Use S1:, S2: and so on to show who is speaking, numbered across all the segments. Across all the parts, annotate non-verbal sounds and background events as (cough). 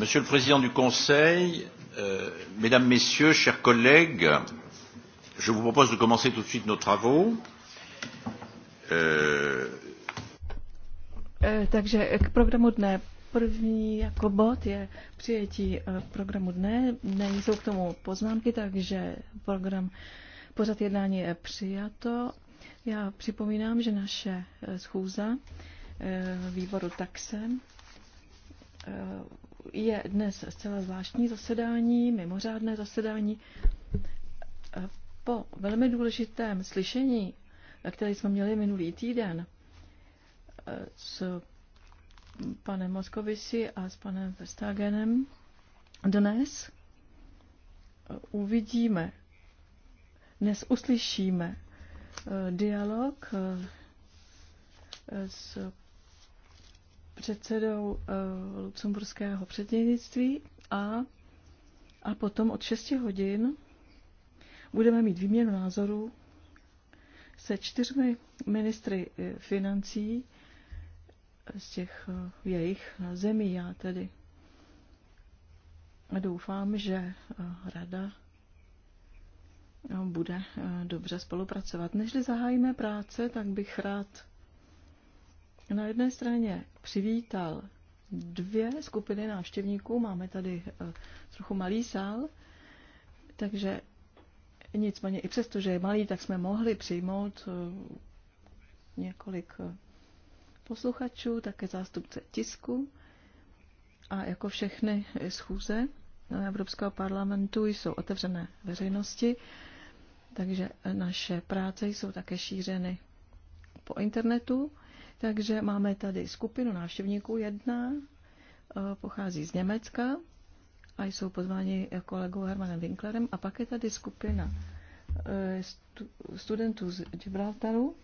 S1: Monsieur le Président du Conseil, euh, Mesdames, Messieurs, chers collègues, je vous propose de commencer tout de suite nos travaux. Euh,
S2: eh, takže k programu dne První jako bod je přijetí eh, programu dne. Nejsou k tomu poznámky, takže program pořad jednání je přijato. Já připomínám, že naše eh, schůze výboru taxe je dnes zcela zvláštní zasedání, mimořádné zasedání. E, po velmi důležitém slyšení, které jsme měli minulý týden e, s panem Moskovisi a s panem Vestagenem, dnes e, uvidíme, dnes uslyšíme dialog s předsedou eh, lucemburského předsednictví a, a potom od 6 hodin budeme mít výměnu názorů se čtyřmi ministry eh, financí z těch eh, jejich zemí. Já tedy doufám, že rada bude dobře spolupracovat. Než zahájíme práce, tak bych rád na jedné straně přivítal dvě skupiny návštěvníků. Máme tady eh, trochu malý sál, takže nicméně i přesto, že je malý, tak jsme mohli přijmout eh, několik eh, posluchačů, také zástupce tisku a jako všechny schůze Evropského parlamentu jsou otevřené veřejnosti, takže naše práce jsou také šířeny po internetu takže máme tady skupinu návštěvníků jedna, eh, pochází z Německa a jsou pozváni eh, kolegou Hermanem Winklerem. A pak je tady skupina eh, studentů z Gibraltaru,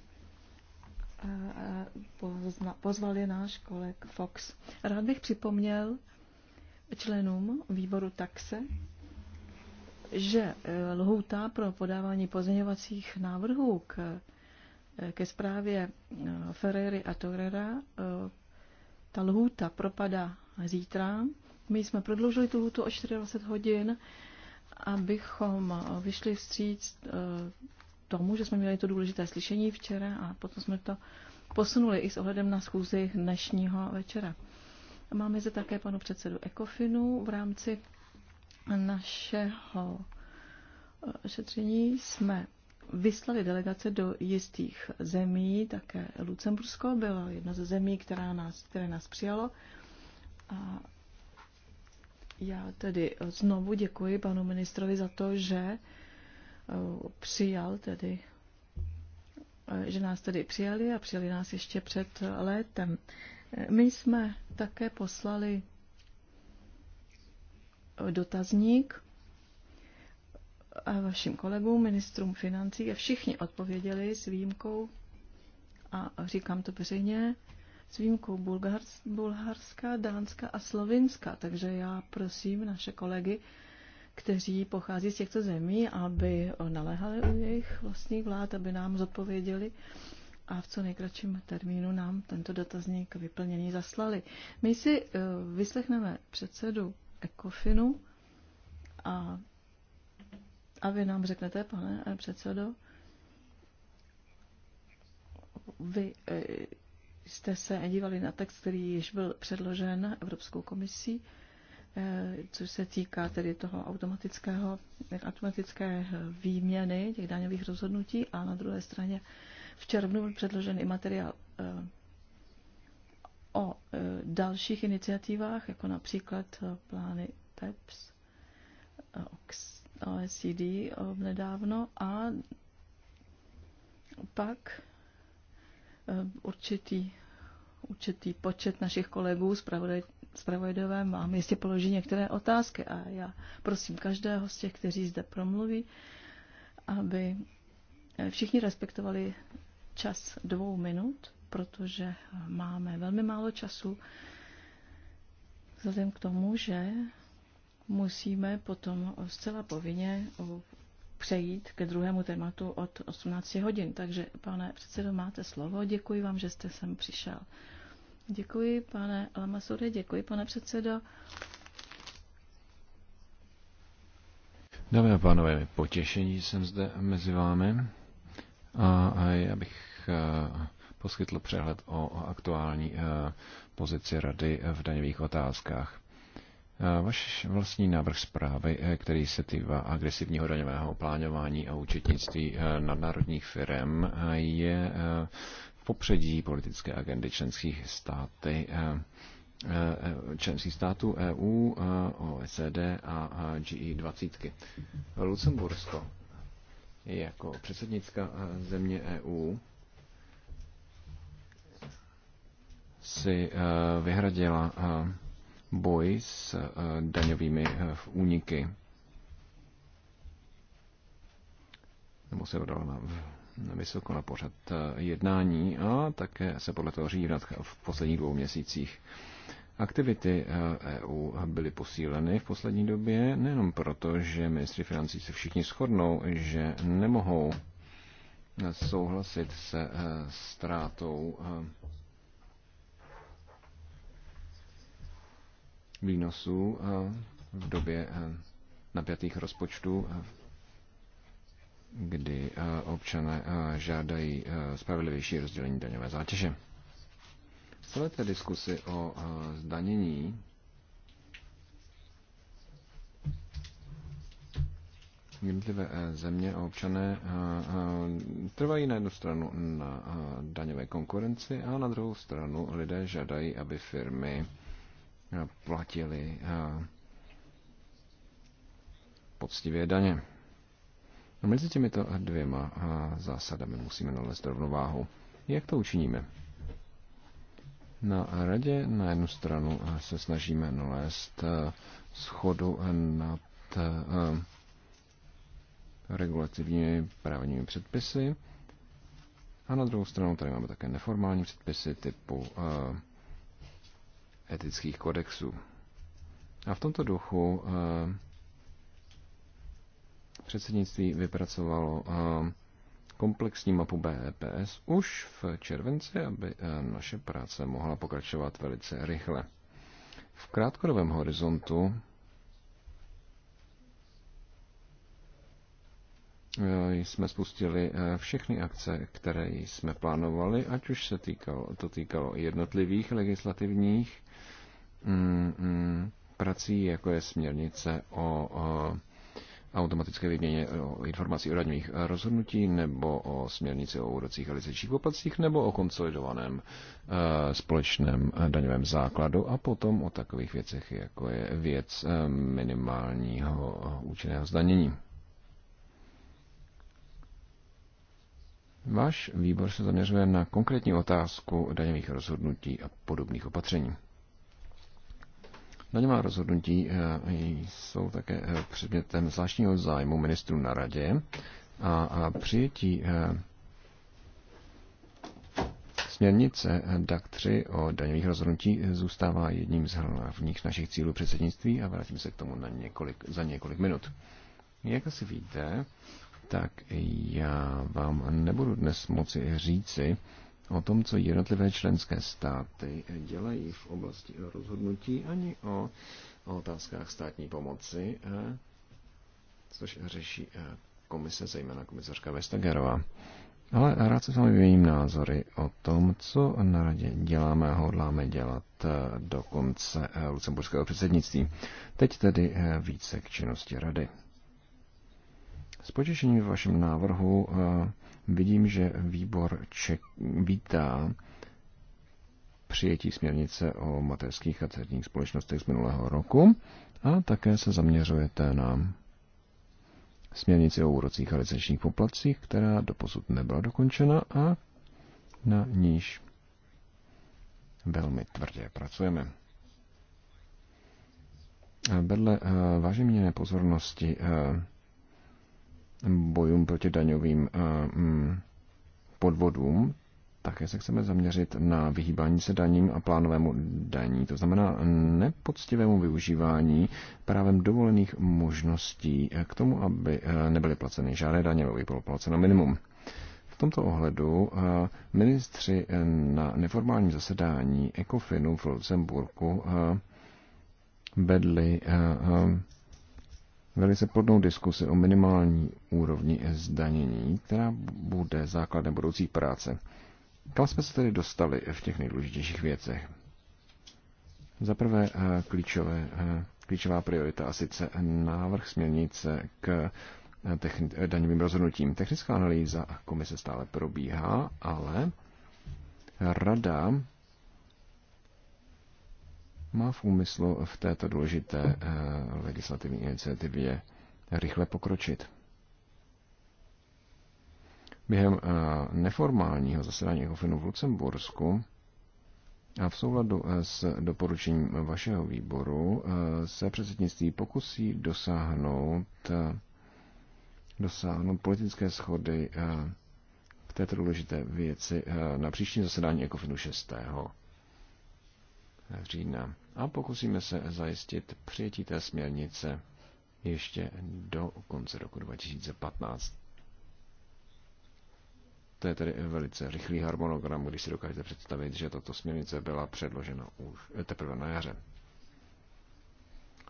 S2: pozval je náš koleg Fox. Rád bych připomněl členům výboru taxe, že lhůta pro podávání pozměňovacích návrhů k ke zprávě eh, Ferrery a Torera. Eh, ta lhůta propadá zítra. My jsme prodloužili tu lhůtu o 24 hodin, abychom eh, vyšli vstříc tomu, že jsme měli to důležité slyšení včera a potom jsme to posunuli i s ohledem na schůzi dnešního večera. Máme zde také panu předsedu Ekofinu v rámci našeho šetření jsme vyslali delegace do jistých zemí, také Lucembursko byla jedna ze zemí, která nás, které nás přijalo. A já tedy znovu děkuji panu ministrovi za to, že eh, přijal tedy eh, že nás tedy přijali a přijali nás ještě před létem. Eh, my jsme také poslali dotazník a vašim kolegům, ministrům financí a všichni odpověděli s výjimkou, a říkám to veřejně, s výjimkou Bulgars, Bulharska, Dánska a Slovinska. Takže já prosím naše kolegy, kteří pochází z těchto zemí, aby naléhali u jejich vlastních vlád, aby nám zodpověděli a v co nejkratším termínu nám tento dotazník vyplněný zaslali. My si eh, vyslechneme předsedu Ekofinu a a vy nám řeknete, pane eh, předsedo, vy eh, jste se dívali na text, který již byl předložen Evropskou komisí, eh, což se týká tedy toho automatického, automatické výměny těch daňových rozhodnutí a na druhé straně v červnu byl předložen i materiál o dalších iniciativách, jako například plány TEPS, OX, CD nedávno a pak e, určitý, určitý počet našich kolegů Pravojdové mám jistě položí některé otázky a já prosím každého z těch, kteří zde promluví, aby všichni respektovali čas dvou minut, protože máme velmi málo času vzhledem k tomu, že musíme potom zcela povinně přejít ke druhému tématu od 18 hodin. Takže, pane předsedo, máte slovo. Děkuji vám, že jste sem přišel. Děkuji, pane Lamasure, děkuji, pane předsedo.
S3: Dámy a pánové, potěšení jsem zde mezi vámi a, já bych eh, poskytl přehled o aktuální eh, pozici Rady v daňových otázkách. Vaš vlastní návrh zprávy, eh, který se týká agresivního daňového plánování a účetnictví eh, nadnárodních firm, eh, je v popředí politické agendy členských státy členských států EU, OECD a GE20. Lucembursko jako předsednická země EU si vyhradila boj s eh, daňovými eh, úniky. Nebo se dodalo na, vysoko na pořad eh, jednání a také se podle toho řídí v posledních dvou měsících. Aktivity EU e byly posíleny v poslední době nejenom proto, že ministři financí se všichni shodnou, že nemohou souhlasit se ztrátou výnosů eh, v době eh, napjatých rozpočtů, eh, kdy občané žádají spravedlivější rozdělení daňové zátěže. V celé té diskusi o zdanění jednotlivé země a občané trvají na jednu stranu na daňové konkurenci a na druhou stranu lidé žádají, aby firmy Eh, platili eh, poctivě daně. A no, mezi těmito dvěma eh, zásadami musíme nalézt rovnováhu. Jak to učiníme? Na radě na jednu stranu se snažíme nalézt schodu nad regulativními právními předpisy. A na druhou stranu tady máme také neformální předpisy typu uh, etických kodexů. A v tomto duchu eh, předsednictví vypracovalo eh, komplexní mapu BEPS už v červenci, aby eh, naše práce mohla pokračovat velice rychle. V krátkodobém horizontu jsme spustili všechny akce, které jsme plánovali, ať už se týkalo, to týkalo jednotlivých legislativních Mm, mm, prací, jako je směrnice o, o automatické výměně informací o radních rozhodnutí, nebo o směrnici o úrocích a licenčních poplatcích, nebo o konsolidovaném eh, společném daňovém základu a potom o takových věcech, jako je věc eh, minimálního eh, účinného zdanění. Váš výbor se zaměřuje na konkrétní otázku daňových rozhodnutí a podobných opatření. Daňová rozhodnutí eh, jsou také eh, předmětem zvláštního zájmu ministrů na radě a přijetí eh, Směrnice DAC 3 o daňových rozhodnutí zůstává jedním z hlavních našich cílů předsednictví a vrátím se k tomu na několik, za několik minut. Jak asi víte, tak já vám nebudu dnes moci říci, o tom, co jednotlivé členské státy dělají v oblasti rozhodnutí, ani o, otázkách státní pomoci, eh, což řeší eh, komise, zejména komisařka Vestagerová. Ale rád se s vámi vyměním názory o tom, co na radě děláme a hodláme dělat eh, do konce lucemburského předsednictví. Teď tedy více k činnosti rady. S potěšením v vašem návrhu Vidím, že výbor ček, vítá přijetí směrnice o mateřských a dcerních společnostech z minulého roku a také se zaměřujete na směrnici o úrocích a licenčních poplatcích, která doposud nebyla dokončena a na níž velmi tvrdě pracujeme. Vedle eh, vážně měné pozornosti eh, bojům proti daňovým eh, mm, podvodům. Také se chceme zaměřit na vyhýbání se daním a plánovému daní, to znamená nepoctivému využívání právem dovolených možností eh, k tomu, aby eh, nebyly placeny žádné daně, aby bylo placeno minimum. V tomto ohledu ministři na neformálním zasedání ECOFINu v Lucemburku vedli velice plodnou diskusi o minimální úrovni zdanění, která bude základem budoucí práce. Kam jsme se tedy dostali v těch nejdůležitějších věcech? Za prvé eh, klíčové, eh, klíčová priorita a sice návrh směrnice k eh, techni- daňovým rozhodnutím. Technická analýza komise stále probíhá, ale rada má v úmyslu v této důležité eh, legislativní iniciativě rychle pokročit. Během eh, neformálního zasedání Ecofinu v Lucembursku a v souladu eh, s doporučením vašeho výboru se předsednictví pokusí dosáhnout, dosáhnout politické schody k této důležité věci na příští zasedání Ekofinu 6. října a pokusíme se zajistit přijetí té směrnice ještě do konce roku 2015. To je tedy velice rychlý harmonogram, když si dokážete představit, že tato směrnice byla předložena už eh, teprve na jaře.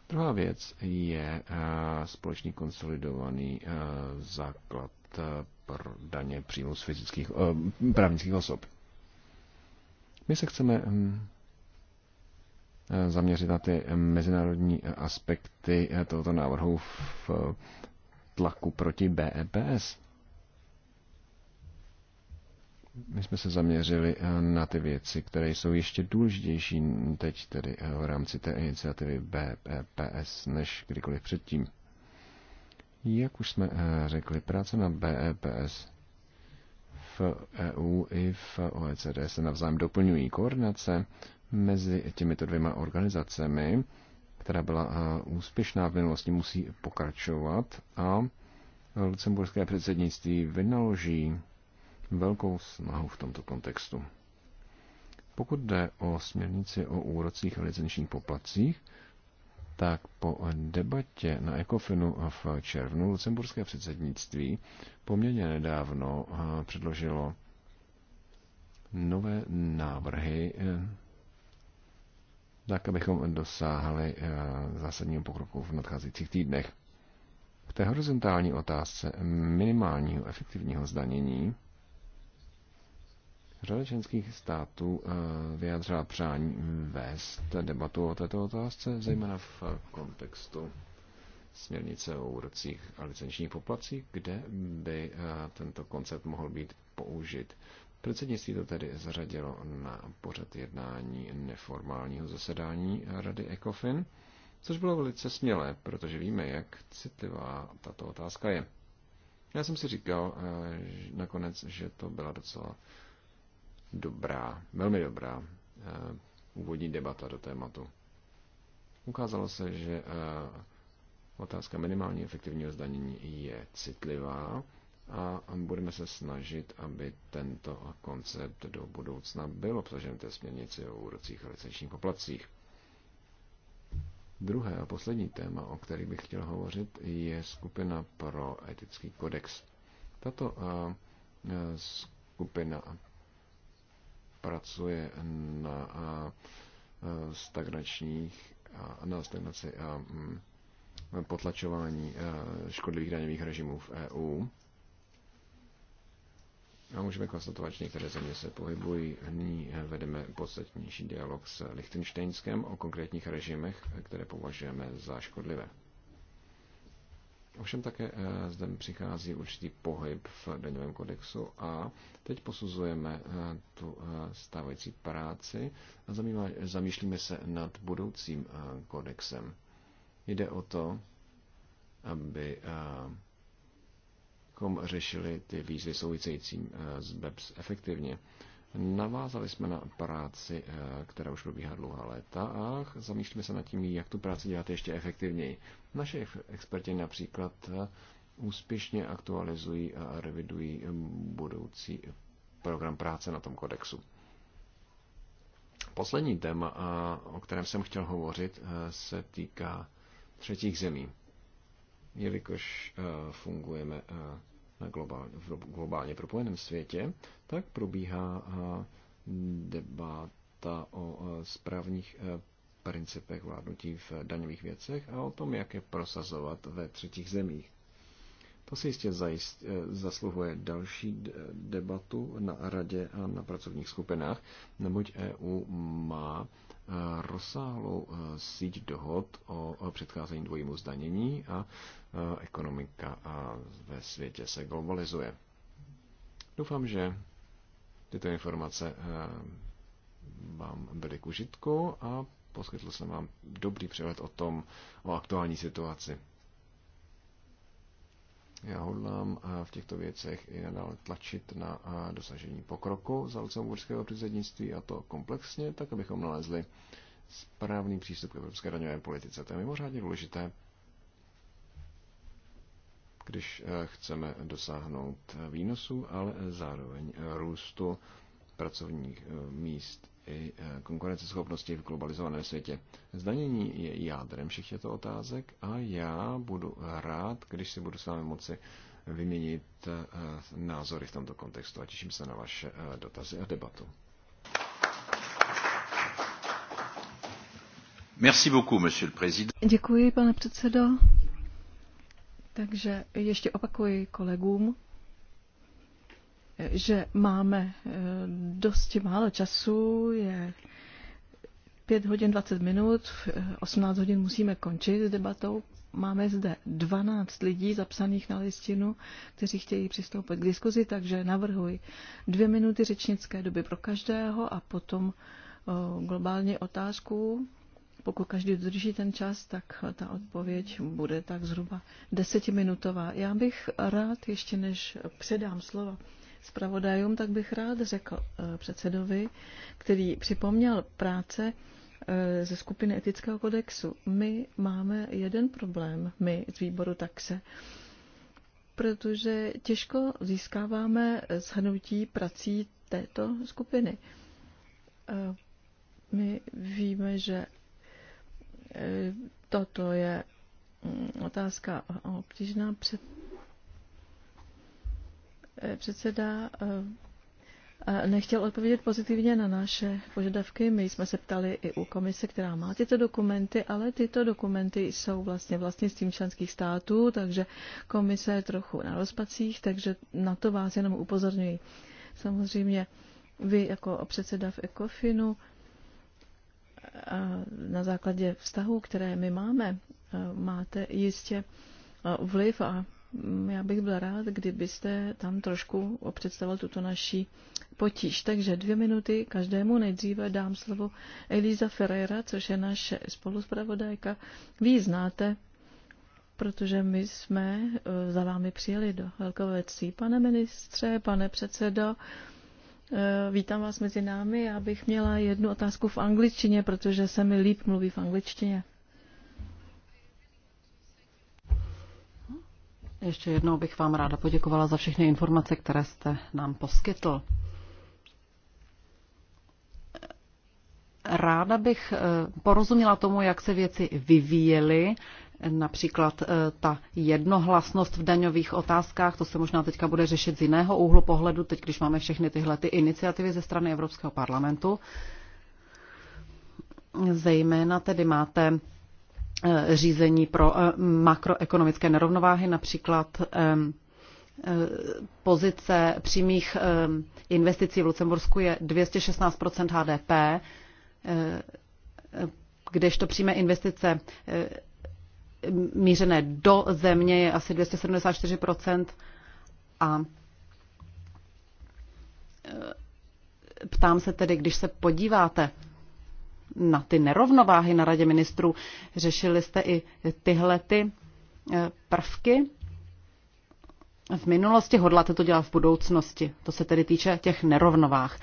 S3: Druhá věc je eh, společný konsolidovaný eh, základ pro daně příjmu z fyzických, právnických osob. My se chceme hm, zaměřit na ty mezinárodní aspekty tohoto návrhu v tlaku proti BEPS. My jsme se zaměřili eh, na ty věci, které jsou ještě důležitější teď tedy eh, v rámci té iniciativy BEPS než kdykoliv předtím. Jak už jsme eh, řekli, práce na BEPS v EU i v OECD se navzájem doplňují. Koordinace mezi těmito dvěma organizacemi, která byla eh, úspěšná v minulosti, musí pokračovat a lucemburské předsednictví vynaloží velkou snahu v tomto kontextu. Pokud jde o směrnici o úrocích a licenčních poplacích, tak po debatě na Ecofinu v červnu lucemburské předsednictví poměrně nedávno eh, předložilo nové návrhy eh, tak abychom dosáhli eh, zásadního pokroku v nadcházejících týdnech. K té horizontální otázce minimálního efektivního zdanění řada členských států eh, vyjádřila přání vést debatu o této otázce, zejména v kontextu směrnice o úrocích a licenčních poplacích, kde by eh, tento koncept mohl být použit Předsednictví to tedy zařadilo na pořad jednání neformálního zasedání Rady ECOFIN, což bylo velice smělé, protože víme, jak citlivá tato otázka je. Já jsem si říkal eh, že nakonec, že to byla docela dobrá, velmi dobrá eh, úvodní debata do tématu. Ukázalo se, že eh, otázka minimálně efektivního zdanění je citlivá, a budeme se snažit, aby tento koncept do budoucna byl obsažen té směrnici o úrocích a licenčních poplacích. Druhé a poslední téma, o kterých bych chtěl hovořit, je skupina pro etický kodex. Tato e, skupina pracuje na e, stagnačních a na stagnaci a potlačování e, škodlivých daňových režimů v EU a můžeme konstatovat, že některé země se pohybují. Nyní eh, vedeme podstatnější dialog s Lichtensteinskem o konkrétních režimech, které považujeme za škodlivé. Ovšem také eh, zde přichází určitý pohyb v daňovém kodexu a teď posuzujeme eh, tu stávající práci a zamýšlíme se nad budoucím kodexem. Jde o to, aby abychom řešili ty výzvy související eh, s BEPS efektivně. Navázali jsme na práci, eh, která už probíhá dlouhá léta a zamýšlíme se nad tím, jak tu práci dělat ještě efektivněji. Naše experti například eh, úspěšně aktualizují a revidují budoucí program práce na tom kodexu. Poslední téma, o kterém jsem chtěl hovořit, se týká třetích zemí jelikož eh, fungujeme eh, na globálně, v globálně propojeném světě, tak probíhá eh, debata o správních principech vládnutí v daňových věcech a o tom, jak je prosazovat ve třetích zemích. To si jistě zajist, zasluhuje další debatu na radě a na pracovních skupinách, neboť EU má rozsáhlou síť dohod o předcházení dvojímu zdanění a Eh, ekonomika ve světě se globalizuje. Doufám, že tyto informace eh, vám byly k užitku a poskytl jsem vám dobrý přehled o tom, o aktuální situaci. Já hodlám eh, v těchto věcech i nadále tlačit na dosažení pokroku za lucemburského předsednictví a to komplexně, tak abychom nalezli správný přístup k evropské daňové politice. To je mimořádně důležité když eh, chceme dosáhnout výnosů, ale zároveň růstu pracovních eh, míst i eh, konkurenceschopnosti v globalizovaném světě. Zdanění je jádrem všech těchto otázek a já budu rád, když si budu s vámi moci vyměnit názory v tomto kontextu a těším se na vaše dotazy a debatu. Merci beaucoup, monsieur le président.
S2: Děkuji, pane předsedo. Takže ještě opakuji kolegům, že máme eh, dosti málo času, je 5 hodin 20 minut, 18 eh, hodin musíme končit s debatou. Máme zde 12 lidí zapsaných na listinu, kteří chtějí přistoupit k diskuzi, takže navrhuji dvě minuty řečnické doby pro každého a potom eh, globální otázku pokud každý dodrží ten čas, tak ta odpověď bude tak zhruba desetiminutová. Já bych rád, ještě než předám slovo zpravodajům, tak bych rád řekl eh, předsedovi, který připomněl práce eh, ze skupiny etického kodexu. My máme jeden problém, my z výboru taxe, protože těžko získáváme shrnutí prací této skupiny. Eh, my víme, že Toto je mm, otázka obtížná. Před, eh, předseda eh, nechtěl odpovědět pozitivně na naše požadavky. My jsme se ptali i u komise, která má tyto dokumenty, ale tyto dokumenty jsou vlastně vlastnictvím členských států, takže komise je trochu na rozpacích, takže na to vás jenom upozorňuji. Samozřejmě vy jako předseda v ECOFINu na základě vztahů, které my máme, máte jistě vliv a mm, já bych byl rád, kdybyste tam trošku představil tuto naší potíž. Takže dvě minuty každému. Nejdříve dám slovo Elisa Ferreira, což je naše spoluspravodajka. Vy ji znáte, protože my jsme e, za vámi přijeli do Velkovecí. Pane ministře, pane předsedo, Eh, vítám vás mezi námi. Já bych měla jednu otázku v angličtině, protože se mi líp mluví v angličtině. Ještě
S4: jednou bych vám ráda poděkovala za všechny informace, které jste nám poskytl. Ráda bych eh, porozuměla tomu, jak se věci vyvíjely například eh, ta jednohlasnost v daňových otázkách, to se možná teďka bude řešit z jiného úhlu pohledu, teď když máme všechny tyhle ty iniciativy ze strany Evropského parlamentu. Zejména tedy máte eh, řízení pro eh, makroekonomické nerovnováhy, například pozice přímých investicí v Lucembursku je 216 HDP, kdežto přímé investice mířené do země je asi 274% a e, ptám se tedy, když se podíváte na ty nerovnováhy na radě ministrů, řešili jste i tyhle ty e, prvky v minulosti, hodláte to dělat v budoucnosti. To se tedy týče těch nerovnovách.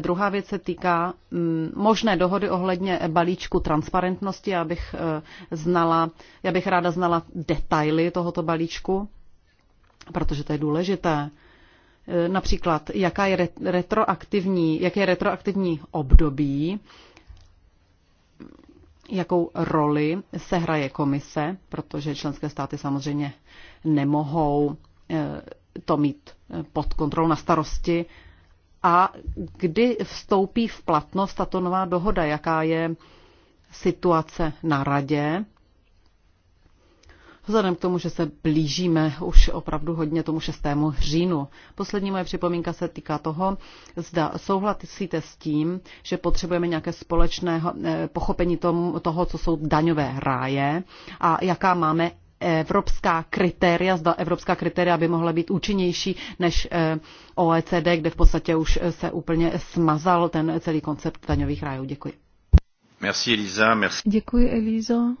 S4: Druhá věc se týká mm, možné dohody ohledně balíčku transparentnosti. Já bych, eh, znala, já bych ráda znala detaily tohoto balíčku, protože to je důležité. Eh, například, jaká je retroaktivní, jaké je retroaktivní období, jakou roli se hraje komise, protože členské státy samozřejmě nemohou Eh, to mít eh, pod kontrolou na starosti. A kdy vstoupí v platnost tato nová dohoda? Jaká je situace na radě? Vzhledem k tomu, že se blížíme už opravdu hodně tomu 6. říjnu. Poslední moje připomínka se týká toho, zda souhlasíte s tím, že potřebujeme nějaké společné eh, pochopení tomu, toho, co jsou daňové ráje a jaká máme evropská kritéria, zda evropská kritéria by mohla být účinnější než eh, OECD, kde v podstatě už eh, se úplně smazal ten celý koncept daňových rájů. Děkuji.
S1: Merci, Elisa. Merci. Děkuji,
S2: Elízo.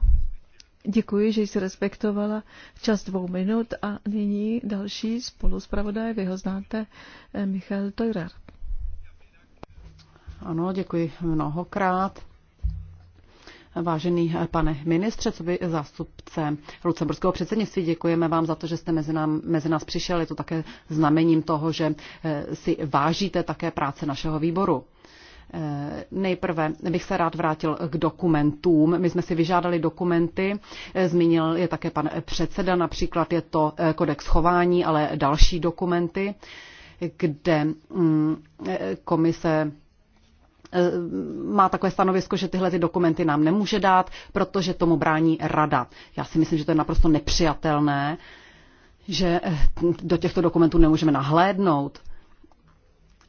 S2: Děkuji, že jsi respektovala čas dvou minut a nyní další spoluspravodaj, vy ho znáte, eh, Michal Teurer.
S4: Ano, děkuji mnohokrát. Vážený eh, pane ministře, co by zástupce lucemburského předsednictví, děkujeme vám za to, že jste mezi, nám, mezi nás přišel. Je to také znamením toho, že eh, si vážíte také práce našeho výboru. Eh, nejprve bych se rád vrátil k dokumentům. My jsme si vyžádali dokumenty, zmínil je také pan předseda, například je to kodex chování, ale další dokumenty, kde mm, komise Eh, má takové stanovisko, že tyhle ty dokumenty nám nemůže dát, protože tomu brání rada. Já si myslím, že to je naprosto nepřijatelné, že eh, do těchto dokumentů nemůžeme nahlédnout.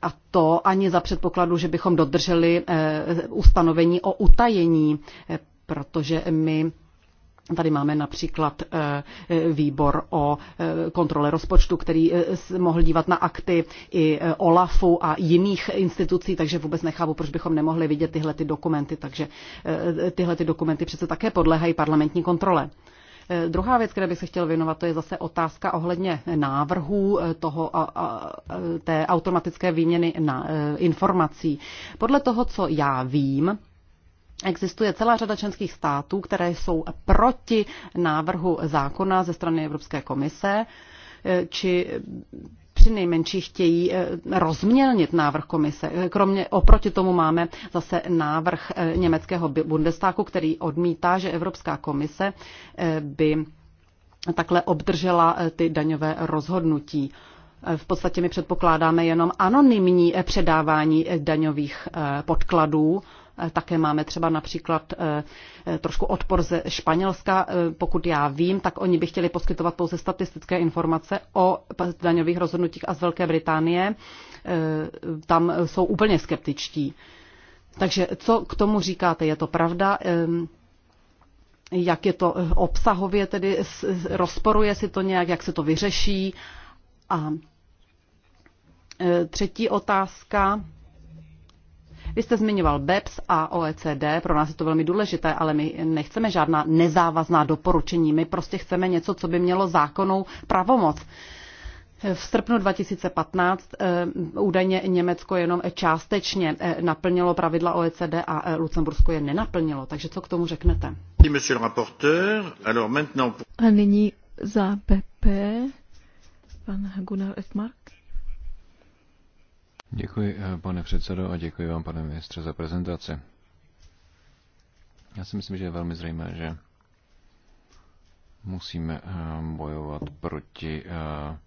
S4: A to ani za předpokladu, že bychom dodrželi eh, ustanovení o utajení, protože my Tady máme například eh, eh, výbor o eh, kontrole rozpočtu, který mohl dívat na akty i OLAFu a jiných institucí, takže vůbec nechápu, proč bychom nemohli vidět tyhle ty dokumenty. Takže tyhle ty dokumenty přece také podléhají parlamentní kontrole. Druhá věc, které bych se chtěl věnovat, to je zase otázka ohledně návrhů toho, a, a, té automatické výměny na, informací. Podle toho, co já vím, Existuje celá řada členských států, které jsou proti návrhu zákona ze strany Evropské komise, eh, či při nejmenší chtějí eh, rozmělnit návrh komise. Eh, kromě, oproti tomu máme zase návrh německého Bundestagu, který odmítá, že Evropská komise by takhle obdržela ty daňové rozhodnutí. V podstatě my předpokládáme jenom anonymní předávání daňových podkladů také máme třeba například eh, eh, trošku odpor ze Španělska. Eh, pokud já vím, tak oni by chtěli poskytovat pouze statistické informace o daňových rozhodnutích a z Velké Británie. Tam jsou úplně skeptičtí. Takže co k tomu říkáte? Je to pravda? Ehm, jak je to obsahově tedy? Rozporuje si to nějak? Jak se to vyřeší? A třetí otázka vy jste zmiňoval BEPS a OECD, pro nás je to velmi důležité, ale my nechceme žádná nezávazná doporučení, my prostě chceme něco, co by mělo zákonnou pravomoc. V srpnu 2015 eh, údajně Německo jenom částečně eh, naplnilo pravidla OECD a eh, Lucembursko je nenaplnilo. Takže co k tomu řeknete?
S2: A nyní za BP pan Gunnar Esmark.
S3: Děkuji, eh, pane předsedo, a děkuji vám, pane ministře, za prezentaci. Já si myslím, že je velmi zřejmé, že musíme eh, bojovat proti eh,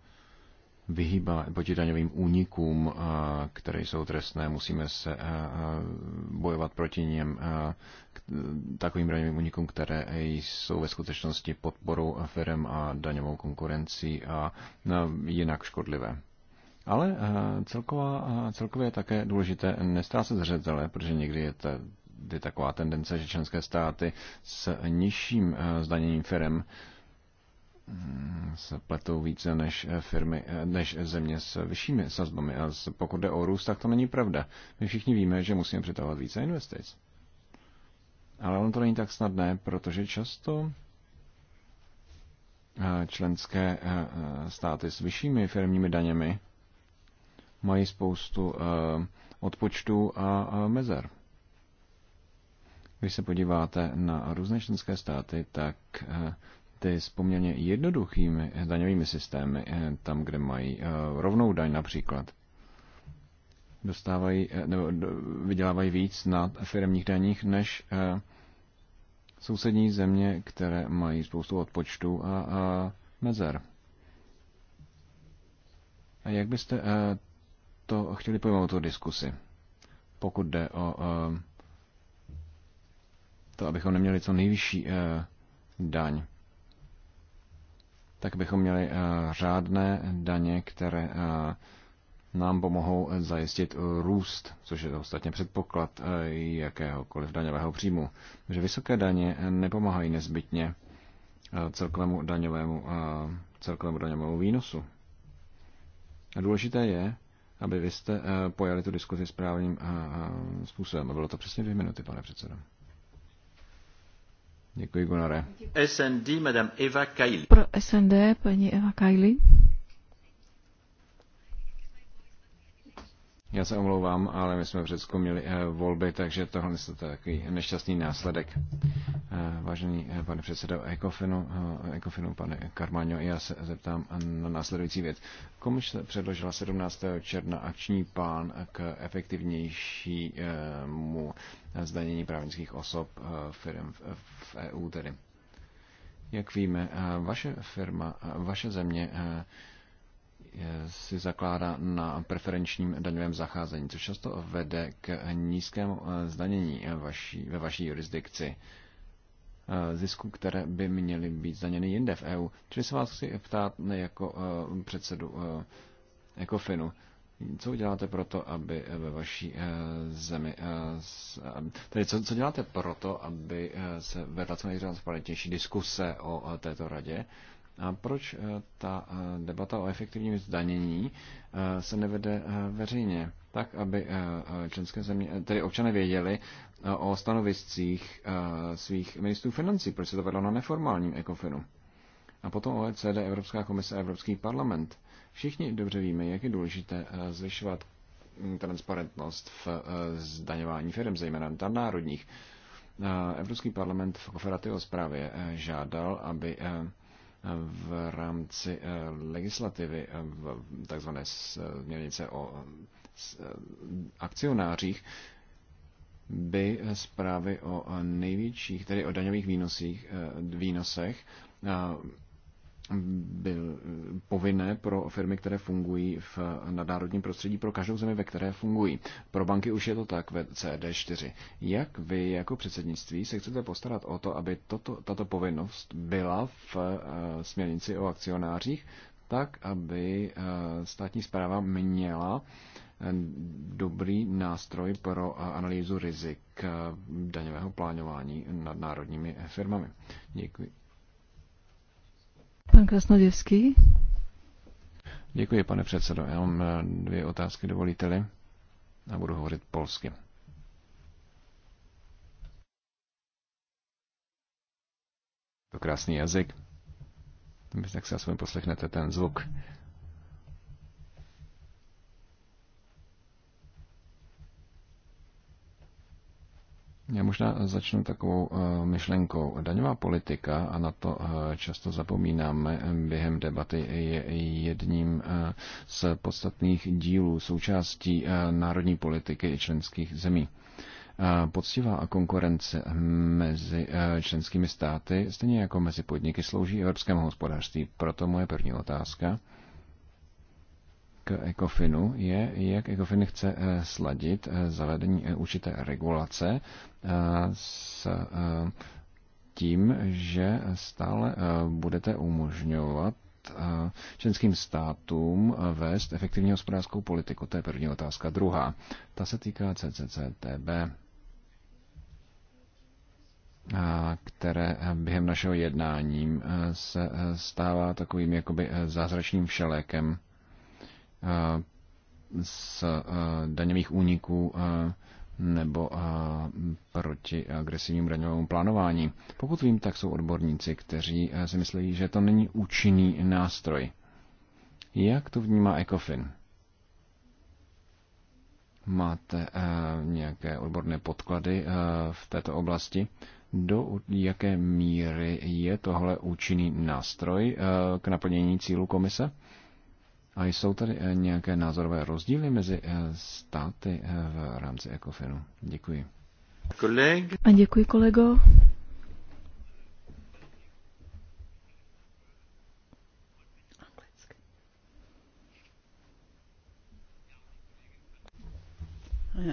S3: vyhýba, proti daňovým únikům, které jsou trestné, musíme se bojovat proti něm, takovým daňovým únikům, které jsou ve skutečnosti podporou firm a daňovou konkurencí a jinak škodlivé. Ale eh, celková, eh, celkově je také důležité nestrácet zřetele, protože někdy je ta, je taková tendence, že členské státy s nižším eh, zdaněním firm mm, se pletou více než firmy, než země s vyššími sazbami. A pokud jde o růst, tak to není pravda. My všichni víme, že musíme přitahovat více investic. Ale ono to není tak snadné, protože často členské státy s vyššími firmními daněmi mají spoustu eh, odpočtů a mezer. Když se podíváte na různé členské státy, tak eh, ty s poměrně jednoduchými daňovými systémy, eh, tam, kde mají rovnou daň například, dostávají, nebo vydělávají víc na firmních daních než sousední země, které mají spoustu odpočtů a, a mezer. A jak byste to chtěli pojmout tu diskusi. Pokud jde o eh, to, abychom neměli co nejvyšší eh, daň, tak bychom měli eh, řádné daně, které nám pomohou zajistit růst, což je ostatně předpoklad jakéhokoliv daňového příjmu. Takže vysoké daně nepomáhají nezbytně celkovému daňovému, celkovému daňovému výnosu. A důležité je, aby vy jste eh, pojali tu diskuzi správným eh, eh, způsobem. A bylo to přesně dvě minuty, pane předsedo. Děkuji, Gunare. SND, Eva Kaili. Pro
S2: SND, paní Eva Kaili.
S3: Já se omlouvám, ale my jsme v Řecku měli eh, volby, takže tohle je takový nešťastný následek. Eh, vážený eh, pane předsedo Ekofinu, Ekofinu pane Karmáňo, já se zeptám na následující věc. se předložila 17. června akční plán k efektivnějšímu zdanění právnických osob firm v EU tedy. Jak víme, vaše firma, vaše země si zakládá na preferenčním daňovém zacházení, což často vede k nízkému eh, zdanění eh, vaší, ve vaší jurisdikci eh, zisku, které by měly být zdaněny jinde v EU. Čili se vás chci ptát jako předsedu Ecofinu, co uděláte pro to, aby ve vaší zemi, tedy co, co děláte pro to, aby se vedla co nejtransparentnější diskuse o této radě a proč eh, ta eh, debata o efektivním zdanění eh, se nevede veřejně? Tak, aby členské země, tedy občany věděli o stanoviscích svých ministrů financí, proč se to vedlo na neformálním ekofinu. A potom OECD, Evropská komise a Evropský parlament. Všichni dobře víme, jak je důležité zvyšovat transparentnost v zdaňování firm, zejména národních. Evropský parlament v Koferativo zprávě žádal, aby v rámci eh, legislativy eh, takzvané směrnice eh, o akcionářích by zprávy o největších, tedy o daňových výnosích, výnosech byl eh, povinné pro firmy, které fungují v nadnárodním prostředí, pro každou zemi, ve které fungují. Pro banky už je to tak ve CD4. Jak vy jako předsednictví se chcete postarat o to, aby toto, tato povinnost byla v eh, směrnici o akcionářích, tak aby eh, státní zpráva měla dobrý nástroj pro analýzu rizik daňového plánování nad národními firmami. Děkuji.
S2: Pan Krasnoděvský.
S3: Děkuji, pane předsedo. Já mám eh, dvě otázky, dovolíte-li? A budu hovořit polsky. To krásný jazyk. Tak se aspoň poslechnete ten zvuk. Já možná začnu takovou eh, myšlenkou. Daňová politika, a na to eh, často zapomínáme během debaty, je jedním eh, z podstatných dílů součástí národní politiky členských zemí poctivá a konkurence mezi členskými státy, stejně jako mezi podniky, slouží evropskému hospodářství. Proto moje první otázka k ECOFINu je, jak ECOFIN chce eh, sladit eh, zavedení eh, určité regulace s tím, že stále budete umožňovat členským státům vést efektivní hospodářskou politiku? To je první otázka. Druhá, ta se týká CCCTB, které během našeho jednání se stává takovým jakoby zázračným všelékem Eh, z eh, daňových úniků eh, nebo proti agresivnímu daňovému plánování. Pokud vím, tak jsou odborníci, kteří si myslí, že to není účinný nástroj. Jak to vnímá ECOFIN? Máte nějaké odborné podklady v této oblasti? Do jaké míry je tohle účinný nástroj k naplnění cílu komise? A jsou tady eh, nějaké názorové rozdíly mezi eh, státy eh, v rámci ECOFINu? Děkuji. Koleg.
S2: A děkuji, kolego.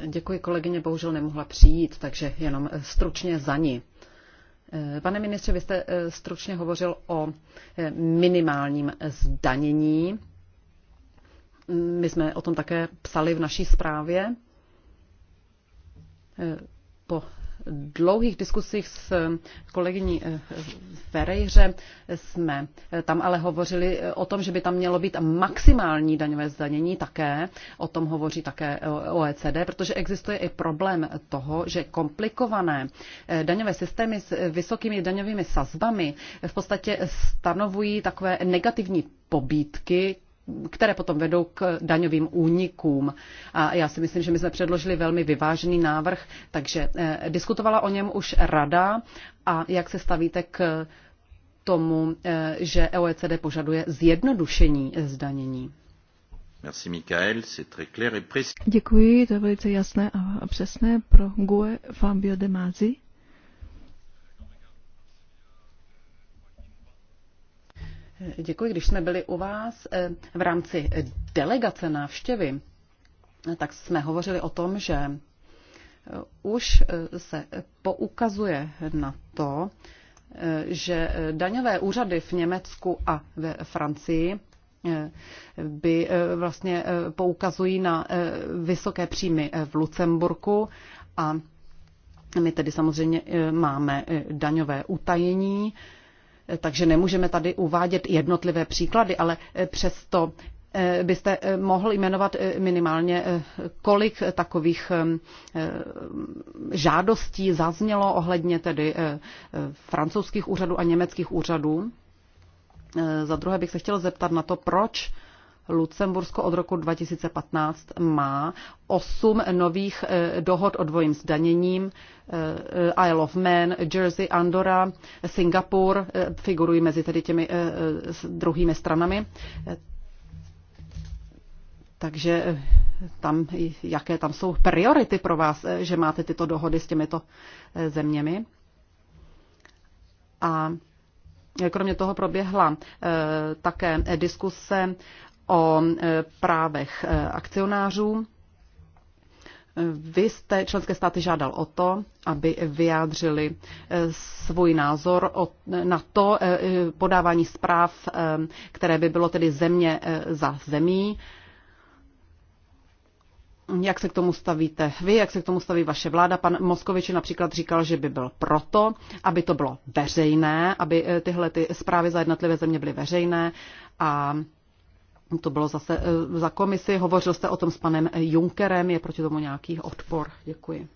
S4: Děkuji, kolegyně bohužel nemohla přijít, takže jenom stručně za ní. Pane ministře, vy jste stručně hovořil o minimálním zdanění my jsme o tom také psali v naší zprávě. Eh, po dlouhých diskusích s eh, kolegyní eh, Ferejře jsme tam ale hovořili o tom, že by tam mělo být maximální daňové zdanění také, o tom hovoří také OECD, protože existuje i problém toho, že komplikované daňové systémy s vysokými daňovými sazbami v podstatě stanovují takové negativní pobídky které potom vedou k daňovým únikům. A já si myslím, že my jsme předložili velmi vyvážený návrh, takže eh, diskutovala o něm už rada a jak se stavíte k tomu, eh, že e OECD požaduje zjednodušení
S2: zdanění.
S1: Merci Michael, c'est très clair et précis.
S2: Děkuji, to je velice jasné a přesné pro GUE Fabio De Mazi.
S4: Děkuji, když jsme byli u vás eh, v rámci eh, delegace návštěvy, eh, tak jsme hovořili o tom, že už se poukazuje na to, že daňové úřady v Německu a ve Francii by vlastně poukazují na vysoké příjmy v Lucemburku a my tedy samozřejmě máme daňové utajení takže nemůžeme tady uvádět jednotlivé příklady, ale eh, přesto eh, byste eh, mohl jmenovat minimálně, kolik takových žádostí zaznělo ohledně tedy francouzských úřadů a německých úřadů. Za druhé bych se chtěl zeptat na to, proč Lucembursko od roku 2015 má osm nových eh, dohod o dvojím zdaněním. Eh, Isle of Man, Jersey, Andorra, Singapur eh, figurují mezi tedy těmi druhými stranami. Takže tam, jaké tam jsou priority pro vás, že máte tyto dohody s těmito zeměmi? A Kromě toho proběhla také diskuse o e, právech e, akcionářů. Vy jste členské státy žádal o to, aby vyjádřili e, svůj názor na to podávání zpráv, které by bylo tedy země za zemí. Jak se k tomu stavíte vy, jak se k tomu staví vaše vláda? Pan Moskovič například říkal, že by byl proto, aby to bylo veřejné, aby tyhle ty zprávy za jednotlivé země byly veřejné a to bylo zase e, za komisi, hovořil jste o tom s panem Junkerem, je proti tomu nějaký odpor?
S2: Děkuji.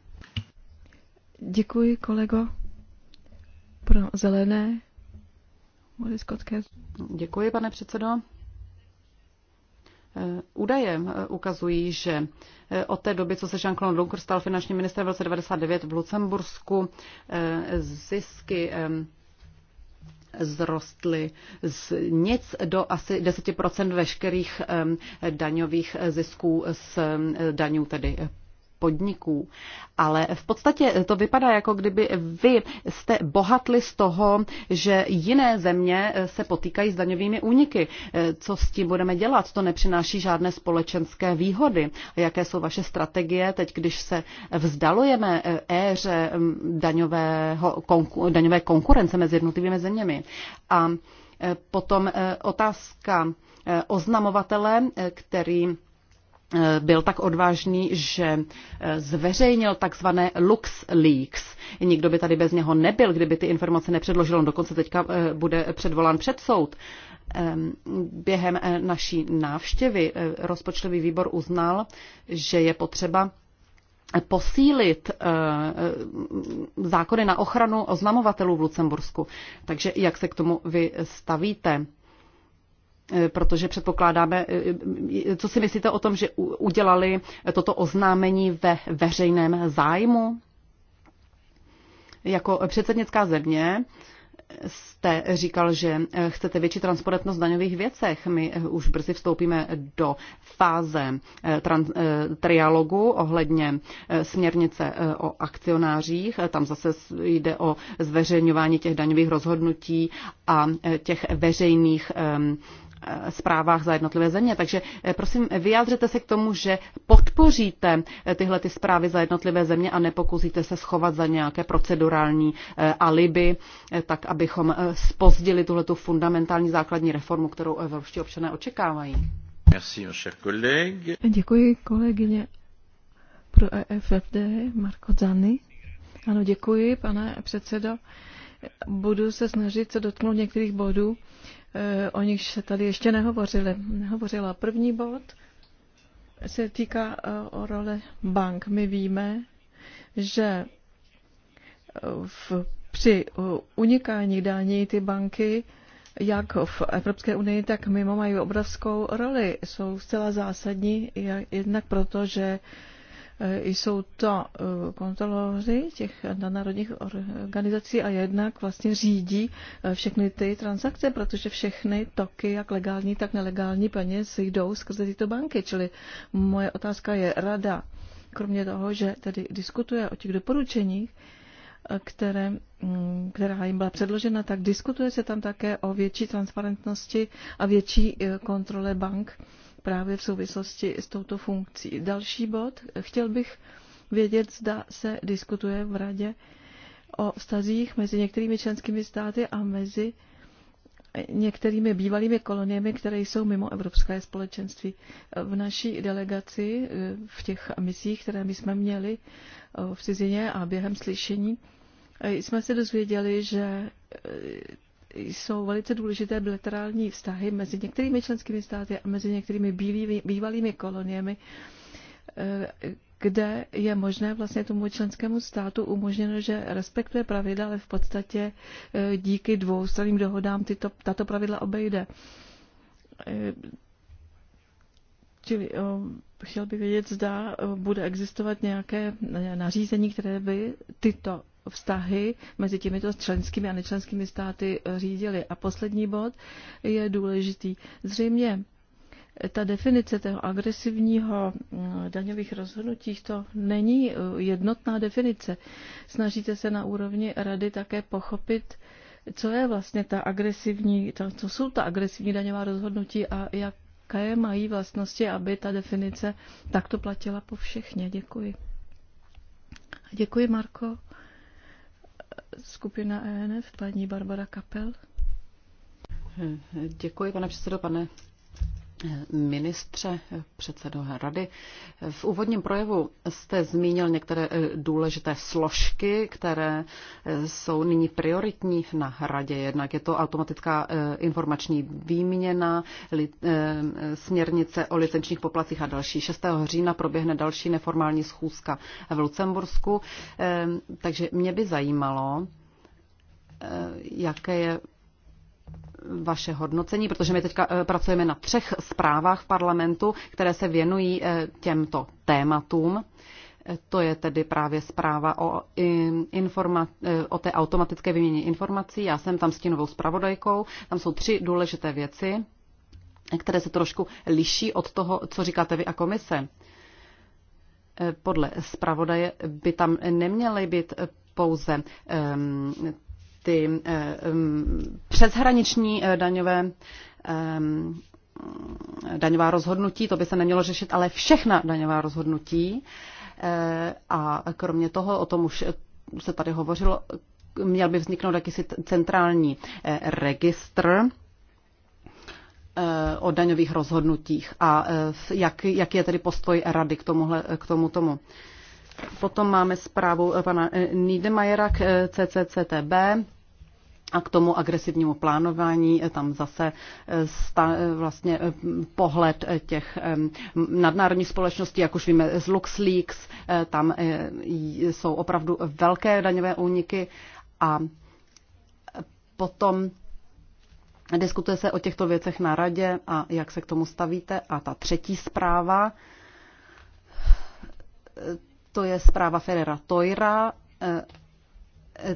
S2: Děkuji, kolego. Pro zelené. Děkuji, pane předsedo. E,
S4: údaje e, ukazují, že od té doby, co se Jean-Claude Juncker stal finančním ministrem v roce 1999 v Lucembursku, zisky zrostly z nic do asi 10 veškerých daňových zisků z daňů, tedy podniků. Ale v podstatě to vypadá, jako kdyby vy jste bohatli z toho, že jiné země eh, se potýkají s daňovými úniky. Eh, co s tím budeme dělat? To nepřináší žádné společenské výhody. Jaké jsou vaše strategie teď, když se vzdalujeme eh, éře mm, daňového, daňové konkurence mezi jednotlivými zeměmi? A potom otázka oznamovatele, který Eh, byl tak odvážný, že eh, zveřejnil takzvané LuxLeaks. Nikdo by tady bez něho nebyl, kdyby ty informace nepředložil. On dokonce teďka eh, bude předvolán před soud. Ehm, během naší návštěvy rozpočtový výbor uznal, že je potřeba posílit zákony na ochranu oznamovatelů v Lucembursku. Takže jak se k tomu vy stavíte? Eh, protože předpokládáme, eh, eh, co si myslíte o tom, že udělali toto oznámení ve veřejném zájmu? Jako předsednická země jste říkal, že chcete větší transparentnost v daňových věcech. My už brzy vstoupíme do fáze trans, trialogu ohledně směrnice o akcionářích. Tam zase jde o zveřejňování těch daňových rozhodnutí a těch veřejných ehm, Eh, zprávách za jednotlivé země. Takže eh, prosím, vyjádřete se k tomu, že podpoříte eh, tyhle ty zprávy za jednotlivé země a nepokusíte se schovat za nějaké procedurální alibi, tak abychom spozdili tuhle tu fundamentální základní reformu, kterou evropští občané očekávají.
S1: Merci,
S2: Děkuji kolegyně pro EFFD Marko Zany. Ano, děkuji, pane předsedo. Budu se snažit se dotknout některých bodů, Eh, o nichž se tady ještě nehovořili. nehovořila. První bod se týká eh, o role bank. My víme, že eh, v, při unikání daní ty banky jak v Evropské unii, tak mimo mají obrovskou roli. Jsou zcela zásadní, jednak proto, že Eh, jsou to eh, kontroloři těch nadnárodních organizací a jednak vlastně řídí eh, všechny ty transakce, protože všechny toky, jak legální, tak nelegální peněz jdou skrze tyto banky. Čili moje otázka je rada, kromě toho, že tedy diskutuje o těch doporučeních, které, mm, která jim byla předložena, tak diskutuje se tam také o větší transparentnosti a větší kontrole bank právě v souvislosti s touto funkcí. Další bod, chtěl bych vědět, zda se diskutuje v radě o vztazích mezi některými členskými státy a mezi některými bývalými koloniemi, které jsou mimo Evropské společenství. V naší delegaci, v těch misích, které my jsme měli eh, v cizině a během slyšení, eh, jsme se dozvěděli, že eh, jsou velice důležité bilaterální vztahy mezi některými členskými státy a mezi některými býlými, bývalými koloniemi, eh, kde je možné vlastně tomu členskému státu umožněno, že respektuje pravidla, ale v podstatě eh, díky dvoustranným dohodám tyto, tato pravidla obejde. Eh, čili chtěl bych vědět, zda bude existovat nějaké nařízení, které by tyto vztahy mezi těmito členskými a nečlenskými státy eh, řídily. A poslední bod je důležitý. Zřejmě eh, ta definice toho agresivního mm, daňových rozhodnutí to není eh, jednotná definice. Snažíte se na úrovni rady také pochopit, co je vlastně ta agresivní, to, co jsou ta agresivní daňová rozhodnutí a jaké mají vlastnosti, aby ta definice takto platila po všechně. Děkuji. Děkuji, Marko skupina ENF, paní Barbara Kapel.
S4: Hm, děkuji, pane předsedo, pane ministře, předsedo rady. V úvodním projevu jste zmínil některé eh, důležité složky, které eh, jsou nyní prioritní na radě. Jednak je to automatická eh, informační výměna, směrnice o licenčních poplacích a další. 6. října proběhne další neformální schůzka v Lucembursku. Takže mě by zajímalo, jaké je vaše hodnocení, protože my teďka eh, pracujeme na třech zprávách v parlamentu, které se věnují eh, těmto tématům. Eh, to je tedy právě zpráva o, informa- o té automatické vyměně informací. Já jsem tam s tím novou zpravodajkou. Tam jsou tři důležité věci, které se trošku liší od toho, co říkáte vy a komise. Podle zpravodaje by tam neměly být pouze um, ty eh, přeshraniční eh, daňové daňová rozhodnutí, to by se nemělo řešit, ale všechna daňová rozhodnutí. Eh, a kromě toho, o tom už se tady hovořilo, měl by vzniknout jakýsi centrální registr o daňových rozhodnutích a jak, jak je tedy postoj rady k, tomuhle, k tomu tomu. Potom máme zprávu eh, pana eh, Niedemajera k eh, CCCTB a k tomu agresivnímu plánování. Tam zase sta, vlastně pohled těch nadnárodních společností, jak už víme z LuxLeaks, tam jsou opravdu velké daňové úniky a potom diskutuje se o těchto věcech na radě a jak se k tomu stavíte. A ta třetí zpráva, to je zpráva Ferrera Toira, eh,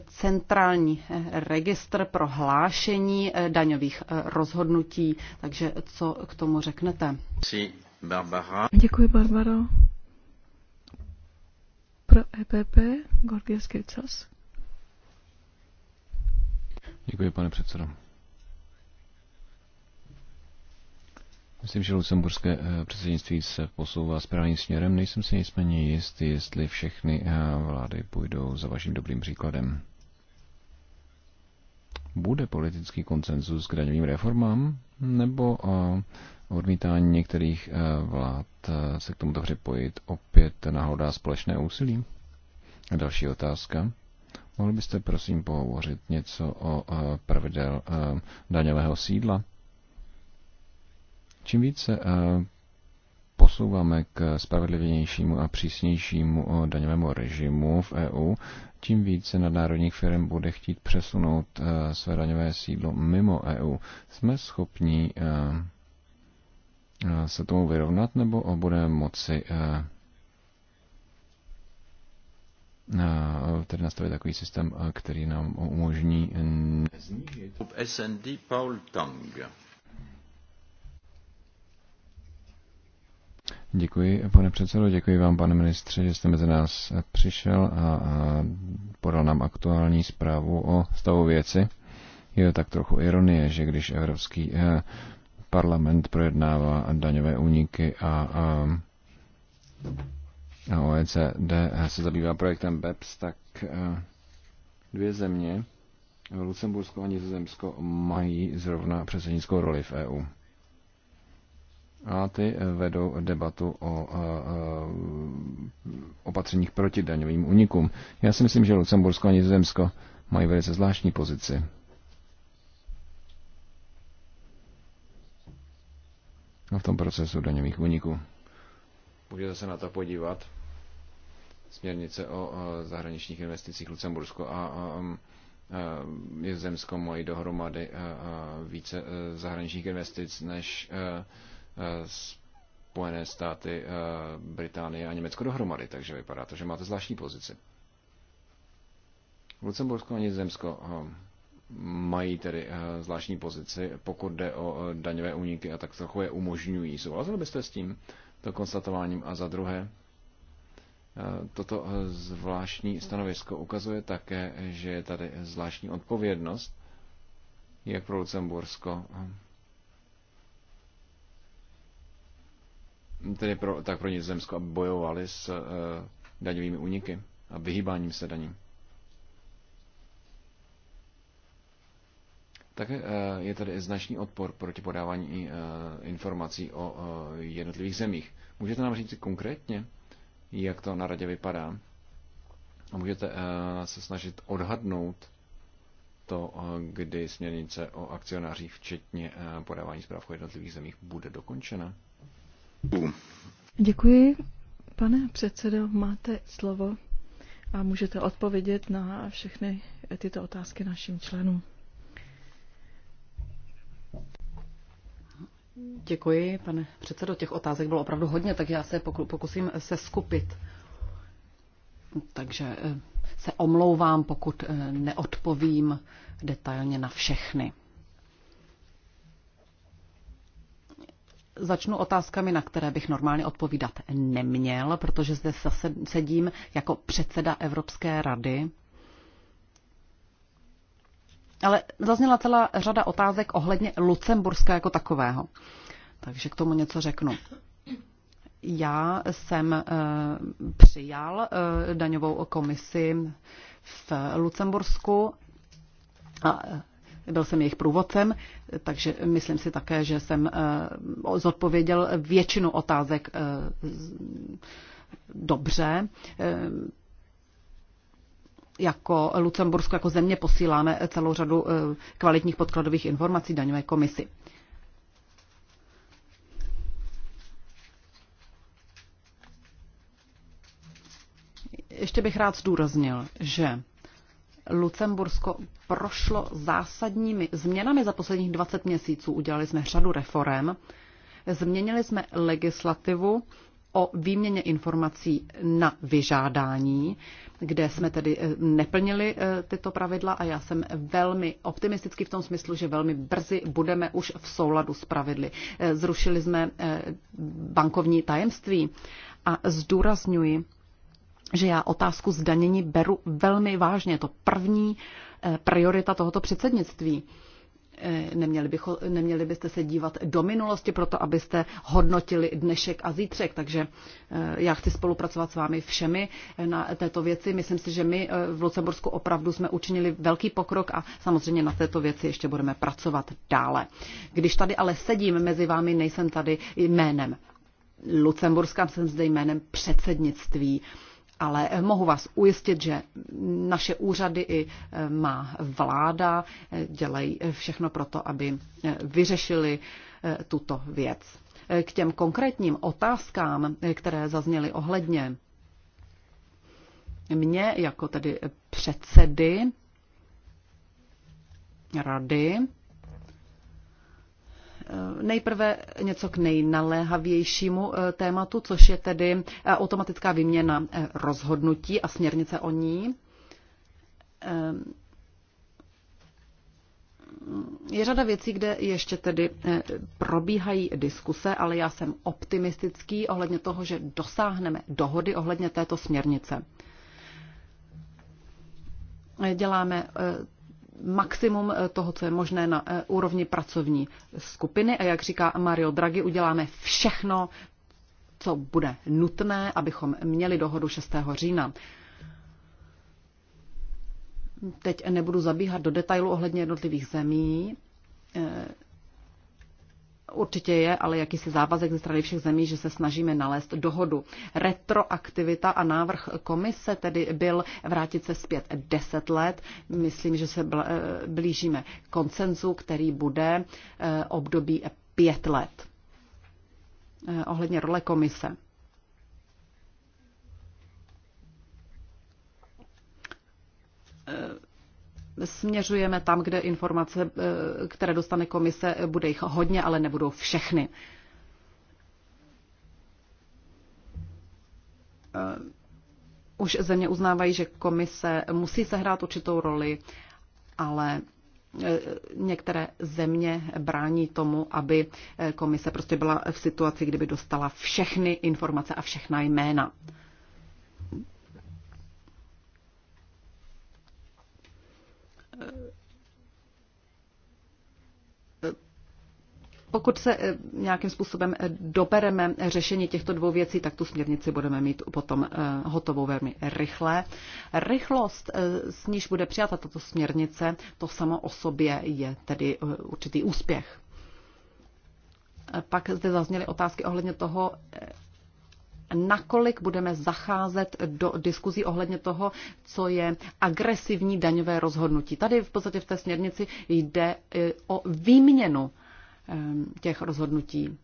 S4: centrální eh, registr pro hlášení eh, daňových rozhodnutí. Takže co k tomu řeknete?
S1: Barbara. Děkuji,
S2: Barbaro. Pro EPP, Gorgias Kicas.
S3: Děkuji, pane předsedo. Myslím, že lucemburské eh, předsednictví se posouvá správným směrem. Nejsem si nicméně jist, jestli všechny eh, vlády půjdou za vaším dobrým příkladem. Bude politický konsenzus k daňovým reformám nebo eh, odmítání některých vlád se k tomuto připojit opět nahlodá společné úsilí? A další otázka. Mohl byste prosím pohovořit něco o pravidel daňového sídla? Čím více eh, posouváme k spravedlivějšímu a přísnějšímu eh, daňovému režimu v EU, tím více nadnárodních firm bude chtít přesunout eh, své daňové sídlo mimo EU. Jsme schopni se tomu vyrovnat, nebo budeme moci tedy nastavit takový systém, který nám umožní SND Paul Tang. Děkuji, pane předsedo, děkuji vám, pane ministře, že jste mezi nás přišel a, a podal nám aktuální zprávu o stavu věci. Je to tak trochu ironie, že když Evropský eh, parlament projednává daňové úniky a, a, a OECD se zabývá projektem BEPS, tak eh, dvě země, Lucembursko a Nizozemsko, mají zrovna předsednickou roli v EU a ty eh, vedou debatu o eh, eh, opatřeních proti daňovým unikům. Já si myslím, že Lucembursko a Nizozemsko mají velice zvláštní pozici. A v tom procesu daňových uniků. Můžete se na to podívat. Směrnice o zahraničních investicích Lucembursko a Nizozemsko mají dohromady více zahraničních investic než Eh, Spojené státy, eh, Británie a Německo dohromady, takže vypadá to, že máte zvláštní pozici. Lucembursko a Nizozemsko eh, mají tedy zvláštní pozici, pokud jde o daňové úniky a tak trochu je umožňují. Souhlasili byste s tím, to konstatováním? A za druhé, toto zvláštní stanovisko ukazuje také, že je tady zvláštní odpovědnost, jak pro Lucembursko, tedy pro, tak pro Nizozemsko, aby bojovali s uh, daňovými úniky a vyhýbáním se daním. Také eh, je tady značný odpor proti podávání eh, informací o jednotlivých zemích. Můžete nám říct konkrétně, jak to na radě vypadá? A můžete se snažit odhadnout to, kdy směrnice o akcionářích, včetně podávání zpráv o jednotlivých zemích, bude dokončena?
S2: Děkuji. Pane předsedo, máte slovo a můžete odpovědět na všechny tyto otázky našim členům.
S4: Děkuji, pane předsedo. Těch otázek bylo opravdu hodně, tak já se pokusím se skupit. Takže eh, se omlouvám, pokud eh, neodpovím detailně na všechny. začnu otázkami, na které bych normálně odpovídat neměl, protože zde zase sedím jako předseda Evropské rady. Ale zazněla celá řada otázek ohledně Lucemburska jako takového. Takže k tomu něco řeknu. Já jsem e, přijal e, daňovou komisi v Lucembursku a byl jsem jejich průvodcem, takže myslím si také, že jsem eh, zodpověděl většinu otázek eh, dobře. Eh, jako Lucembursko, jako země posíláme celou řadu kvalitních podkladových informací daňové komisi. Ještě bych rád zdůraznil, že Lucembursko prošlo zásadními změnami za posledních 20 měsíců. Udělali jsme řadu reform, změnili jsme legislativu o výměně informací na vyžádání, kde jsme tedy eh, neplnili eh, tyto pravidla a já jsem velmi optimistický v tom smyslu, že velmi brzy budeme už v souladu s pravidly. Eh, zrušili jsme bankovní tajemství a zdůrazňuji, že já otázku zdanění beru velmi vážně. Je to první eh, priorita tohoto předsednictví. Eh, neměli, bycho, neměli byste se dívat do minulosti proto, abyste hodnotili dnešek a zítřek. Takže eh, já chci spolupracovat s vámi všemi na této věci. Myslím si, že my v Lucembursku opravdu jsme učinili velký pokrok a samozřejmě na této věci ještě budeme pracovat dále. Když tady ale sedím mezi vámi, nejsem tady jménem Lucemburska, jsem zde jménem předsednictví ale eh, mohu vás ujistit, že naše úřady i eh, má vláda eh, dělají všechno pro to, aby vyřešili tuto věc. K těm konkrétním otázkám, které zazněly ohledně mě jako tedy předsedy rady, Eh, nejprve něco k nejnaléhavějšímu eh, tématu, což je tedy eh, automatická výměna rozhodnutí a směrnice o ní. Je řada věcí, kde ještě tedy probíhají diskuse, ale já jsem optimistický ohledně toho, že dosáhneme dohody ohledně této směrnice. Děláme maximum eh, toho, co je možné na eh, úrovni pracovní skupiny. A jak říká Mario Draghi, uděláme všechno, co bude nutné, abychom měli dohodu 6. října. Teď nebudu zabíhat do detailu ohledně jednotlivých zemí. Eh, Určitě je, ale jakýsi závazek ze strany všech zemí, že se snažíme nalézt dohodu. Retroaktivita a návrh komise tedy byl vrátit se zpět 10 let. Myslím, že se eh, blížíme koncenzu, který bude eh, období 5 let eh, ohledně role komise směřujeme tam, kde informace, eh, které dostane komise, bude jich hodně, ale nebudou všechny. Eh, už země uznávají, že komise musí sehrát určitou roli, ale eh, některé země brání tomu, aby komise prostě byla v situaci, kdyby dostala všechny informace a všechna jména. pokud se eh, nějakým způsobem eh, dobereme eh, řešení těchto dvou věcí, tak tu směrnici budeme mít potom hotovou velmi rychle. Rychlost, s níž bude přijata tato směrnice, to samo o sobě je tedy určitý úspěch. Pak zde zazněly otázky ohledně toho, nakolik budeme zacházet do diskuzí ohledně toho, co je agresivní daňové rozhodnutí. Tady v podstatě v té směrnici jde e, o výměnu těch rozhodnutí,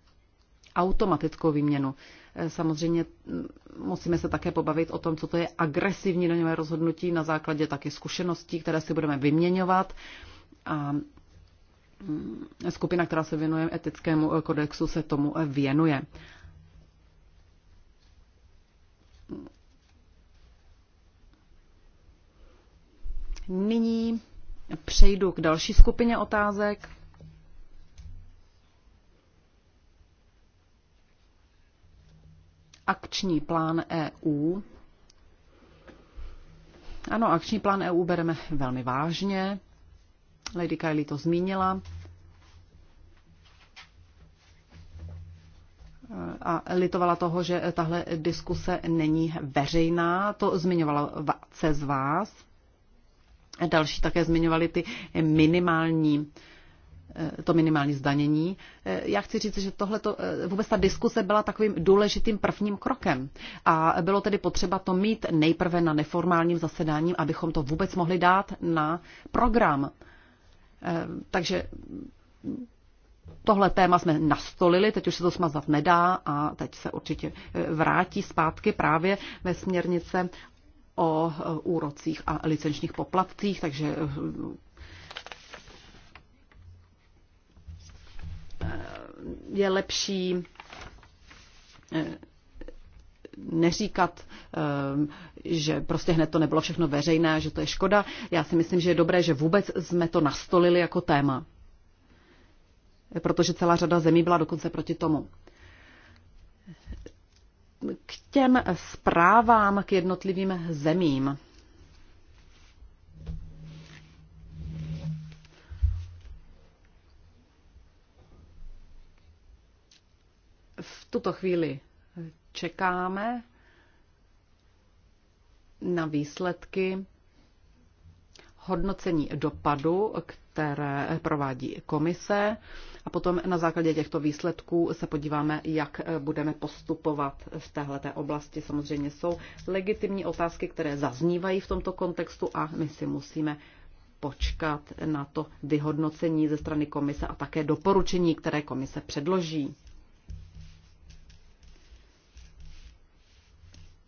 S4: automatickou výměnu. E, samozřejmě mm, musíme se také pobavit o tom, co to je agresivní daňové rozhodnutí na základě taky zkušeností, které si budeme vyměňovat. A mm, skupina, která se věnuje etickému kodexu, se tomu e, věnuje. Nyní přejdu k další skupině otázek. Akční plán EU. Ano, akční plán EU bereme velmi vážně. Lady Kylie to zmínila. a litovala toho, že tahle diskuse není veřejná. To zmiňovala se z vás. Další také zmiňovali ty minimální eh, to minimální zdanění. Eh, já chci říct, že tohle eh, vůbec ta diskuse byla takovým důležitým prvním krokem a bylo tedy potřeba to mít nejprve na neformálním zasedání, abychom to vůbec mohli dát na program. Takže tohle téma jsme nastolili, teď už se to smazat nedá a teď se určitě vrátí zpátky právě ve směrnice o úrocích a licenčních poplatcích, takže eh, je lepší eh, neříkat, eh, že prostě hned to nebylo všechno veřejné, že to je škoda. Já si myslím, že je dobré, že vůbec jsme to nastolili jako téma. Protože celá řada zemí byla dokonce proti tomu k těm zprávám k jednotlivým zemím. V tuto chvíli čekáme na výsledky hodnocení dopadu, které provádí komise a potom na základě těchto výsledků se podíváme, jak eh, budeme postupovat v téhleté oblasti. Samozřejmě jsou legitimní otázky, které zaznívají v tomto kontextu a my si musíme počkat na to vyhodnocení ze strany komise a také doporučení, které komise předloží.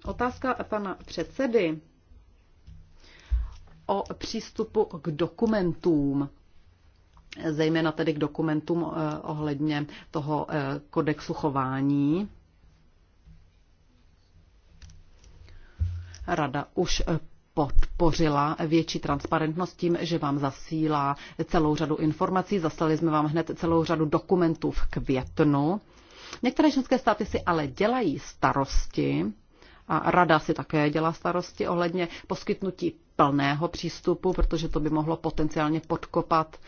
S4: Otázka pana předsedy o přístupu k dokumentům zejména tedy k dokumentům eh, ohledně toho eh, kodexu chování. Rada už eh, podpořila větší transparentnost tím, že vám zasílá celou řadu informací. Zaslali jsme vám hned celou řadu dokumentů v květnu. Některé členské státy si ale dělají starosti a rada si také dělá starosti ohledně poskytnutí plného přístupu, protože to by mohlo potenciálně podkopat uh,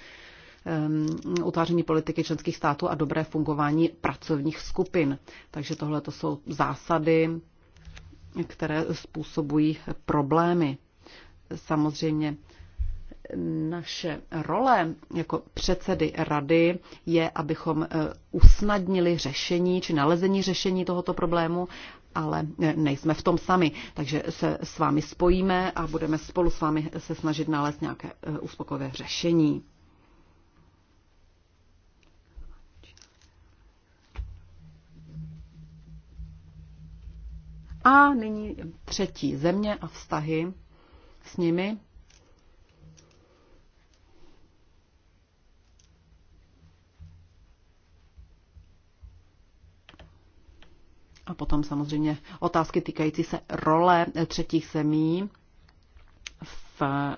S4: Ehm, utváření politiky členských států a dobré fungování pracovních skupin. Takže tohle to jsou zásady, které způsobují problémy. Samozřejmě naše role jako předsedy rady je, abychom eh, usnadnili řešení či nalezení řešení tohoto problému, ale eh, nejsme v tom sami, takže se s vámi spojíme a budeme spolu s vámi se snažit nalézt nějaké eh, uspokojivé řešení. A nyní třetí země a vztahy s nimi. A potom samozřejmě otázky týkající se role třetích zemí v eh,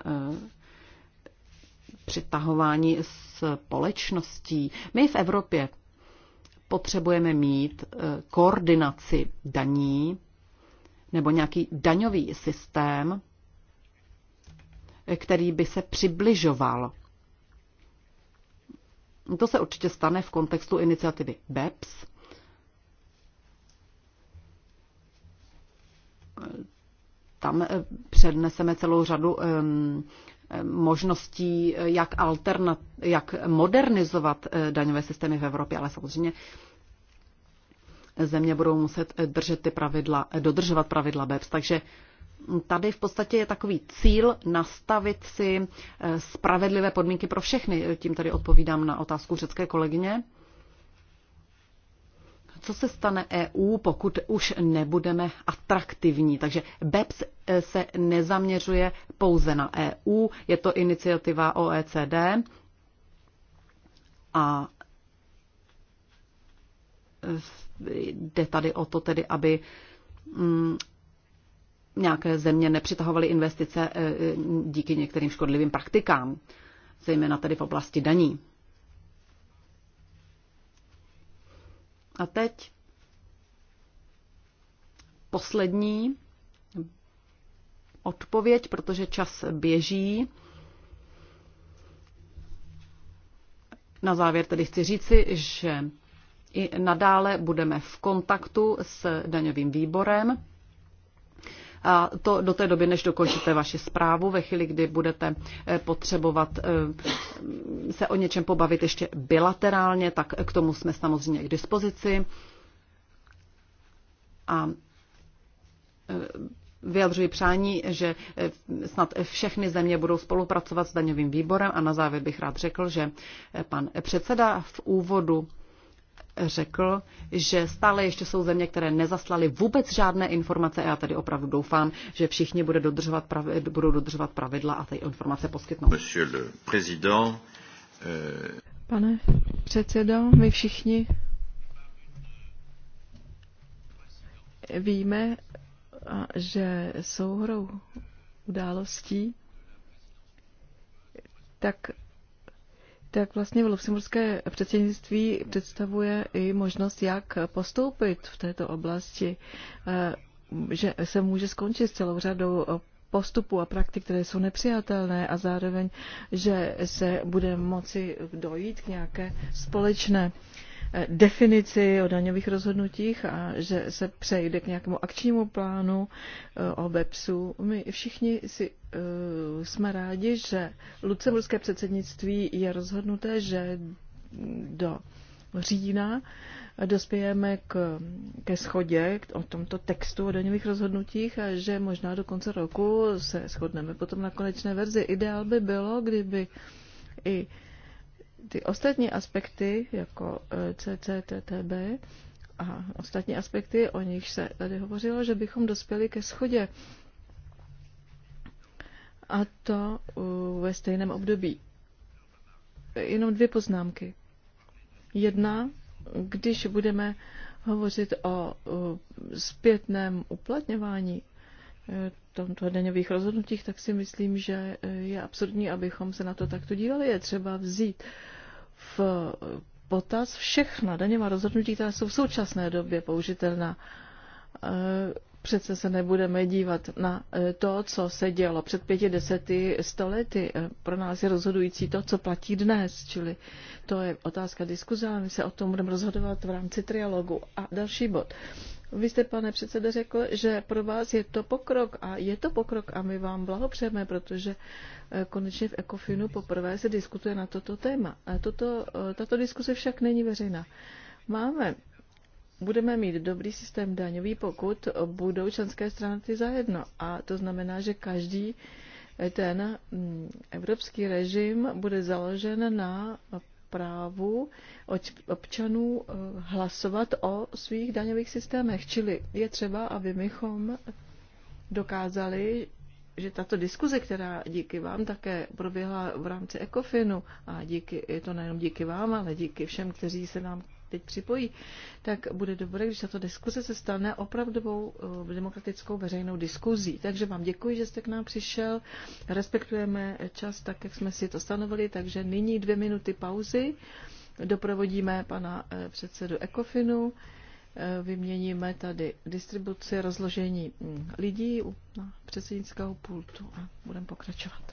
S4: přitahování společností. My v Evropě potřebujeme mít eh, koordinaci daní nebo nějaký daňový systém, který by se přibližoval. To se určitě stane v kontextu iniciativy BEPS. Tam eh, předneseme celou řadu ehm, ehm, možností, eh, jak, alternat, jak modernizovat eh, daňové systémy v Evropě, ale samozřejmě země budou muset držet ty pravidla, dodržovat pravidla BEPS. Takže tady v podstatě je takový cíl nastavit si eh, spravedlivé podmínky pro všechny. Tím tady odpovídám na otázku řecké kolegyně. Co se stane EU, pokud už nebudeme atraktivní? Takže BEPS eh, se nezaměřuje pouze na EU, je to iniciativa OECD a v eh, Jde tady o to tedy, aby mm, nějaké země nepřitahovaly investice e, e, díky některým škodlivým praktikám, zejména tedy v oblasti daní. A teď poslední odpověď, protože čas běží. Na závěr tedy chci říci, že i nadále budeme v kontaktu s daňovým výborem. A to do té doby, než dokončíte vaši zprávu, ve chvíli, kdy budete eh, potřebovat eh, se o něčem pobavit ještě bilaterálně, tak k tomu jsme samozřejmě k dispozici. A eh, vyjadřuji přání, že snad všechny země budou spolupracovat s daňovým výborem a na závěr bych rád řekl, že pan předseda v úvodu řekl, že stále ještě jsou země, které nezaslaly vůbec žádné informace a já tady opravdu doufám, že všichni bude dodržovat pravi, budou dodržovat pravidla a ty informace poskytnou.
S1: Eh,
S2: Pane předsedo, my všichni víme, že souhrou událostí tak tak vlastně v Lucemburské předsednictví představuje i možnost, jak postoupit v této oblasti, eh, že se může skončit s celou řadou eh, postupů a praktik, které jsou nepřijatelné a zároveň, že se bude moci dojít k nějaké společné eh, definici o daňových rozhodnutích a že se přejde k nějakému akčnímu plánu o BEPSu. My všichni si Eh, jsme rádi, že lucemburské předsednictví je rozhodnuté, že do října dospějeme k, ke schodě o tomto textu o daňových rozhodnutích a že možná do konce roku se shodneme potom na konečné verzi. Ideál by bylo, kdyby i ty ostatní aspekty, jako eh, CCTTB a ostatní aspekty, o nich se tady hovořilo, že bychom dospěli ke schodě a to uh, ve stejném období. Jenom dvě poznámky. Jedna, když budeme hovořit o uh, zpětném uplatňování eh, tomto daňových rozhodnutích, tak si myslím, že eh, je absurdní, abychom se na to takto dívali. Je třeba vzít v potaz všechna daňová rozhodnutí, která jsou v současné době použitelná. Eh, Přece se nebudeme dívat na e, to, co se dělo před pěti, deseti, stolety. E, pro nás je rozhodující to, co platí dnes, čili to je otázka diskuze, ale my se o tom budeme rozhodovat v rámci trialogu. A další bod. Vy jste, pane předsede, řekl, že pro vás je to pokrok a je to pokrok a my vám blahopřejeme, protože e, konečně v Ekofinu poprvé se diskutuje na toto téma. A toto, tato diskuse však není veřejná. Máme budeme mít dobrý systém daňový, pokud budou členské strany zajedno. A to znamená, že každý ten mm, evropský režim bude založen na právu občanů eh, hlasovat o svých daňových systémech. Čili je třeba, aby mychom dokázali, že tato diskuze, která díky vám také proběhla v rámci ECOFINu a díky, je to nejenom díky vám, ale díky všem, kteří se nám teď připojí, tak bude dobré, když tato diskuze se stane opravdovou eh, demokratickou veřejnou diskuzí. Takže vám děkuji, že jste k nám přišel. Respektujeme čas tak, jak jsme si to stanovili, takže nyní dvě minuty pauzy. Doprovodíme pana eh, předsedu Ekofinu eh, vyměníme tady distribuci rozložení hm, lidí u předsednického
S1: pultu a budeme pokračovat.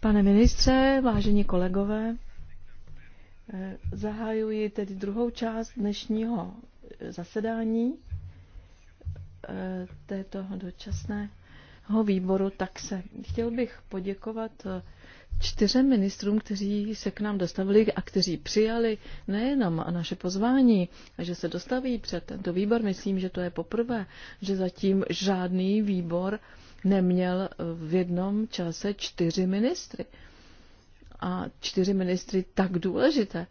S2: Pane ministře, vážení kolegové, eh, zahajuji tedy druhou část dnešního eh, zasedání eh, této dočasného výboru se Chtěl bych poděkovat čtyřem ministrům, kteří se k nám dostavili a kteří přijali nejenom naše pozvání, že se dostaví před tento výbor. Myslím, že to je poprvé, že zatím žádný výbor neměl v jednom čase čtyři ministry. A čtyři ministry tak důležité.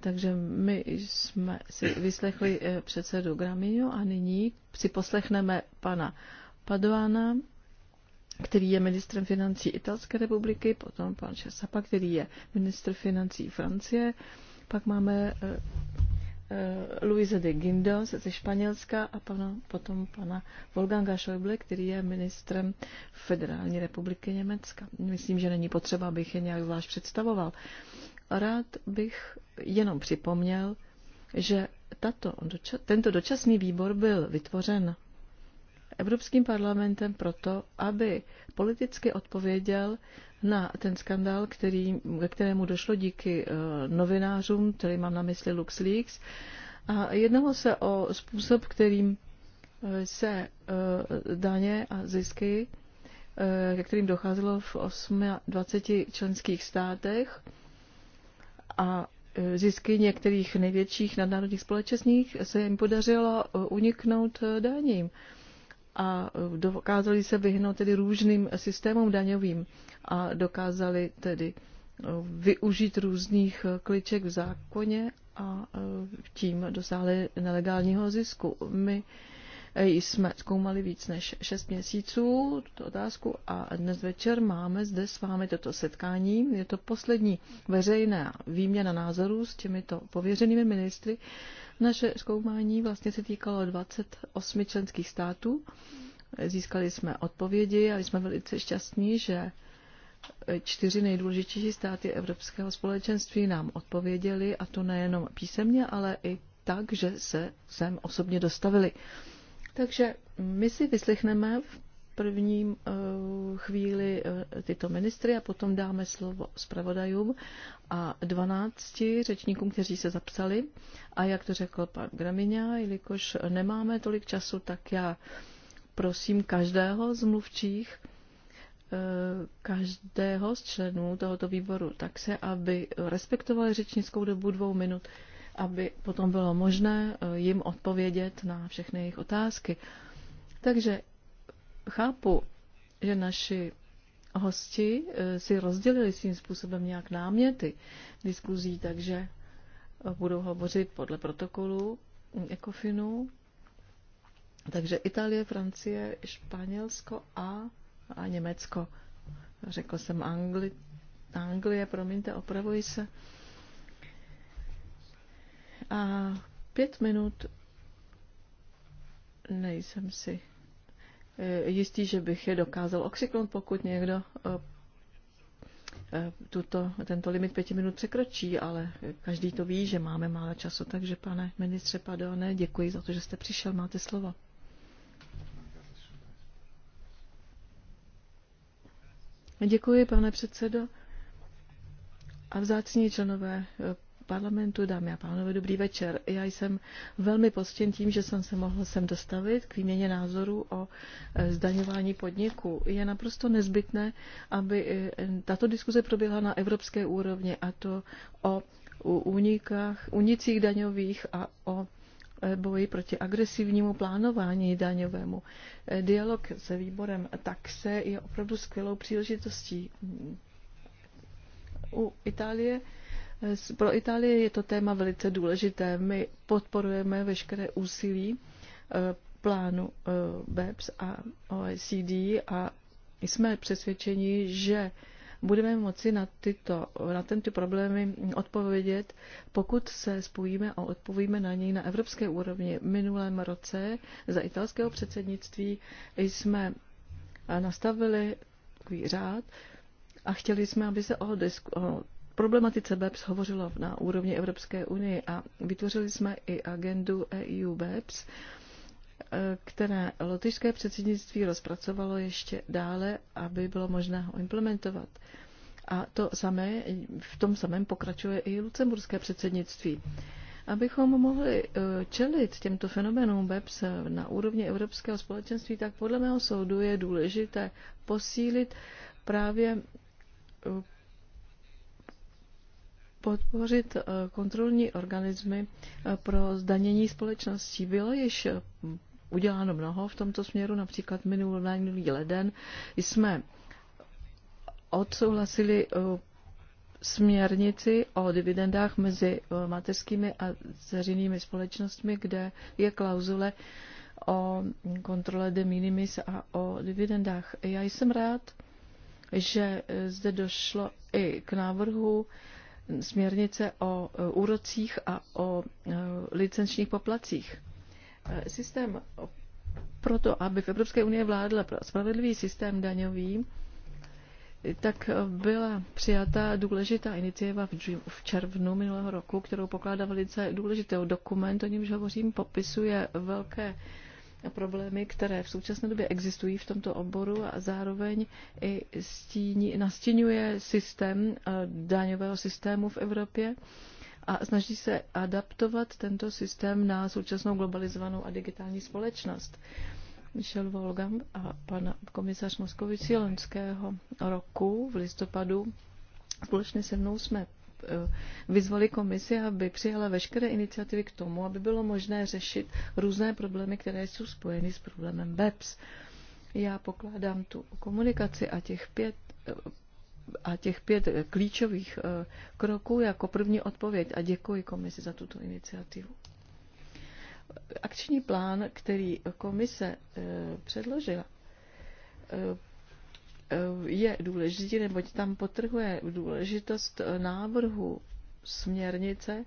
S2: Takže my jsme si vyslechli eh, předsedu Graminu a nyní si poslechneme pana Padoana, který je ministrem financí Italské republiky, potom pan Česapa, který je ministr financí Francie, pak máme eh, Eh, Luise de Guindos ze Španělska a pana, potom pana Wolfganga Schäuble, který je ministrem Federální republiky Německa. Myslím, že není potřeba, abych je nějak zvlášť představoval. Rád bych jenom připomněl, že tato, tento dočasný výbor byl vytvořen Evropským parlamentem proto, aby politicky odpověděl na ten skandál, který, ke kterému došlo díky eh, novinářům, který mám na mysli LuxLeaks. A jednalo se o způsob, kterým eh, se eh, daně a zisky, ke kterým docházelo v 28 členských státech a zisky některých největších nadnárodních společností se jim podařilo uniknout daním a dokázali se vyhnout tedy různým systémům daňovým a dokázali tedy e, využít různých e, kliček v zákoně a e, tím dosáhli nelegálního zisku. My Eh, jsme zkoumali víc než 6 měsíců tuto otázku a dnes večer máme zde s vámi toto setkání. Je to poslední veřejná výměna názorů s těmito pověřenými ministry. Naše zkoumání vlastně se týkalo 28 členských států. Získali jsme odpovědi a jsme velice šťastní, že čtyři nejdůležitější státy Evropského společenství nám odpověděli, a to nejenom písemně, ale i tak, že se sem osobně dostavili. Takže my si vyslechneme v první eh, chvíli eh, tyto ministry a potom dáme slovo zpravodajům a 12 řečníkům, kteří se zapsali. A jak to řekl pan Gramiňa, jelikož nemáme tolik času, tak já prosím každého z mluvčích, eh, každého z členů tohoto výboru tak se, aby respektovali řečnickou dobu dvou minut aby potom bylo možné eh, jim odpovědět na všechny jejich otázky. Takže chápu, že naši hosti eh, si rozdělili svým způsobem nějak náměty diskuzí, takže eh, budou hovořit podle protokolu ECOFINu. Takže Itálie, Francie, Španělsko a, a Německo. Řekl jsem Angli, Anglie, promiňte, opravuji se. A pět minut nejsem si eh, jistý, že bych je dokázal okřiknout, pokud někdo eh, eh, tuto, tento limit pěti minut překročí, ale každý to ví, že máme málo času, takže pane ministře Padone, děkuji za to, že jste přišel, máte slovo. Děkuji, pane předsedo. A vzácní členové parlamentu, dámy a pánové, dobrý večer. Já jsem velmi postěn tím, že jsem se mohl sem dostavit k výměně názoru o e, zdaňování podniků. Je naprosto nezbytné, aby e, tato diskuze proběhla na evropské úrovni, a to o únikách, unicích daňových a o e, boji proti agresivnímu plánování daňovému. Dialog se výborem taxe je opravdu skvělou příležitostí. U Itálie pro Itálii je to téma velice důležité. My podporujeme veškeré úsilí eh, plánu eh, BEPS a OECD a jsme přesvědčeni, že budeme moci na, tyto, na tento problémy odpovědět, pokud se spojíme a odpovíme na něj na evropské úrovni. V minulém roce za italského předsednictví jsme nastavili takový řád a chtěli jsme, aby se o, disku, o problematice BEPS hovořilo na úrovni Evropské unie a vytvořili jsme i agendu EU BEPS, eh, které lotyšské předsednictví rozpracovalo ještě dále, aby bylo možné ho implementovat. A to samé, v tom samém pokračuje i lucemburské předsednictví. Abychom mohli eh, čelit těmto fenoménům BEPS na úrovni Evropského společenství, tak podle mého soudu je důležité posílit právě eh, podpořit eh, kontrolní organismy eh, pro zdanění společností. Bylo již eh, uděláno mnoho v tomto směru, například minulý leden jsme odsouhlasili směrnici o dividendách mezi mateřskými a dceřinými společnostmi, kde je klauzule o kontrole de minimis a o dividendách. Já jsem rád, že zde došlo i k návrhu směrnice o e, úrocích a o e, licenčních poplacích. E, systém proto, aby v Evropské unii vládla spravedlivý systém daňový, tak byla přijata důležitá iniciativa v červnu minulého roku, kterou pokládá velice důležitý dokument, o němž hovořím, popisuje velké problémy, které v současné době existují v tomto oboru a zároveň i stíní, nastínuje systém eh, daňového systému v Evropě a snaží se adaptovat tento systém na současnou globalizovanou a digitální společnost. Michel Volgam a pan komisař Moskovici loňského roku v listopadu společně se mnou jsme Eh, vyzvali komisi, aby přijala veškeré iniciativy k tomu, aby bylo možné řešit různé problémy, které jsou spojeny s problémem BEPS. Já pokládám tu komunikaci a těch pět eh, a těch pět klíčových eh, kroků jako první odpověď a děkuji komisi za tuto iniciativu. Akční plán, který komise předložila, Eh, je důležitý, neboť tam potrhuje důležitost eh, návrhu směrnice,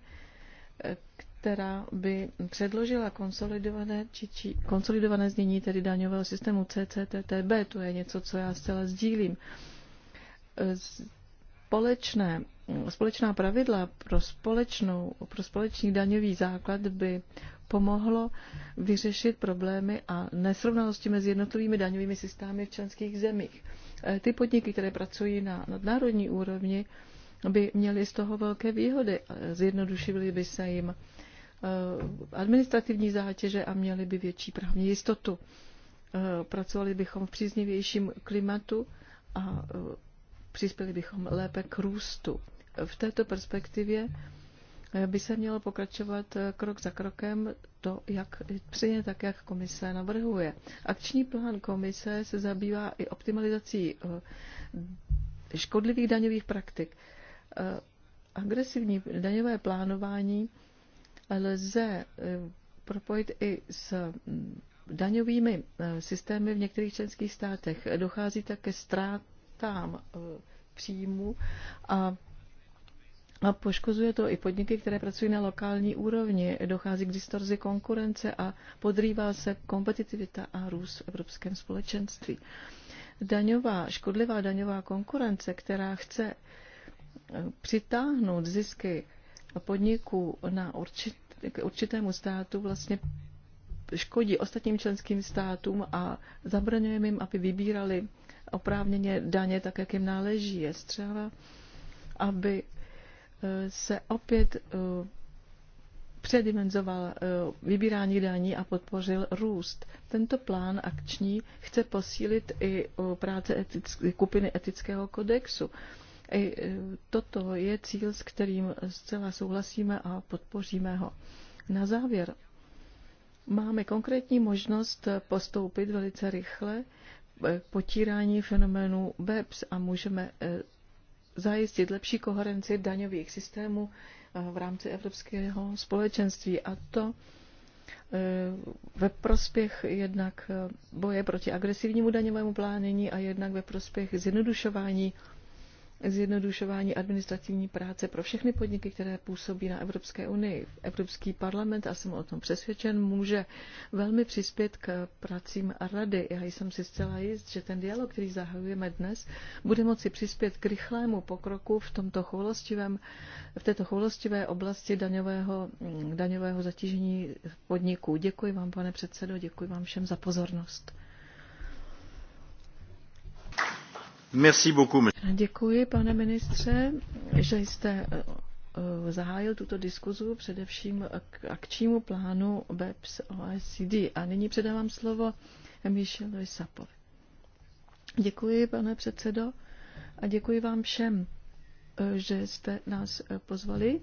S2: eh, která by předložila konsolidované, či, či, konsolidované znění tedy daňového systému CCTTB. To je něco, co já zcela sdílím. Společné, společná pravidla pro, společnou, pro společný daňový základ by pomohlo vyřešit problémy a nesrovnalosti mezi jednotlivými daňovými systémy v členských zemích. Eh, ty podniky, které pracují na nadnárodní úrovni, by měly z toho velké výhody. Eh, zjednodušili by se jim eh, administrativní zátěže a měli by větší právní jistotu. Pracovali bychom v příznivějším klimatu a přispěli bychom lépe k růstu. V této perspektivě by se mělo pokračovat eh, krok za krokem to, jak přijde tak, jak komise navrhuje. Akční plán komise se zabývá i optimalizací eh, škodlivých daňových praktik. Eh, agresivní daňové plánování lze propojit i s mm, daňovými systémy v některých členských státech. Dochází také ztrátám příjmu a a poškozuje to i podniky, které pracují na lokální úrovni. Dochází k distorzi konkurence a podrývá se kompetitivita a růst v evropském společenství. Daňová, škodlivá daňová konkurence, která chce eh, přitáhnout zisky podniků na určit, k určitému státu, vlastně škodí ostatním členským státům a zabraňuje jim, aby vybírali oprávněně daně tak, jak jim náleží. Je střeva, aby se opět eh, předimenzoval eh, vybírání daní a podpořil růst. Tento plán akční chce posílit i eh, práce etické, kupiny etického kodexu. I toto je cíl, s kterým zcela souhlasíme a podpoříme ho. Na závěr máme konkrétní možnost postoupit velice rychle potírání fenoménu BEPS a můžeme zajistit lepší koherenci daňových systémů eh, v rámci evropského společenství a to eh, ve prospěch jednak eh, boje proti agresivnímu daňovému plánění a jednak ve prospěch zjednodušování zjednodušování administrativní práce pro všechny podniky, které působí na Evropské unii. Evropský parlament, a jsem o tom přesvědčen, může velmi přispět k pracím a rady. Já jsem si zcela jist, že ten dialog, který zahajujeme dnes, bude moci přispět k rychlému pokroku v, tomto v této choulostivé oblasti daňového, daňového zatížení podniků. Děkuji vám, pane předsedo, děkuji vám všem za pozornost. Děkuji, pane ministře, že jste eh, eh, zahájil tuto diskuzi především k akčnímu plánu BEPS OECD. A nyní předávám slovo Michelovi Sapovi. Děkuji, pane předsedo, a děkuji vám všem, eh, že jste nás pozvali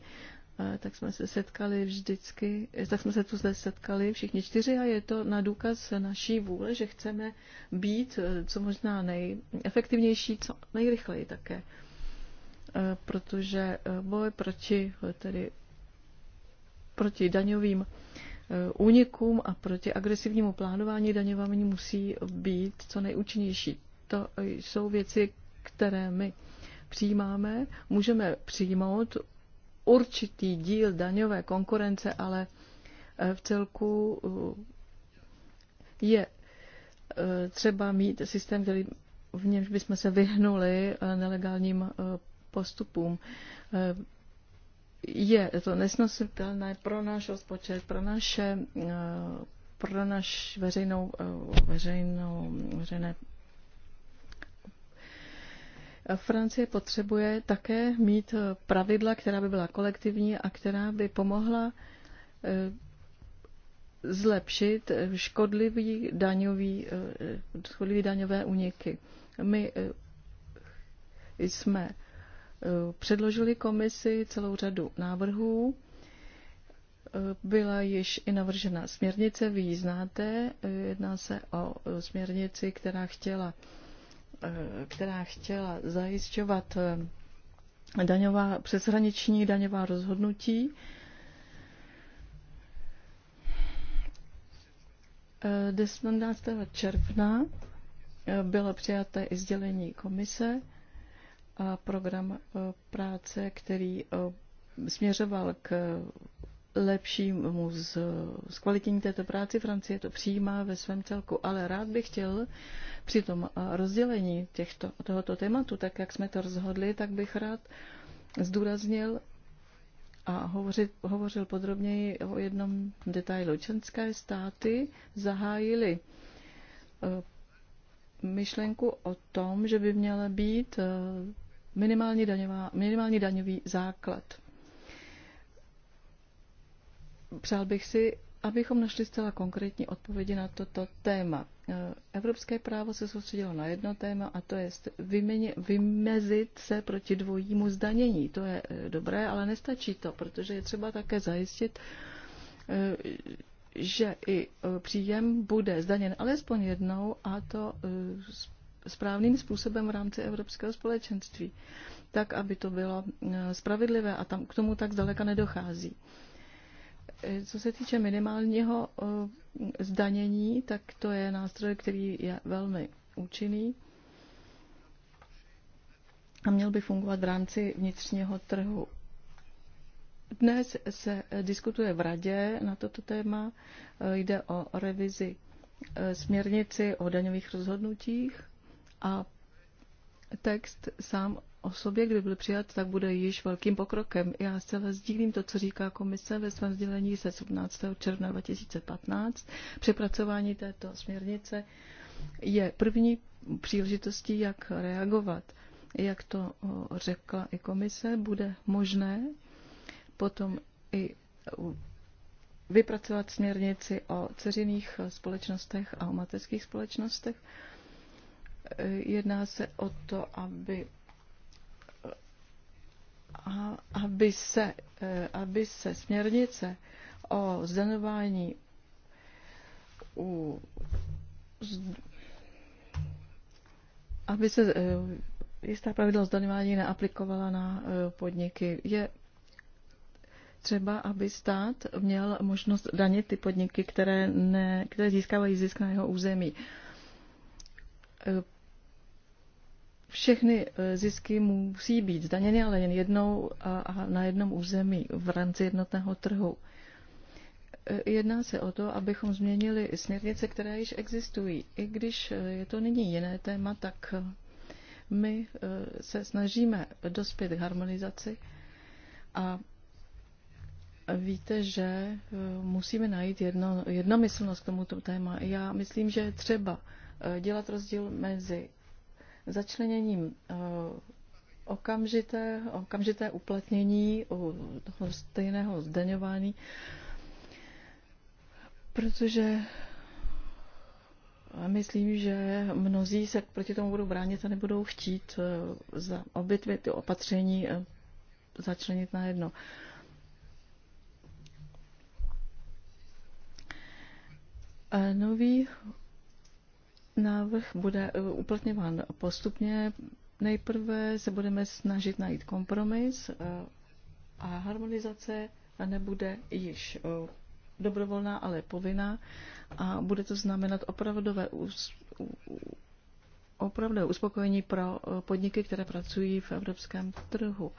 S2: tak jsme se setkali vždycky, tak jsme se tu zde setkali všichni čtyři a je to na důkaz naší vůle, že chceme být eh, co možná nejefektivnější, co nejrychleji také. Eh, protože eh, boj proti, tedy proti daňovým únikům a proti agresivnímu plánování daňování musí být co nejúčinnější. To jsou věci, které my přijímáme, můžeme přijmout určitý díl daňové konkurence, ale e, v celku e, je e, třeba mít systém, který v němž bychom se vyhnuli nelegálním postupům. Je to nesnositelné pro náš rozpočet, pro naše pro naš veřejnou, veřejnou, veřejné Francie potřebuje také mít eh, pravidla, která by byla kolektivní a která by pomohla eh, zlepšit eh, škodlivý daňový, škodlivý daňové úniky. My jsme předložili komisi celou řadu návrhů. Byla již i navržena směrnice, vy ji znáte, jedná se o směrnici, která chtěla Eh, která chtěla zajišťovat eh, daňová, přeshraniční daňová rozhodnutí, eh, Do 17. června bylo přijaté i sdělení komise a program práce, který směřoval k lepšímu z, zkvalitění této práci. Francie to přijímá ve svém celku, ale rád bych chtěl při tom rozdělení těchto, tohoto tématu, tak jak jsme to rozhodli, tak bych rád zdůraznil a hovořit, hovořil podrobněji o jednom detailu. Členské státy zahájily e, myšlenku o tom, že by měla být e, minimální, daňová, minimální daňový základ Přál bych si, abychom našli zcela konkrétní odpovědi na toto téma. E, Evropské právo se soustředilo na jedno téma a to je vymezit se proti dvojímu zdanění. To je e, dobré, ale nestačí to, protože je třeba také zajistit, e, že i příjem bude zdaněn alespoň jednou a to správným způsobem v rámci Evropského společenství, tak, aby to bylo spravedlivé a tam k tomu tak zdaleka nedochází. Eh, co se týče minimálního eh, zdanění, tak to je nástroj, který je velmi účinný a měl by fungovat v rámci vnitřního trhu. Dnes se eh, diskutuje v radě na toto téma. Jde o revizi směrnici o daňových rozhodnutích a text sám osobě, kdy byl přijat, tak bude již velkým pokrokem. Já zcela sdílím to, co říká komise ve svém sdělení ze 17. června 2015. Přepracování této směrnice je první příležitostí, jak reagovat. Jak to řekla i komise, bude možné potom i vypracovat směrnici o ceřiných společnostech a o mateřských společnostech. E, jedná se o to, aby aby se, eh, aby se směrnice o zdanování u, aby se eh, jistá pravidla zdaňování neaplikovala na eh, podniky. Je třeba, aby stát měl možnost danit ty podniky, které, ne, které získávají zisk na jeho území všechny eh, zisky musí být zdaněny, ale jen jednou a, a na jednom území v rámci jednotného trhu. Eh, jedná se o to, abychom změnili směrnice, které již existují. I když eh, je to nyní jiné téma, tak my se snažíme dospět k harmonizaci a víte, že musíme najít jedno, jednomyslnost k tomuto téma. Já myslím, že třeba dělat rozdíl mezi začleněním eh, okamžité, okamžité uplatnění toho stejného zdaňování, protože myslím, že mnozí se proti tomu budou bránit a nebudou chtít eh, za obě dvě ty opatření eh, začlenit na jedno. Nový návrh bude eh, uplatňován postupně. Nejprve se budeme snažit najít kompromis eh, a harmonizace nebude již eh, dobrovolná, ale povinná a bude to znamenat opravdové opravdu uspokojení pro podniky, které pracují v evropském trhu.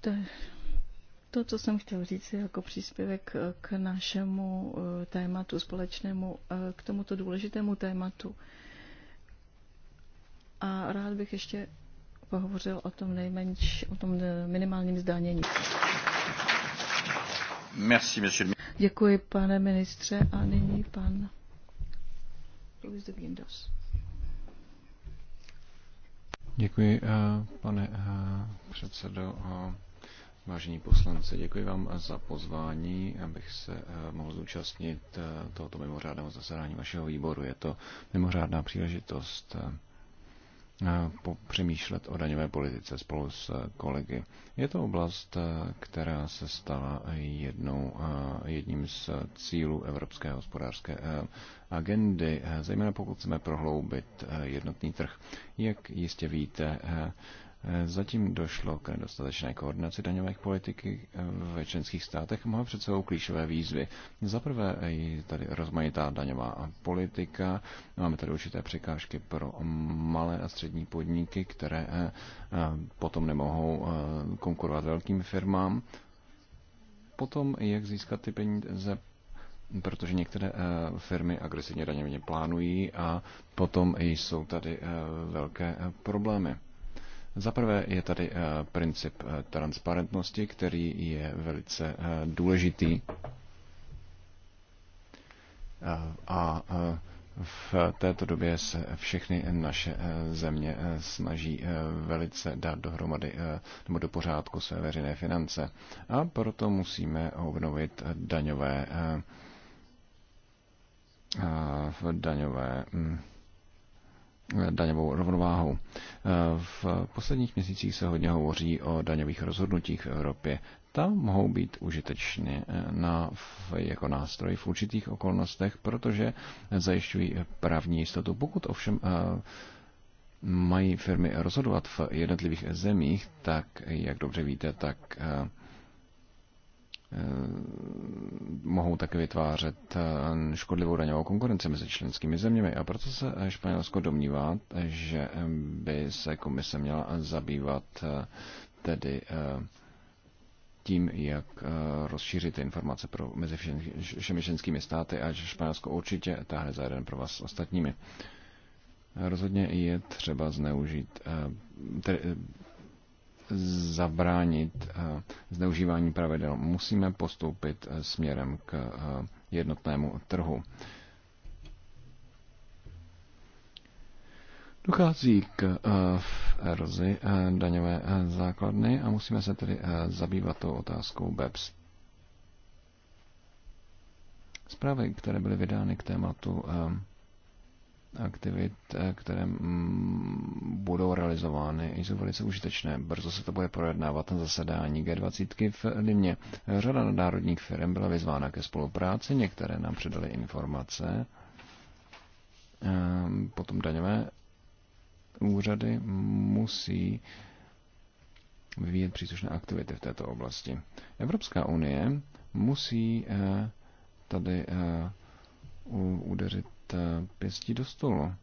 S2: To to, co jsem chtěl říct, je jako příspěvek eh, k našemu eh, tématu společnému, eh, k tomuto důležitému tématu. A rád bych ještě pohovořil o tom nejmenš, o tom minimálním zdanění.
S3: Merci, monsieur.
S2: Děkuji, pane ministře. A nyní pan Luis de Guindos.
S3: Děkuji, pane předsedo. Vážení poslanci, děkuji vám za pozvání, abych se eh, mohl zúčastnit eh, tohoto mimořádného zasedání vašeho výboru. Je to mimořádná příležitost eh, přemýšlet o daňové politice spolu s kolegy. Je to oblast, která se stala jednou, jedním z cílů Evropské hospodářské agendy, zejména pokud chceme prohloubit jednotný trh. Jak jistě víte, Eh, zatím došlo k nedostatečné koordinaci daňových politiky eh, ve členských státech má před sebou klíčové výzvy. Za prvé eh, je tady rozmanitá daňová politika, máme tady určité překážky pro malé a střední podniky, které potom nemohou konkurovat velkým firmám. Potom, jak získat ty peníze protože některé firmy agresivně daně plánují a potom jsou tady velké problémy. Za prvé je tady eh, princip eh, transparentnosti, který je velice eh, důležitý. A v této době se všechny naše země snaží velice dát dohromady nebo do pořádku své veřejné finance. A proto musíme obnovit daňové daňové hm, Eh, daňovou rovnováhu. Eh, v posledních měsících se hodně hovoří o daňových rozhodnutích v Evropě. Ta mohou být užitečně eh, na, jako nástroj v určitých okolnostech, protože zajišťují právní jistotu. Pokud ovšem mají firmy rozhodovat v jednotlivých zemích, tak, jak dobře víte, tak Eh, mohou také vytvářet eh, škodlivou daňovou konkurenci mezi členskými zeměmi. A proto se eh, Španělsko domnívá, že by se komise měla zabývat tedy tím, jak rozšířit ty informace pro, mezi všemi členskými státy a že Španělsko určitě táhne za jeden pro vás s ostatními. Rozhodně je třeba zneužít, tedy, zabránit eh, zneužívání pravidel. Musíme postoupit eh, směrem k eh, jednotnému trhu. Dochází k erozi daňové základny a musíme se tedy zabývat tou otázkou BEPS. Zprávy, které byly vydány k tématu aktivit, eh, které mm, budou realizovány, jsou velice užitečné. Brzo se to bude projednávat na zasedání G20 v Limě. Řada národních firm byla vyzvána ke spolupráci, některé nám předaly informace, ehm, potom daňové úřady musí vyvíjet příslušné aktivity v této oblasti. Evropská unie musí eh, tady eh, udeřit Eh, pěstí do stolu.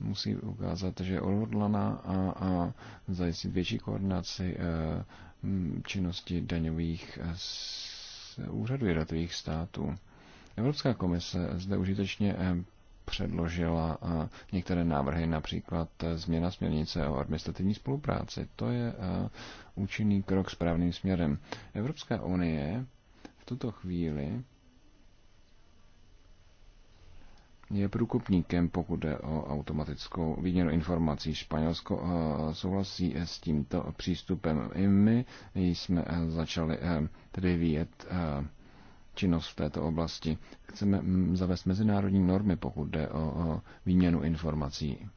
S3: Musí ukázat, že je odhodlaná a, a zajistit větší koordinaci eh, činnosti daňových eh, úřadů jednotlivých států. Evropská komise zde užitečně předložila některé návrhy, například změna směrnice o administrativní spolupráci. To je účinný krok správným směrem. Evropská unie v tuto chvíli je průkopníkem, pokud jde o automatickou výměnu informací. Španělsko eh, souhlasí s tímto přístupem. I my jsme eh, začali eh, tedy vyjet činnost v této oblasti. Chceme mm, zavést mezinárodní normy, pokud jde o výměnu informací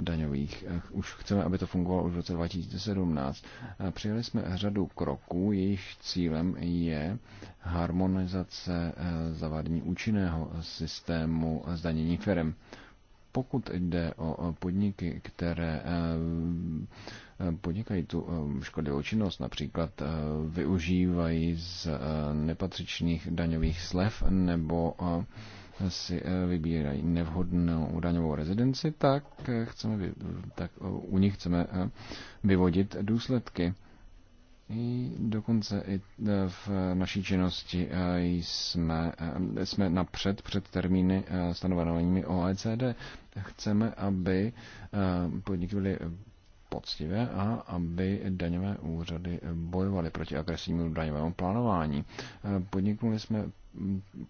S3: daňových. Eh, už chceme, aby to fungovalo už v roce 2017. Eh, Přijeli jsme řadu kroků, jejich cílem je harmonizace eh, zavádění účinného systému zdanění firm. Pokud jde o podniky, které podnikají tu škodlivou činnost, například využívají z nepatřičných daňových slev nebo si eh, vybírají nevhodnou daňovou rezidenci, tak, eh, chceme, tak eh, u nich chceme vyvodit důsledky. I dokonce i v naší činnosti jsme, jsme napřed před termíny stanovenými OECD. Chceme, aby podniky byly poctivě a aby daňové úřady bojovaly proti agresivnímu daňovému plánování. Podniknuli jsme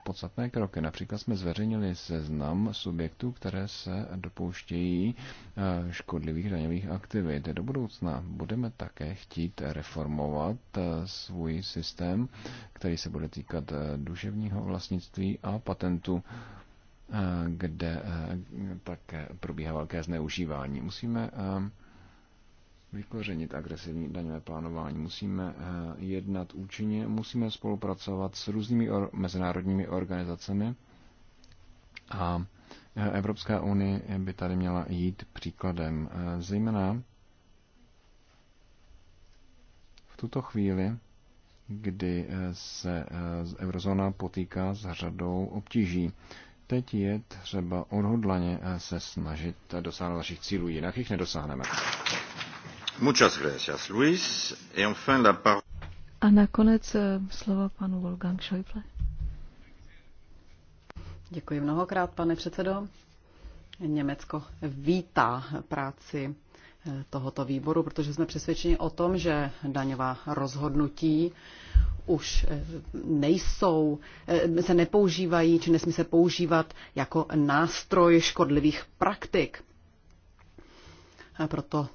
S3: podstatné kroky. Například jsme zveřejnili seznam subjektů, které se dopouštějí eh, škodlivých daňových aktivit. Do budoucna budeme také chtít reformovat eh, svůj systém, který se bude týkat eh, duševního vlastnictví a patentu kde také probíhá velké zneužívání. Musíme vykořenit agresivní daňové plánování. Musíme eh, jednat účinně, musíme spolupracovat s různými or- mezinárodními organizacemi a eh, Evropská unie by tady měla jít příkladem. Eh, zejména v tuto chvíli, kdy se eurozóna potýká s řadou obtíží. Teď je třeba odhodlaně se snažit dosáhnout našich cílů, jinak jich nedosáhneme.
S2: A nakonec eh, slova panu Wolfgang Schäuble.
S4: Děkuji mnohokrát, pane předsedo. Německo vítá práci eh, tohoto výboru, protože jsme přesvědčeni o tom, že daňová rozhodnutí už eh, nejsou, se nepoužívají, či nesmí se používat jako nástroj škodlivých praktik. A proto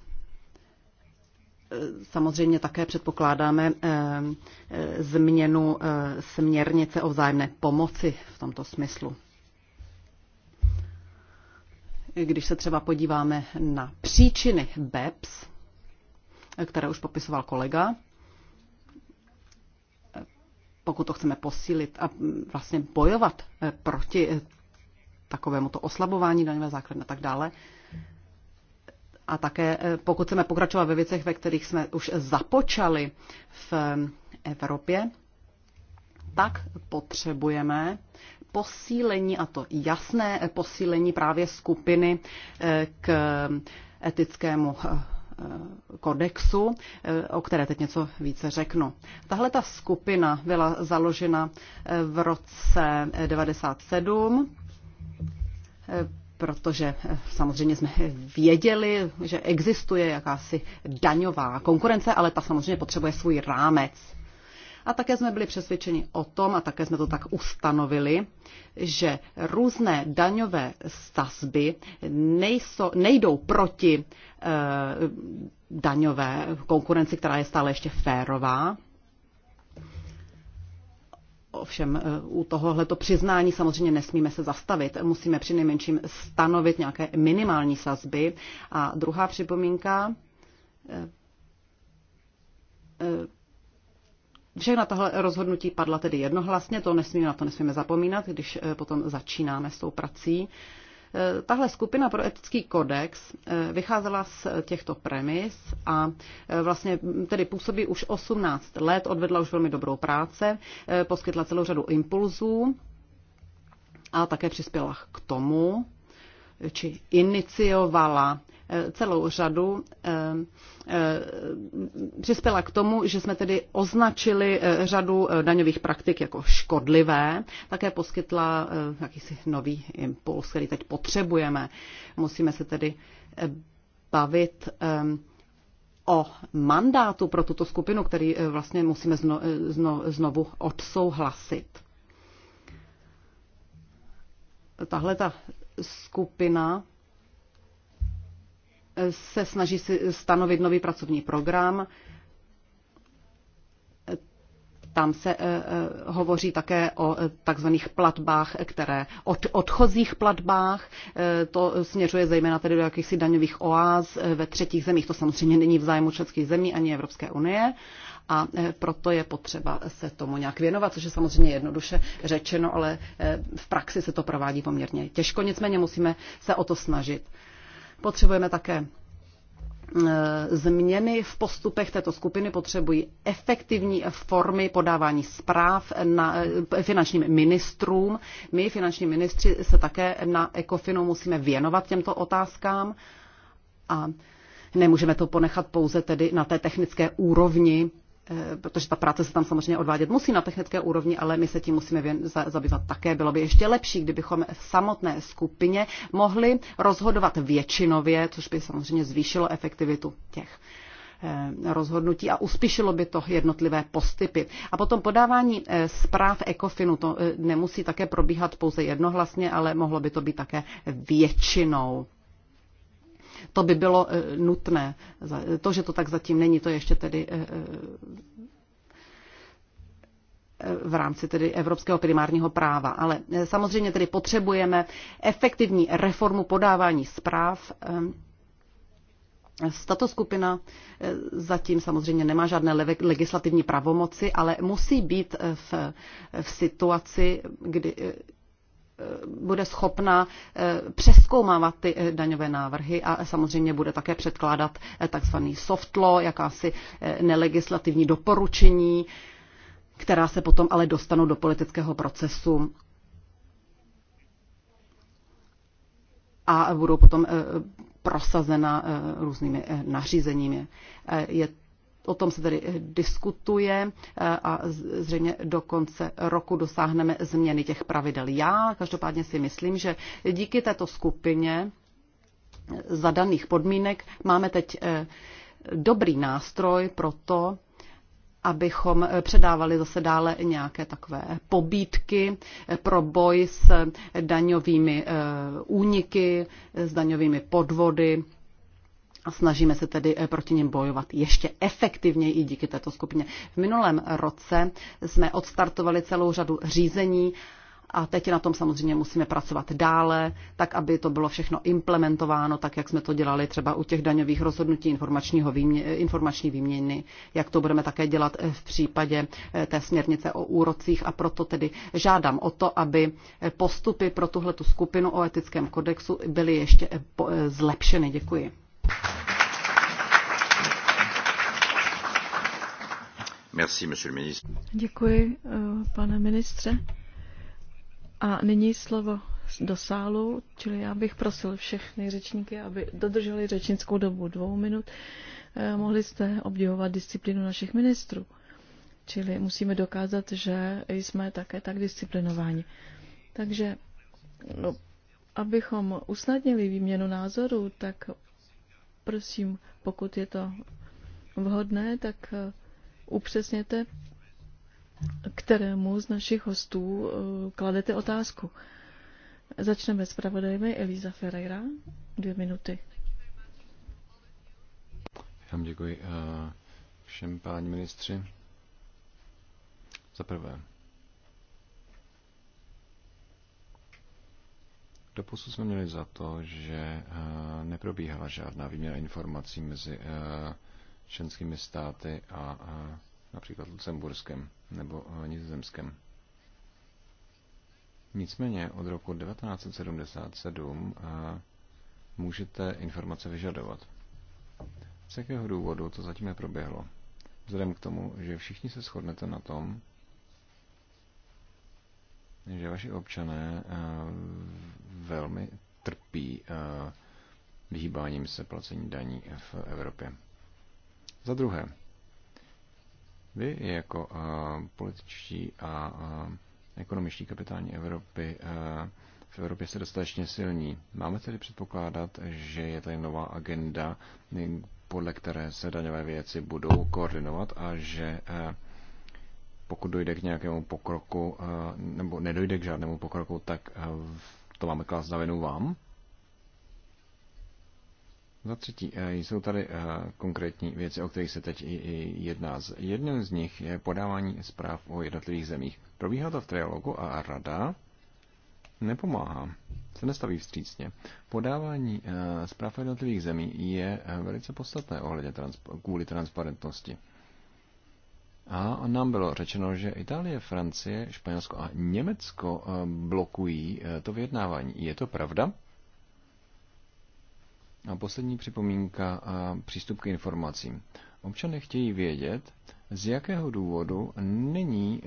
S4: samozřejmě také předpokládáme eh, eh, změnu eh, směrnice o vzájemné pomoci v tomto smyslu. Když se třeba podíváme na příčiny BEPS, které už popisoval kolega, pokud to chceme posílit a vlastně bojovat proti takovému to oslabování daňové základny a tak dále, a také eh, pokud chceme pokračovat ve věcech, ve kterých jsme už započali v eh, Evropě, tak potřebujeme posílení, a to jasné eh, posílení právě skupiny k etickému kodexu, o které teď něco více řeknu. Tahle ta skupina byla založena v roce 97 protože eh, samozřejmě jsme věděli, že existuje jakási daňová konkurence, ale ta samozřejmě potřebuje svůj rámec. A také jsme byli přesvědčeni o tom, a také jsme to tak ustanovili, že různé daňové sazby nejsou, nejdou proti e, daňové konkurenci, která je stále ještě férová, Ovšem e, u to přiznání samozřejmě nesmíme se zastavit. Musíme při nejmenším stanovit nějaké minimální sazby. A druhá připomínka, e, e, Všechna tohle rozhodnutí padla tedy jednohlasně, to nesmíme, na to nesmíme zapomínat, když potom začínáme s tou prací. Tahle skupina pro etický kodex eh, vycházela z těchto premis a eh, vlastně tedy působí už 18 let, odvedla už velmi dobrou práce, eh, poskytla celou řadu impulzů a také přispěla k tomu, či iniciovala celou řadu, eh, eh, přispěla k tomu, že jsme tedy označili eh, řadu daňových praktik jako škodlivé, také poskytla jakýsi nový impuls, který teď potřebujeme. Musíme se tedy bavit o mandátu pro tuto skupinu, který vlastně musíme zno, zno, znovu odsouhlasit. Tahle ta skupina se snaží si stanovit nový pracovní program. Tam se eh, eh, hovoří také o eh, takzvaných platbách, které od odchozích platbách. To směřuje zejména tedy do jakýchsi daňových oáz ve třetích zemích. To samozřejmě není v zájmu členských zemí ani Evropské unie a proto je potřeba se tomu nějak věnovat, což je samozřejmě jednoduše řečeno, ale v praxi se to provádí poměrně těžko, nicméně musíme se o to snažit. Potřebujeme také e, změny v postupech této skupiny potřebují efektivní formy podávání zpráv na e, finančním ministrům. My, finanční ministři, se také na ECOFINu musíme věnovat těmto otázkám a nemůžeme to ponechat pouze tedy na té technické úrovni Eh, protože ta práce se tam samozřejmě odvádět musí na technické úrovni, ale my se tím musíme zabývat také. Bylo by ještě lepší, kdybychom v samotné skupině mohli rozhodovat většinově, což by samozřejmě zvýšilo efektivitu těch eh, rozhodnutí a uspíšilo by to jednotlivé postupy. A potom podávání eh, zpráv ECOFINu, to nemusí také probíhat pouze jednohlasně, ale mohlo by to být také většinou to by bylo eh, nutné. To, že to tak zatím není, to je ještě tedy eh, eh, v rámci tedy evropského primárního práva. Ale samozřejmě tedy potřebujeme efektivní reformu podávání zpráv. Tato skupina zatím samozřejmě nemá žádné legislativní pravomoci, ale musí být v, v situaci, kdy bude schopna eh, přeskoumávat ty eh, daňové návrhy a samozřejmě bude také předkládat eh, takzvaný soft law, jakási nelegislativní doporučení, která se potom ale dostanou do politického procesu a budou potom prosazena různými nařízeními. Je O tom se tedy eh, diskutuje eh, a zřejmě do konce roku dosáhneme změny těch pravidel. Já každopádně si myslím, že díky této skupině eh, zadaných podmínek máme teď dobrý nástroj pro to, abychom předávali zase dále nějaké takové pobídky pro boj s daňovými úniky, s daňovými podvody a snažíme se tedy eh, proti něm bojovat ještě efektivněji i díky této skupině. V minulém roce jsme odstartovali celou řadu řízení a teď na tom samozřejmě musíme pracovat dále, tak aby to bylo všechno implementováno, tak jak jsme to dělali třeba u těch daňových rozhodnutí informačního výmě, informační výměny, jak to budeme také dělat eh, v případě eh, té směrnice o úrocích a proto tedy žádám o to, aby postupy pro tuhletu skupinu o etickém kodexu byly ještě zlepšeny. Děkuji.
S3: Merci, monsieur le ministre.
S2: Děkuji, eh, pane ministře. A nyní slovo do sálu, čili já bych prosil všechny řečníky, aby dodrželi řečnickou dobu dvou minut. Eh, mohli jste obdivovat disciplínu našich ministrů. Čili musíme dokázat, že jsme také tak disciplinováni. Takže, no, abychom usnadnili výměnu názorů, tak prosím, pokud je to vhodné, tak eh, upřesněte, kterému z našich hostů eh, kladete otázku. Začneme s pravodajmi Eliza Ferreira. Dvě minuty.
S3: Já vám děkuji eh, všem páni ministři. Za prvé, Doposud jsme měli za to, že eh, neprobíhala žádná výměna informací mezi eh, členskými státy a eh, například Lucemburskem nebo Nizozemskem. Nicméně od roku 1977 můžete informace vyžadovat. Z jakého důvodu to zatím neproběhlo? Vzhledem k tomu, že všichni se shodnete na tom, že vaši občané velmi trpí eh, vyhýbáním se placení daní v Evropě. Za druhé, vy jako eh, političtí a eh, ekonomičtí kapitáni Evropy v Evropě se dostatečně silní. Máme tedy předpokládat, že je tady nová agenda, podle které se daňové věci budou koordinovat a že pokud dojde k nějakému pokroku, nebo nedojde k žádnému pokroku, tak to máme klas na vinu vám. Za třetí, eh, jsou tady eh, konkrétní věci, o kterých se teď jedná. Jedním z nich je podávání zpráv o jednotlivých zemích. Probíhá to v trialogu a rada nepomáhá, se nestaví vstřícně. Podávání eh, zpráv o jednotlivých zemí je velice podstatné ohledně trans- kvůli transparentnosti. A nám bylo řečeno, že Itálie, Francie, Španělsko a Německo eh, blokují eh, to vyjednávání. Je to pravda? A poslední připomínka a eh, přístup k informacím. Občané chtějí vědět, z jakého důvodu není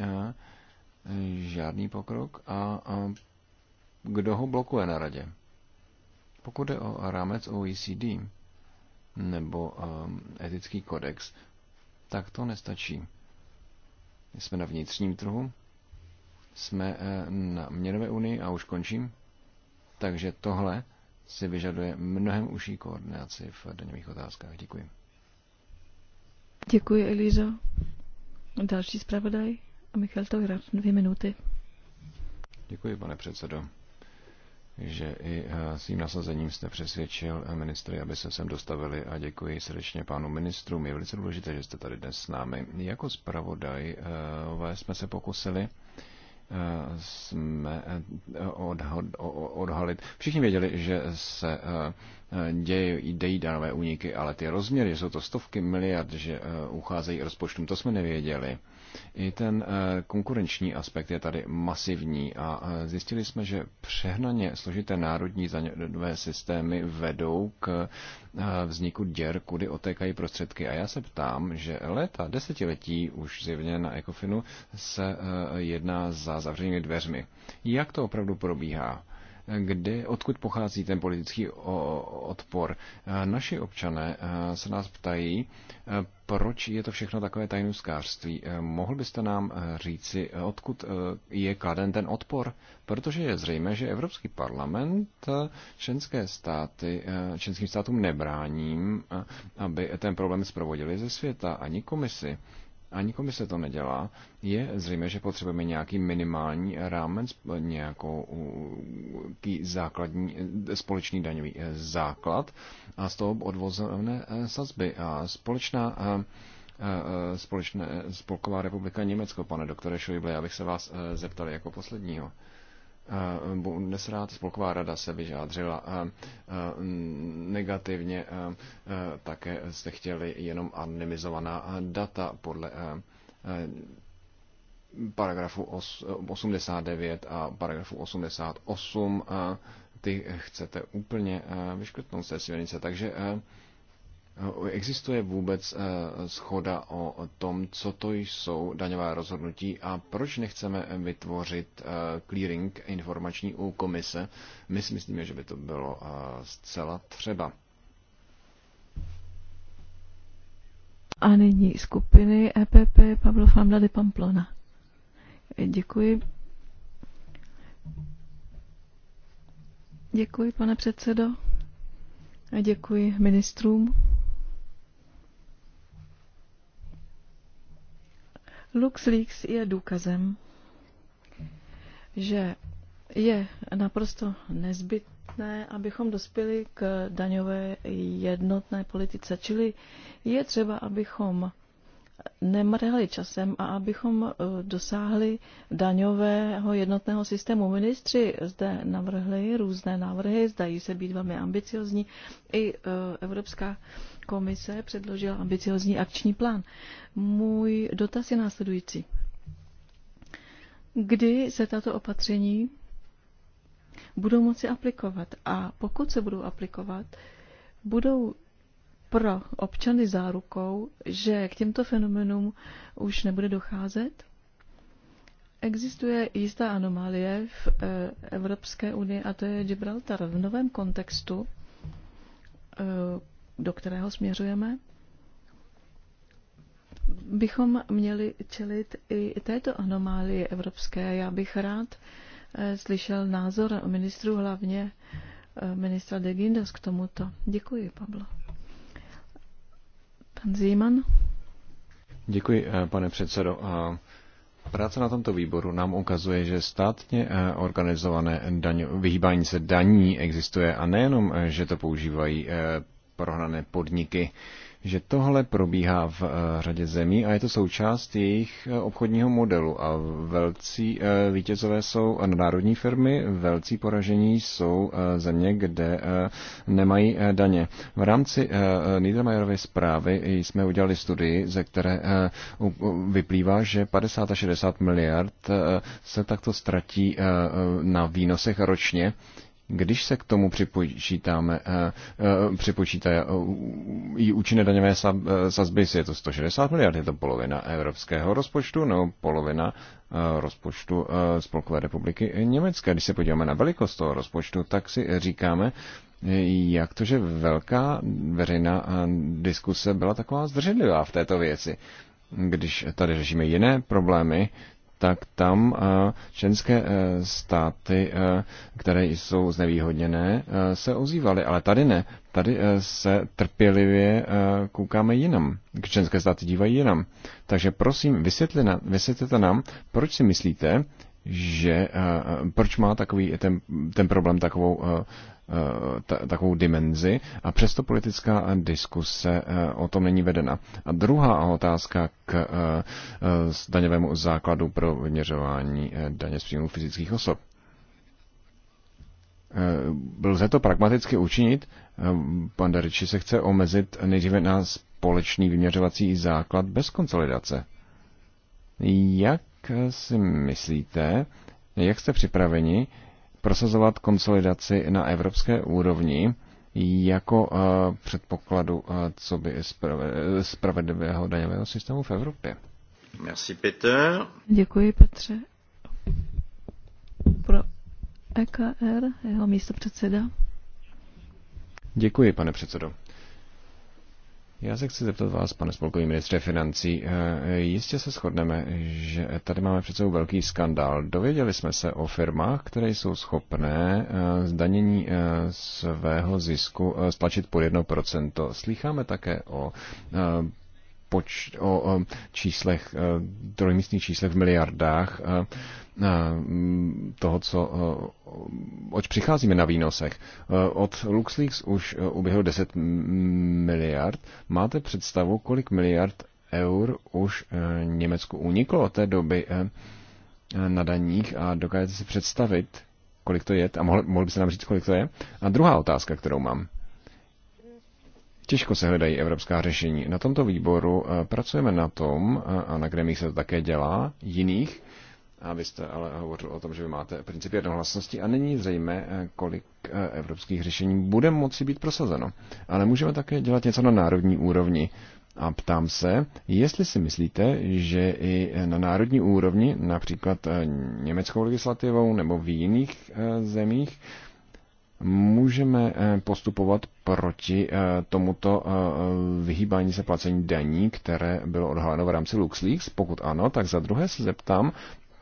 S3: žádný pokrok a kdo ho blokuje na radě. Pokud jde o rámec OECD nebo etický kodex, tak to nestačí. Jsme na vnitřním trhu, jsme eh, na měnové unii a už končím. Takže tohle si vyžaduje mnohem užší koordinaci v daňových otázkách. Děkuji.
S2: Děkuji, Elizo. Další zpravodaj a Michal Tograt, dvě minuty.
S3: Děkuji, pane předsedo že i eh, svým nasazením jste přesvědčil eh, ministry, aby se sem dostavili a děkuji srdečně pánu ministrům. Je velice důležité, že jste tady dnes s námi. Jako zpravodaj eh, jsme se pokusili jsme odhalit. Všichni věděli, že se dějí, dějí danové úniky, ale ty rozměry, že jsou to stovky miliard, že ucházejí rozpočtům, to jsme nevěděli. I ten eh, konkurenční aspekt je tady masivní a eh, zjistili jsme, že přehnaně složité národní daňové systémy vedou k eh, vzniku děr, kudy otékají prostředky. A já se ptám, že léta, desetiletí už zjevně na Ecofinu se jedná za zavřenými dveřmi. Jak to opravdu probíhá? kde, odkud pochází ten politický odpor. Naši občané se nás ptají, proč je to všechno takové tajnuskářství. Mohl byste nám říci, odkud je kladen ten odpor? Protože je zřejmé, že Evropský parlament členské státy, členským státům nebráním, aby ten problém zprovodili ze světa ani komisi ani komise to nedělá, je zřejmé, že potřebujeme nějaký minimální rámec, nějaký základní společný daňový eh, základ a z toho odvozené eh, sazby. A společná eh, společné, Spolková republika Německo, pane doktore Schäuble, já bych se vás zeptal jako posledního. Bundesrat, eh, spolková rada se vyžádřila mm, negativně, také jste chtěli jenom anonymizovaná data podle paragrafu 89 a paragrafu 88 ty chcete úplně vyškrtnout z té Takže Existuje vůbec eh, schoda o tom, co to jsou daňová rozhodnutí a proč nechceme vytvořit eh, clearing informační u komise? My si myslíme, že by to bylo eh, zcela třeba.
S2: A nyní skupiny EPP Pablo Famla de Pamplona. Děkuji. Děkuji, pane předsedo. A děkuji ministrům. LuxLeaks je důkazem, že je naprosto nezbytné, abychom dospěli k daňové jednotné politice. Čili je třeba, abychom nemrhali časem a abychom eh, dosáhli daňového jednotného systému. Ministři zde navrhli různé návrhy, zdají se být velmi ambiciozní. I eh, Evropská komise předložila ambiciozní akční plán. Můj dotaz je následující. Kdy se tato opatření budou moci aplikovat? A pokud se budou aplikovat, budou pro občany zárukou, že k těmto fenomenům už nebude docházet? Existuje jistá anomálie v eh, Evropské unii a to je Gibraltar. V novém kontextu eh, do kterého směřujeme, bychom měli čelit i této anomálii evropské. Já bych rád eh, slyšel názor ministru hlavně eh, ministra de Guindos k tomuto. Děkuji, Pablo. Pan Zíman.
S3: Děkuji, eh, pane předsedo. Práce na tomto výboru nám ukazuje, že státně organizované daň, vyhýbání se daní existuje a nejenom, že to používají prohrané podniky, že tohle probíhá v eh, řadě zemí a je to součást jejich eh, obchodního modelu. A velcí eh, vítězové jsou národní firmy, velcí poražení jsou země, kde nemají daně. V rámci Niedermayerovy zprávy jsme udělali studii, ze které vyplývá, že 50 až 60 miliard se takto ztratí na výnosech ročně když se k tomu připočítáme, eh, eh, připočítá eh, i účinné daňové sazby, je to 160 miliard, je to polovina evropského rozpočtu nebo polovina rozpočtu Spolkové republiky Německé. Když se podíváme na velikost toho rozpočtu, tak si říkáme, jak to, že velká veřejná diskuse byla taková zdrženlivá v této věci. Když tady řešíme jiné problémy, tak tam eh, členské eh, státy, eh, které jsou znevýhodněné, se ozývaly, ale tady ne. Tady se trpělivě koukáme jinam. Členské státy dívají jinam. Takže prosím, vysvětlete, vysvětlete nám, proč si myslíte, že proč má takový ten, ten problém takovou Eh, takovou dimenzi a přesto politická diskuse eh, o tom není vedena. A druhá otázka k eh, daňovému základu pro vyměřování daně z příjmů fyzických osob. Lze to pragmaticky učinit? Pan Dariči se chce omezit nejdříve na společný vyměřovací základ bez konsolidace. Jak si myslíte, jak jste připraveni prosazovat konsolidaci na evropské úrovni jako eh, předpokladu eh, co by spravedlivého daňového systému v Evropě. Merci, Peter.
S2: Děkuji, Petře. Pro EKR, jeho místo předseda.
S3: Děkuji, pane předsedo. Já se chci zeptat vás, pane spolkový ministře financí. Eh, jistě se shodneme, že tady máme přece velký skandál. Dověděli jsme se o firmách, které jsou schopné eh, zdanění eh, svého zisku stlačit pod 1%. Slycháme také o poč- o číslech, e, trojmístných číslech v miliardách e, e, toho, co, oč přicházíme na výnosech. Od LuxLeaks už uběhlo 10 miliard. Máte představu, kolik miliard eur už Německu uniklo od té doby na daních a dokážete si představit, kolik to je? A mohl, mohl byste nám říct, kolik to je? A druhá otázka, kterou mám. Těžko se hledají evropská řešení. Na tomto výboru eh, pracujeme na tom, eh, a na gremích se to také dělá, jiných, a vy jste ale hovořil o tom, že vy máte princip jednohlasnosti a není zřejmé, eh, kolik evropských řešení bude moci být prosazeno. Ale můžeme také dělat něco na národní úrovni. A ptám se, jestli si myslíte, že i na národní úrovni, například německou legislativou nebo v jiných zemích, můžeme eh, postupovat proti eh, tomuto eh, vyhýbání se placení daní, které bylo odhaleno v rámci LuxLeaks? Pokud ano, tak za druhé se zeptám,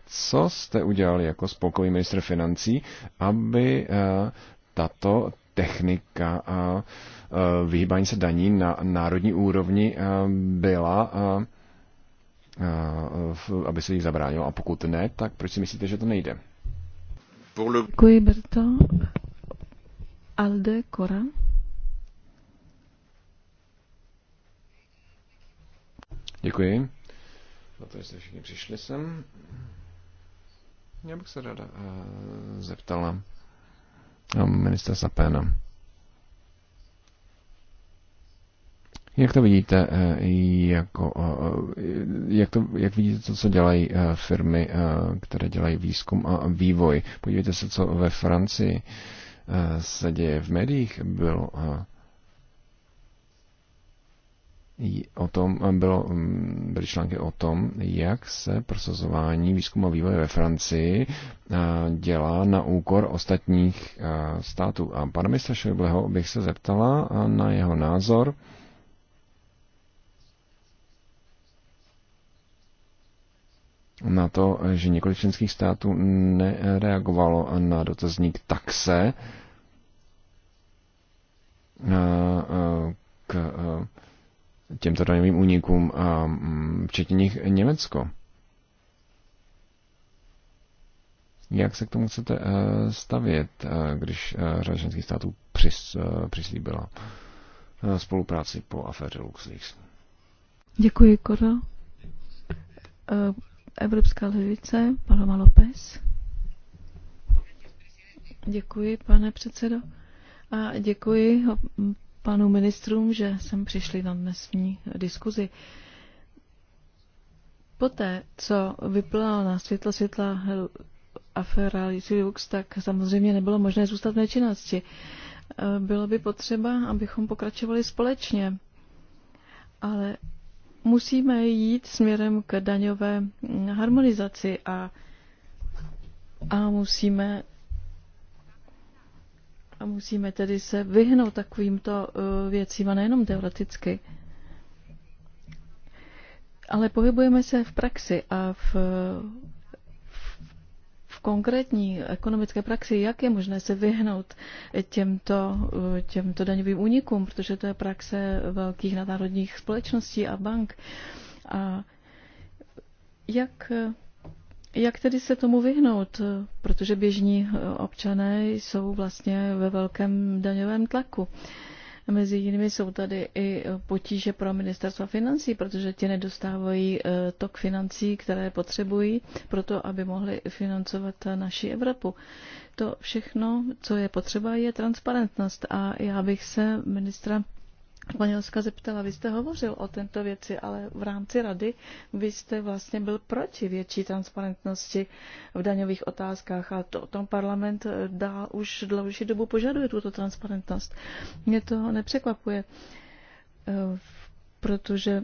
S3: co jste udělali jako spolkový minister financí, aby tato technika vyhýbání se daní na národní úrovni byla, aby se jich zabránilo. A pokud ne, tak proč si myslíte, že to nejde?
S2: Děkuji, Berto. Alde Kora.
S3: Děkuji. Za to, že jste všichni přišli sem. Já bych se ráda uh, zeptala eh, ministra Sapéna. Jak to vidíte, eh, jako, jak, to, jak vidíte to, co dělají firmy, které dělají výzkum a vývoj? Podívejte se, co ve Francii Eh, se děje v médiích, bylo eh, o tom, eh, bylo, mm, byly články o tom, jak se prosazování výzkumu a vývoje ve Francii dělá na úkor ostatních států. A pana ministra Šojbleho bych se zeptala na jeho názor na to, že několik členských států nereagovalo na dotazník taxe k těmto daňovým únikům, včetně nich Německo. Jak se k tomu chcete e, stavět, e, když e, řada členských států přislíbila spolupráci po aféře LuxLeaks?
S2: Děkuji, Koro. Evropská levice, Paloma López. Děkuji, pane předsedo. A děkuji panu ministrům, že jsem přišli na dnesní diskuzi. Poté, co vyplala na světlo světla aféra Lux, tak samozřejmě nebylo možné zůstat v nečinnosti. Bylo by potřeba, abychom pokračovali společně. Ale musíme jít směrem k daňové harmonizaci a, a musíme a musíme tedy se vyhnout takovýmto eh, věcím a nejenom teoreticky. Ale pohybujeme se v praxi a v konkrétní ekonomické praxi, jak je možné se vyhnout těmto, těmto daňovým únikům, protože to je praxe velkých nadnárodních společností a bank. A jak, jak tedy se tomu vyhnout, protože běžní občané jsou vlastně ve velkém daňovém tlaku. Uh, Mezi jinými jsou tady i e, potíže pro ministerstva financí, protože ti nedostávají e, tok financí, které potřebují pro to, aby mohli financovat e, naši Evropu. To všechno, co je potřeba, je transparentnost a já bych se ministra Oska zeptala, vy jste hovořil o této věci, ale v rámci rady vy jste vlastně byl proti větší transparentnosti v daňových otázkách a to, tom parlament eh, dá už dlouhší dobu požaduje tuto transparentnost. Mě to nepřekvapuje. Eh, protože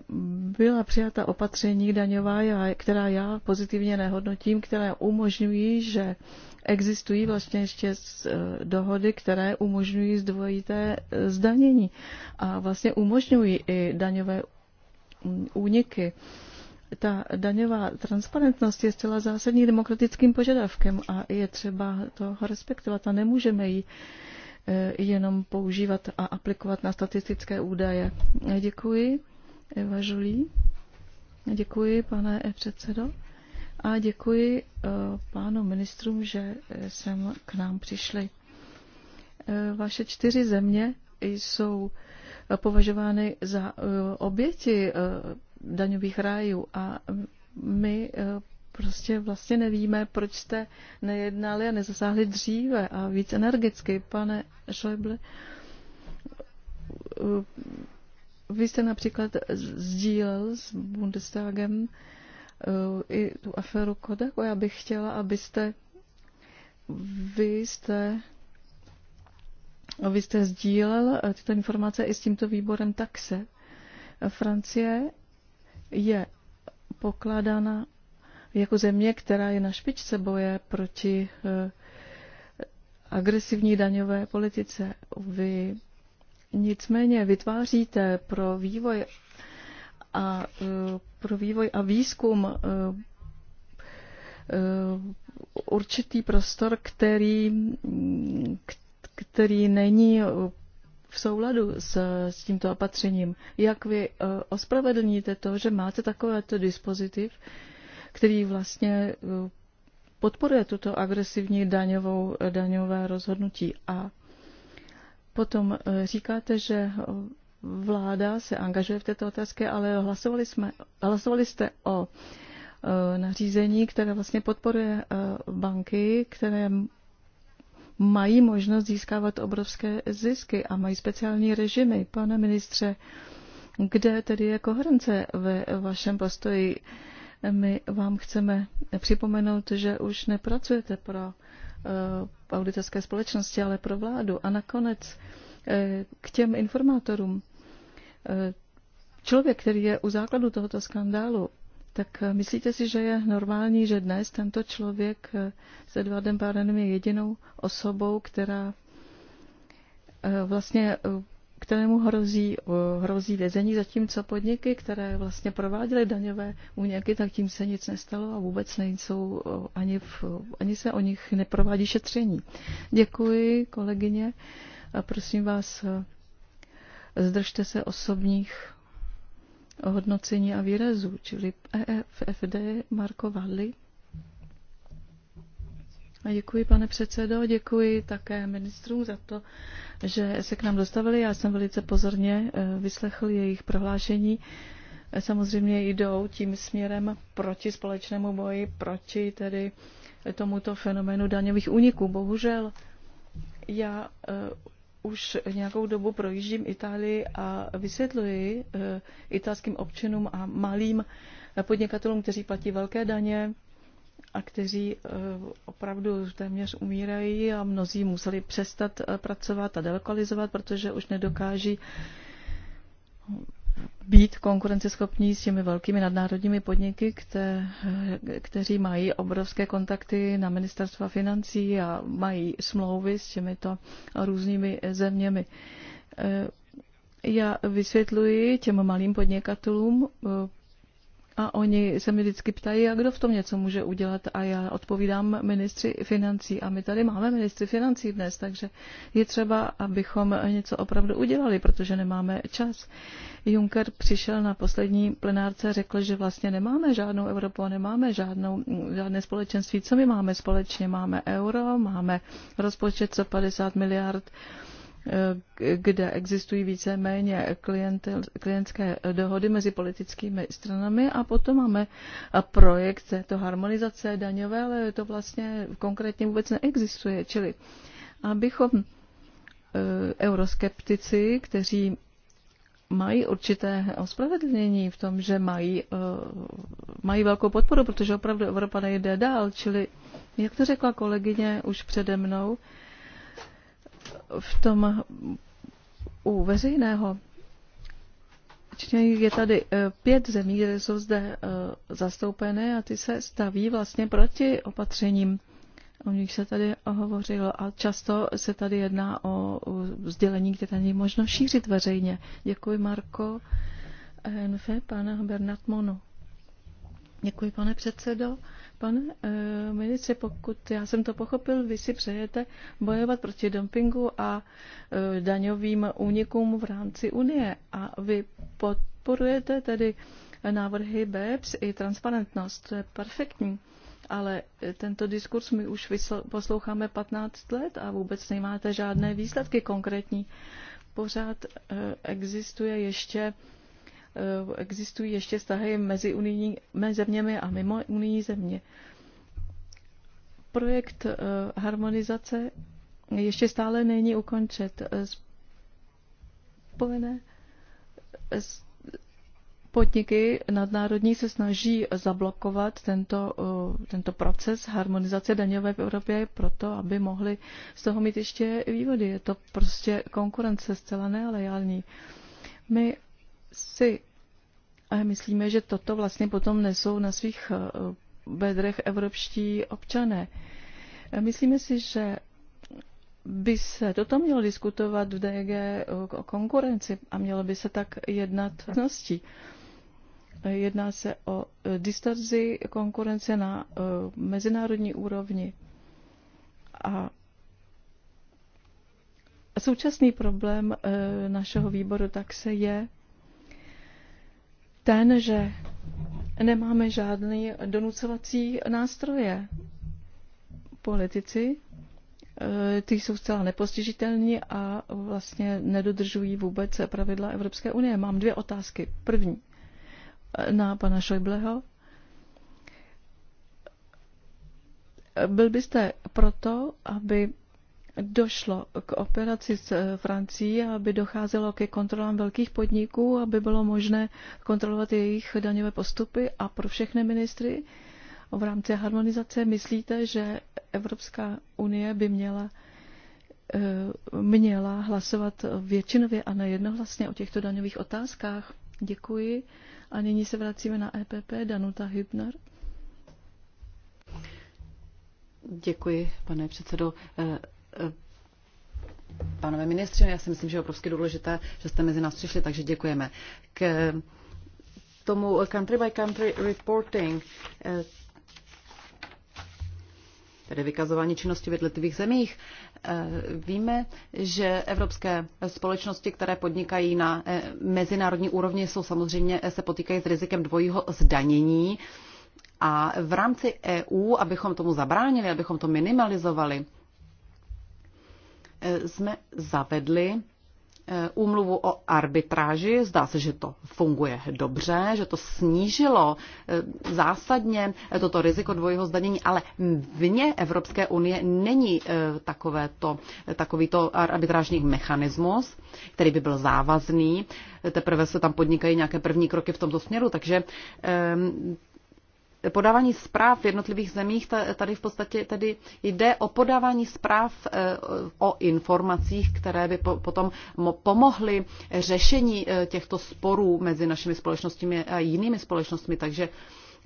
S2: byla přijata opatření daňová, která já pozitivně nehodnotím, která umožňují, že existují vlastně ještě eh, dohody, které umožňují zdvojité eh, zdanění a vlastně umožňují i daňové úniky. Ta daňová transparentnost je zcela zásadní demokratickým požadavkem a je třeba to respektovat a nemůžeme ji eh, jenom používat a aplikovat na statistické údaje. Děkuji. Eva Žulí. Děkuji, pane předsedo. A děkuji eh, pánu ministrům, že eh, sem k nám přišli. Eh, vaše čtyři země jsou považovány za oběti daňových rájů a my prostě vlastně nevíme, proč jste nejednali a nezasáhli dříve a víc energicky, pane Schäuble vy jste například sdílel s Bundestagem eh, i tu aféru a Já bych chtěla, abyste vy jste vy jste sdílel eh, tyto informace i s tímto výborem taxe. Francie je pokládána jako země, která je na špičce boje proti eh, agresivní daňové politice. Vy nicméně vytváříte pro vývoj a e, pro vývoj a výzkum e, e, určitý prostor, který, který není v souladu s, s tímto opatřením. Jak vy ospravedlníte to, že máte takovéto dispozitiv, který vlastně podporuje tuto agresivní daňovou, daňové rozhodnutí. A Potom eh, říkáte, že eh, vláda se angažuje v této otázce, ale hlasovali, jsme, hlasovali jste o eh, nařízení, které vlastně podporuje banky, které mají možnost získávat obrovské zisky a mají speciální režimy. Pane ministře, kde tedy je koherence ve vašem postoji? My vám chceme připomenout, že už nepracujete pro Eh, auditorské společnosti, ale pro vládu. A nakonec eh, k těm informátorům. Eh, člověk, který je u základu tohoto skandálu, tak myslíte si, že je normální, že dnes tento člověk s Edwardem Párenem je jedinou osobou, která vlastně kterému hrozí, hrozí vězení, zatímco podniky, které vlastně prováděly daňové úniky, tak tím se nic nestalo a vůbec nejsou, ani, v, ani se o nich neprovádí šetření. Děkuji, kolegyně. A prosím vás, e, zdržte se osobních hodnocení a výrazů, čili EFFD Marko Valli. Děkuji, pane předsedo, děkuji také ministrům za to, že se k nám dostavili. Já jsem velice pozorně eh, vyslechl jejich prohlášení. Eh, samozřejmě jdou tím směrem proti společnému boji, proti tedy tomuto fenoménu daňových úniků. Bohužel já eh, už nějakou dobu projíždím Itálii a vysvětluji italským občanům a malým podnikatelům, kteří platí velké daně, a kteří eh, opravdu téměř umírají a mnozí museli přestat eh, pracovat a delokalizovat, protože už nedokáží být konkurenceschopní s těmi velkými nadnárodními podniky, které, kteří mají obrovské kontakty na ministerstva financí a mají smlouvy s těmito různými zeměmi. Eh, já vysvětluji těm malým podnikatelům, a oni se mi vždycky ptají, a kdo v tom něco může udělat a já odpovídám ministři financí a my tady máme ministři financí dnes, takže je třeba, abychom něco opravdu udělali, protože nemáme čas. Juncker přišel na poslední plenárce a řekl, že vlastně nemáme žádnou Evropu, nemáme žádnou, žádné společenství. Co my máme společně? Máme euro, máme rozpočet 50 miliard Eh, kde existují víceméně klientské dohody mezi politickými stranami a potom máme projekt této harmonizace daňové, ale to vlastně konkrétně vůbec neexistuje. Čili abychom eh, euroskeptici, kteří mají určité ospravedlnění v tom, že mají, eh, mají velkou podporu, protože opravdu Evropa nejde dál. Čili, jak to řekla kolegyně už přede mnou, v tom u veřejného je tady eh, pět zemí, které jsou zde eh, zastoupené a ty se staví vlastně proti opatřením. O nich se tady hovořilo a často se tady jedná o sdělení, které není možno šířit veřejně. Děkuji Marko eh, NF, pana Bernard Mono. Děkuji, pane předsedo. Pane e, eh, ministře, pokud já jsem to pochopil, vy si přejete bojovat proti dumpingu a e, daňovým únikům v rámci Unie a vy podporujete tedy návrhy BEPS i transparentnost. To je perfektní ale tento diskurs my už vysl- posloucháme 15 let a vůbec nemáte žádné výsledky konkrétní. Pořád eh, existuje ještě Eh, existují ještě vztahy mezi, unijní, mezi zeměmi a mimo unijní země. Projekt eh, harmonizace ještě stále není ukončet. Eh, spojené podniky nadnárodní se snaží zablokovat tento, tento proces harmonizace daňové v Evropě proto, aby mohli z toho mít ještě vývody. Je to prostě konkurence zcela nealeální. My si a myslíme, že toto vlastně potom nesou na svých eh, bedrech evropští občané. Eh, myslíme si, že by se toto mělo diskutovat v DG eh, o konkurenci a mělo by se tak jednat vlastnosti. Jedná se o distorzi konkurence na mezinárodní úrovni. A současný problém našeho výboru tak se je, ten, že nemáme žádné donucovací nástroje. Politici, eh, ty jsou zcela nepostižitelní a vlastně nedodržují vůbec pravidla Evropské unie. Mám dvě otázky. První eh, na pana Šojbleho. Byl byste proto, aby došlo k operaci s eh, Francií, aby docházelo ke kontrolám velkých podniků, aby bylo možné kontrolovat jejich daňové postupy a pro všechny ministry v rámci harmonizace myslíte, že Evropská unie by měla eh, měla hlasovat většinově a nejednohlasně o těchto daňových otázkách. Děkuji. A nyní se vracíme na EPP. Danuta Hübner.
S4: Děkuji, pane předsedo. Eh, Pánové ministři, já si myslím, že je obrovsky důležité, že jste mezi nás přišli, takže děkujeme. K tomu country by country reporting, eh, tedy vykazování činnosti v jednotlivých zemích, eh, víme, že evropské společnosti, které podnikají na eh, mezinárodní úrovni, jsou samozřejmě se potýkají s rizikem dvojího zdanění. A v rámci EU, abychom tomu zabránili, abychom to minimalizovali, jsme zavedli eh, úmluvu o arbitráži. Zdá se, že to funguje dobře, že to snížilo eh, zásadně toto riziko dvojího zdanění, ale vně Evropské unie není eh, takový to arbitrážní mechanismus, který by byl závazný. Teprve se tam podnikají nějaké první kroky v tomto směru, takže podávání zpráv v jednotlivých zemích, tady v podstatě tedy jde o podávání zpráv eh, o informacích, které by potom pomohly řešení eh, těchto sporů mezi našimi společnostmi a jinými společnostmi, takže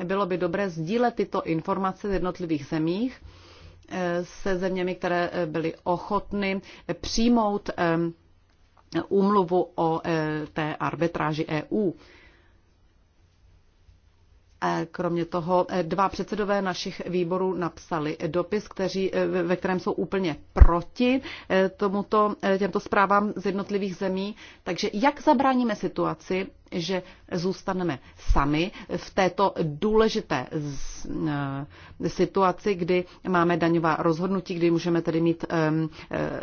S4: bylo by dobré sdílet tyto informace v jednotlivých zemích eh, se zeměmi, které byly ochotny přijmout úmluvu o té arbitráži EU. Kromě toho eh, dva předsedové našich výborů napsali dopis, kteří, eh, ve kterém jsou úplně proti eh, tomuto, těmto zprávám z jednotlivých zemí. Takže jak zabráníme situaci, že zůstaneme sami v této důležité situaci, kdy máme daňová rozhodnutí, kdy můžeme tedy mít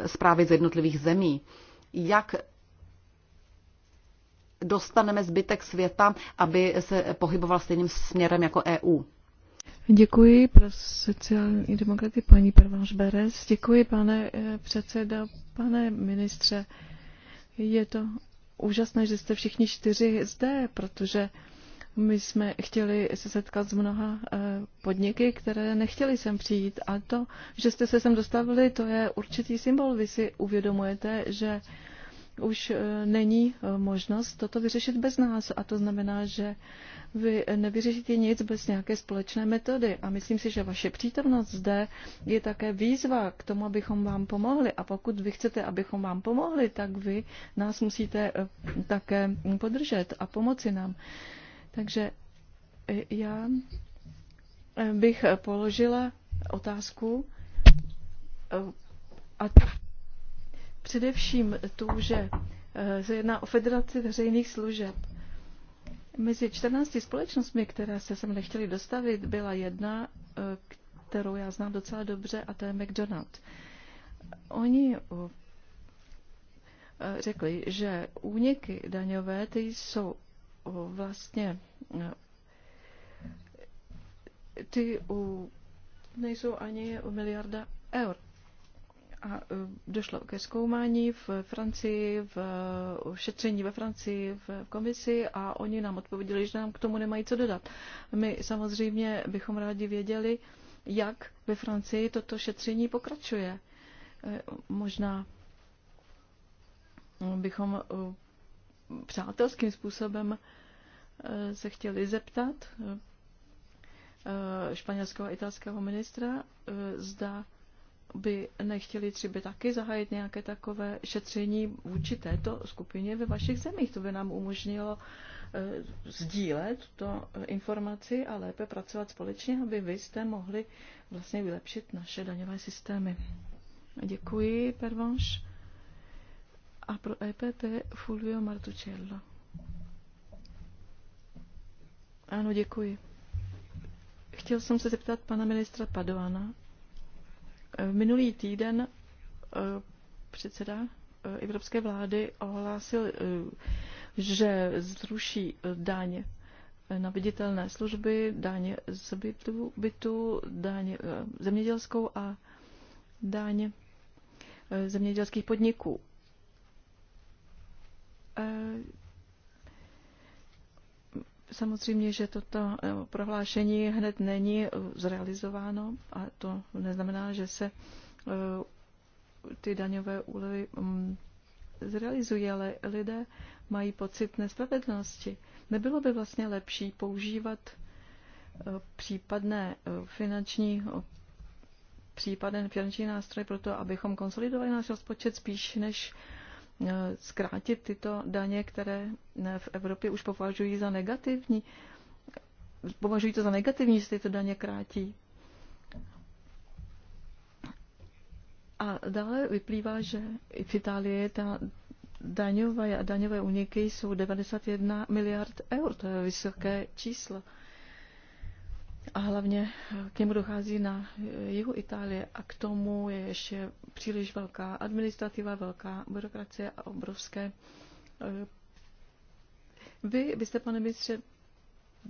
S4: zprávy z jednotlivých zemí? Jak dostaneme zbytek světa, aby se pohyboval stejným směrem jako EU.
S2: Děkuji pro sociální demokraty paní Pervanš Beres. Děkuji, pane eh, předseda, pane ministře. Je to úžasné, že jste všichni čtyři zde, protože my jsme chtěli se setkat s mnoha eh, podniky, které nechtěli sem přijít a to, že jste se sem dostavili, to je určitý symbol. Vy si uvědomujete, že už e, není e, možnost toto vyřešit bez nás. A to znamená, že vy nevyřešíte nic bez nějaké společné metody. A myslím si, že vaše přítomnost zde je také výzva k tomu, abychom vám pomohli. A pokud vy chcete, abychom vám pomohli, tak vy nás musíte e, také podržet a pomoci nám. Takže já bych položila otázku a Především tu, že eh, se jedná o federaci veřejných služeb. Mezi 14 společnostmi, které se sem nechtěly dostavit, byla jedna, eh, kterou já znám docela dobře, a to je McDonald. Oni eh, řekli, že úniky daňové ty jsou vlastně ty nejsou ani miliarda eur. A e, došlo ke zkoumání v Francii, v e, šetření ve Francii, v komisi a oni nám odpověděli, že nám k tomu nemají co dodat. My samozřejmě bychom rádi věděli, jak ve Francii toto šetření pokračuje. E, možná bychom přátelským způsobem se chtěli zeptat španělského a italského ministra, zda by nechtěli třeba taky zahájit nějaké takové šetření vůči této skupině ve vašich zemích. To by nám umožnilo eh, sdílet tuto eh, informaci a lépe pracovat společně, aby vy jste mohli vlastně vylepšit naše daňové systémy. Děkuji, Pervanš. A pro EPP Fulvio Martucello. Ano, děkuji. Chtěl jsem se zeptat pana ministra Padovana. Eh, minulý týden eh, předseda eh, Evropské vlády ohlásil, že zruší dáně na viditelné služby, dáně z bytu, bytu dáně zemědělskou a dáně zemědělských podniků. Samozřejmě, že toto eh, prohlášení hned není eh, zrealizováno a to neznamená, že se eh, ty daňové úlevy mm, zrealizují, ale lidé mají pocit nespravedlnosti. Nebylo by vlastně lepší používat případné finanční případen finanční nástroj pro to, abychom konsolidovali náš rozpočet spíš, než Eh, zkrátit tyto daně, které eh, v Evropě už považují za negativní. Považují to za negativní, že tyto daně krátí. A dále vyplývá, že v Itálii ta daňové a daňové uniky jsou 91 miliard eur. To je vysoké číslo a hlavně eh, k němu dochází na eh, jihu Itálie a k tomu je ještě příliš velká administrativa, velká byrokracie a obrovské. Eh, vy byste, pane ministře,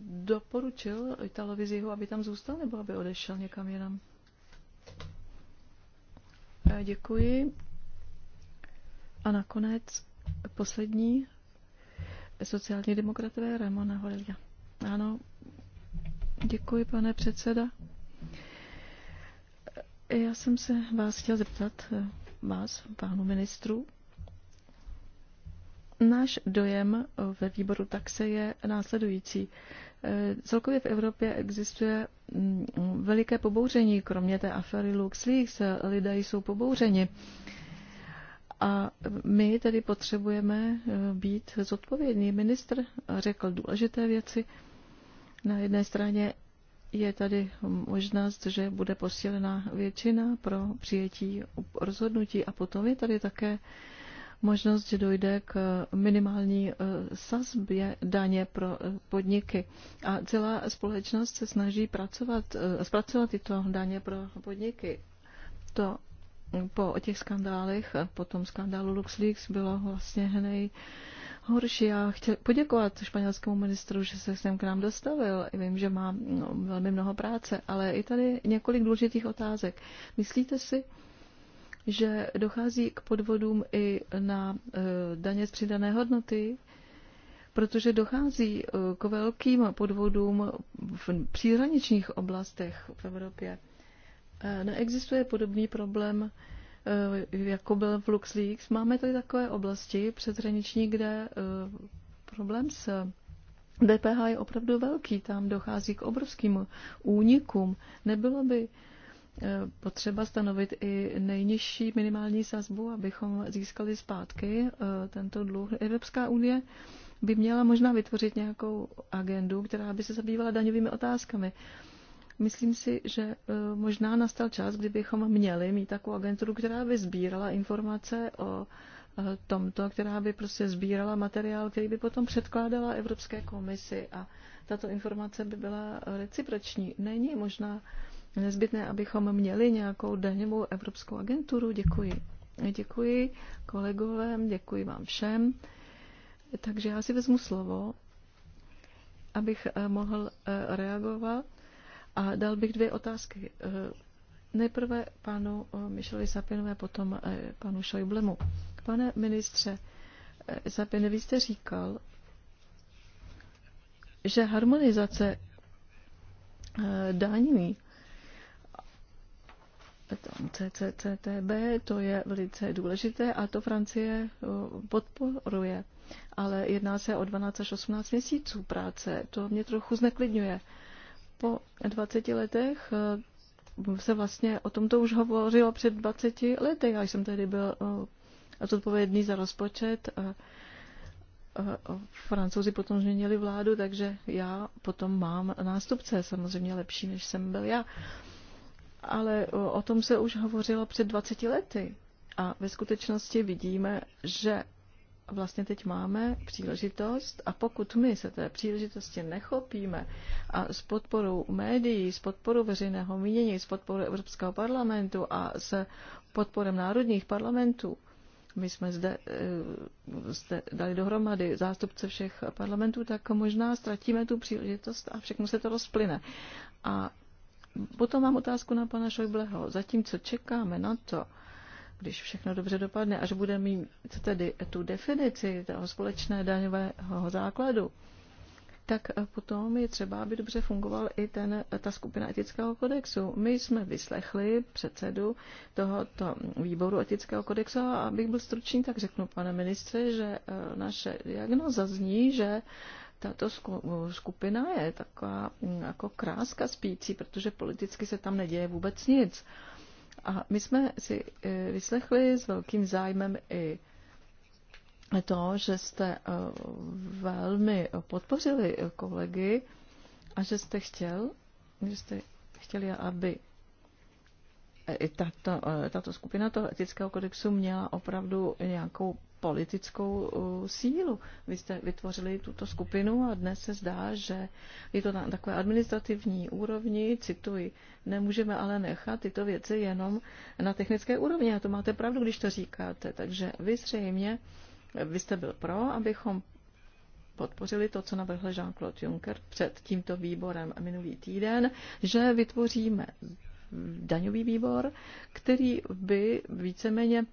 S2: doporučil Italovi z jihu, aby tam zůstal nebo aby odešel někam jinam? Děkuji. A nakonec poslední sociální demokratové Ramona Horelia. Ano, Děkuji, pane předseda. Já jsem se vás chtěl zeptat, eh, vás, pánu ministru. Náš dojem ve výboru taxe je následující. Eh, celkově v Evropě existuje mm, veliké pobouření, kromě té afery LuxLeaks, eh, lidé jsou pobouřeni. A my tedy potřebujeme být zodpovědní. Ministr řekl důležité věci, na jedné straně je tady možnost, že bude posílená většina pro přijetí rozhodnutí a potom je tady také možnost, že dojde k minimální eh, sazbě daně pro eh, podniky. A celá společnost se snaží pracovat, eh, zpracovat tyto daně pro podniky. To po těch skandálech, po tom skandálu LuxLeaks bylo vlastně hned horší. Já chtěl poděkovat španělskému ministru, že se sem k nám dostavil. Vím, že má no, velmi mnoho práce, ale i tady několik důležitých otázek. Myslíte si, že dochází k podvodům i na e, daně z přidané hodnoty? protože dochází e, k velkým podvodům v příhraničních oblastech v Evropě. E, neexistuje podobný problém Eh, jako byl v LuxLeaks. Máme tady takové oblasti předhraniční, kde eh, problém s DPH je opravdu velký. Tam dochází k obrovským únikům. Nebylo by eh, potřeba stanovit i nejnižší minimální sazbu, abychom získali zpátky tento dluh. Evropská unie by měla možná vytvořit nějakou agendu, která by se zabývala daňovými otázkami. Myslím si, že e, možná nastal čas, kdybychom měli mít takovou agenturu, která by sbírala informace o e, tomto, která by prostě sbírala materiál, který by potom předkládala Evropské komisi a tato informace by byla reciproční. Není možná nezbytné, abychom měli nějakou daňovou evropskou agenturu. Děkuji. Děkuji kolegové, děkuji vám všem. Takže já si vezmu slovo, abych e, mohl reagovat a dal bych dvě otázky. Eh, nejprve panu eh, Michelovi Sapinové, potom eh, panu Šojblemu. Pane ministře, Sapin, vy jste říkal, že harmonizace daní CCCTB, to je velice důležité a to Francie podporuje. Ale jedná se o 12 až 18 měsíců práce. To mě trochu zneklidňuje po 20 letech eh, se vlastně o tom to už hovořilo před 20 lety. Já jsem tedy byl eh, zodpovědný za rozpočet. A eh, Francouzi potom změnili vládu, takže já potom mám nástupce, samozřejmě lepší, než jsem byl já. Ale o tom se už hovořilo před 20 lety. A ve skutečnosti vidíme, že vlastně teď máme příležitost a pokud my se té příležitosti nechopíme a s podporou médií, s podporou veřejného mínění, s podporou Evropského parlamentu a s podporem národních parlamentů, my jsme zde, eh, zde dali dohromady zástupce všech parlamentů, tak možná ztratíme tu příležitost a všechno se to rozplyne. A potom mám otázku na pana Šojbleho. Zatímco čekáme na to, když všechno dobře dopadne, až budeme mít tedy tu definici toho společné daňového základu, tak eh, potom je třeba, aby dobře fungoval i ten, eh, ta skupina etického kodexu. My jsme vyslechli předsedu tohoto výboru etického kodexu a abych byl stručný, tak řeknu, pane ministře, že eh, naše diagnoza zní, že tato skupina je taková mm, jako kráska spící, protože politicky se tam neděje vůbec nic. A my jsme si eh, vyslechli s velkým zájmem i to, že jste eh, velmi podpořili kolegy a že jste chtěl, že jste chtěli, aby eh, i tato, tato skupina toho etického kodexu měla opravdu nějakou politickou uh, sílu. Vy jste vytvořili tuto skupinu a dnes se zdá, že je to na takové administrativní úrovni, cituji, nemůžeme ale nechat tyto věci jenom na technické úrovni. A to máte pravdu, když to říkáte. Takže vy zřejmě, vy jste byl pro, abychom podpořili to, co navrhl Jean-Claude Juncker před tímto výborem minulý týden, že vytvoříme daňový výbor, který by víceméně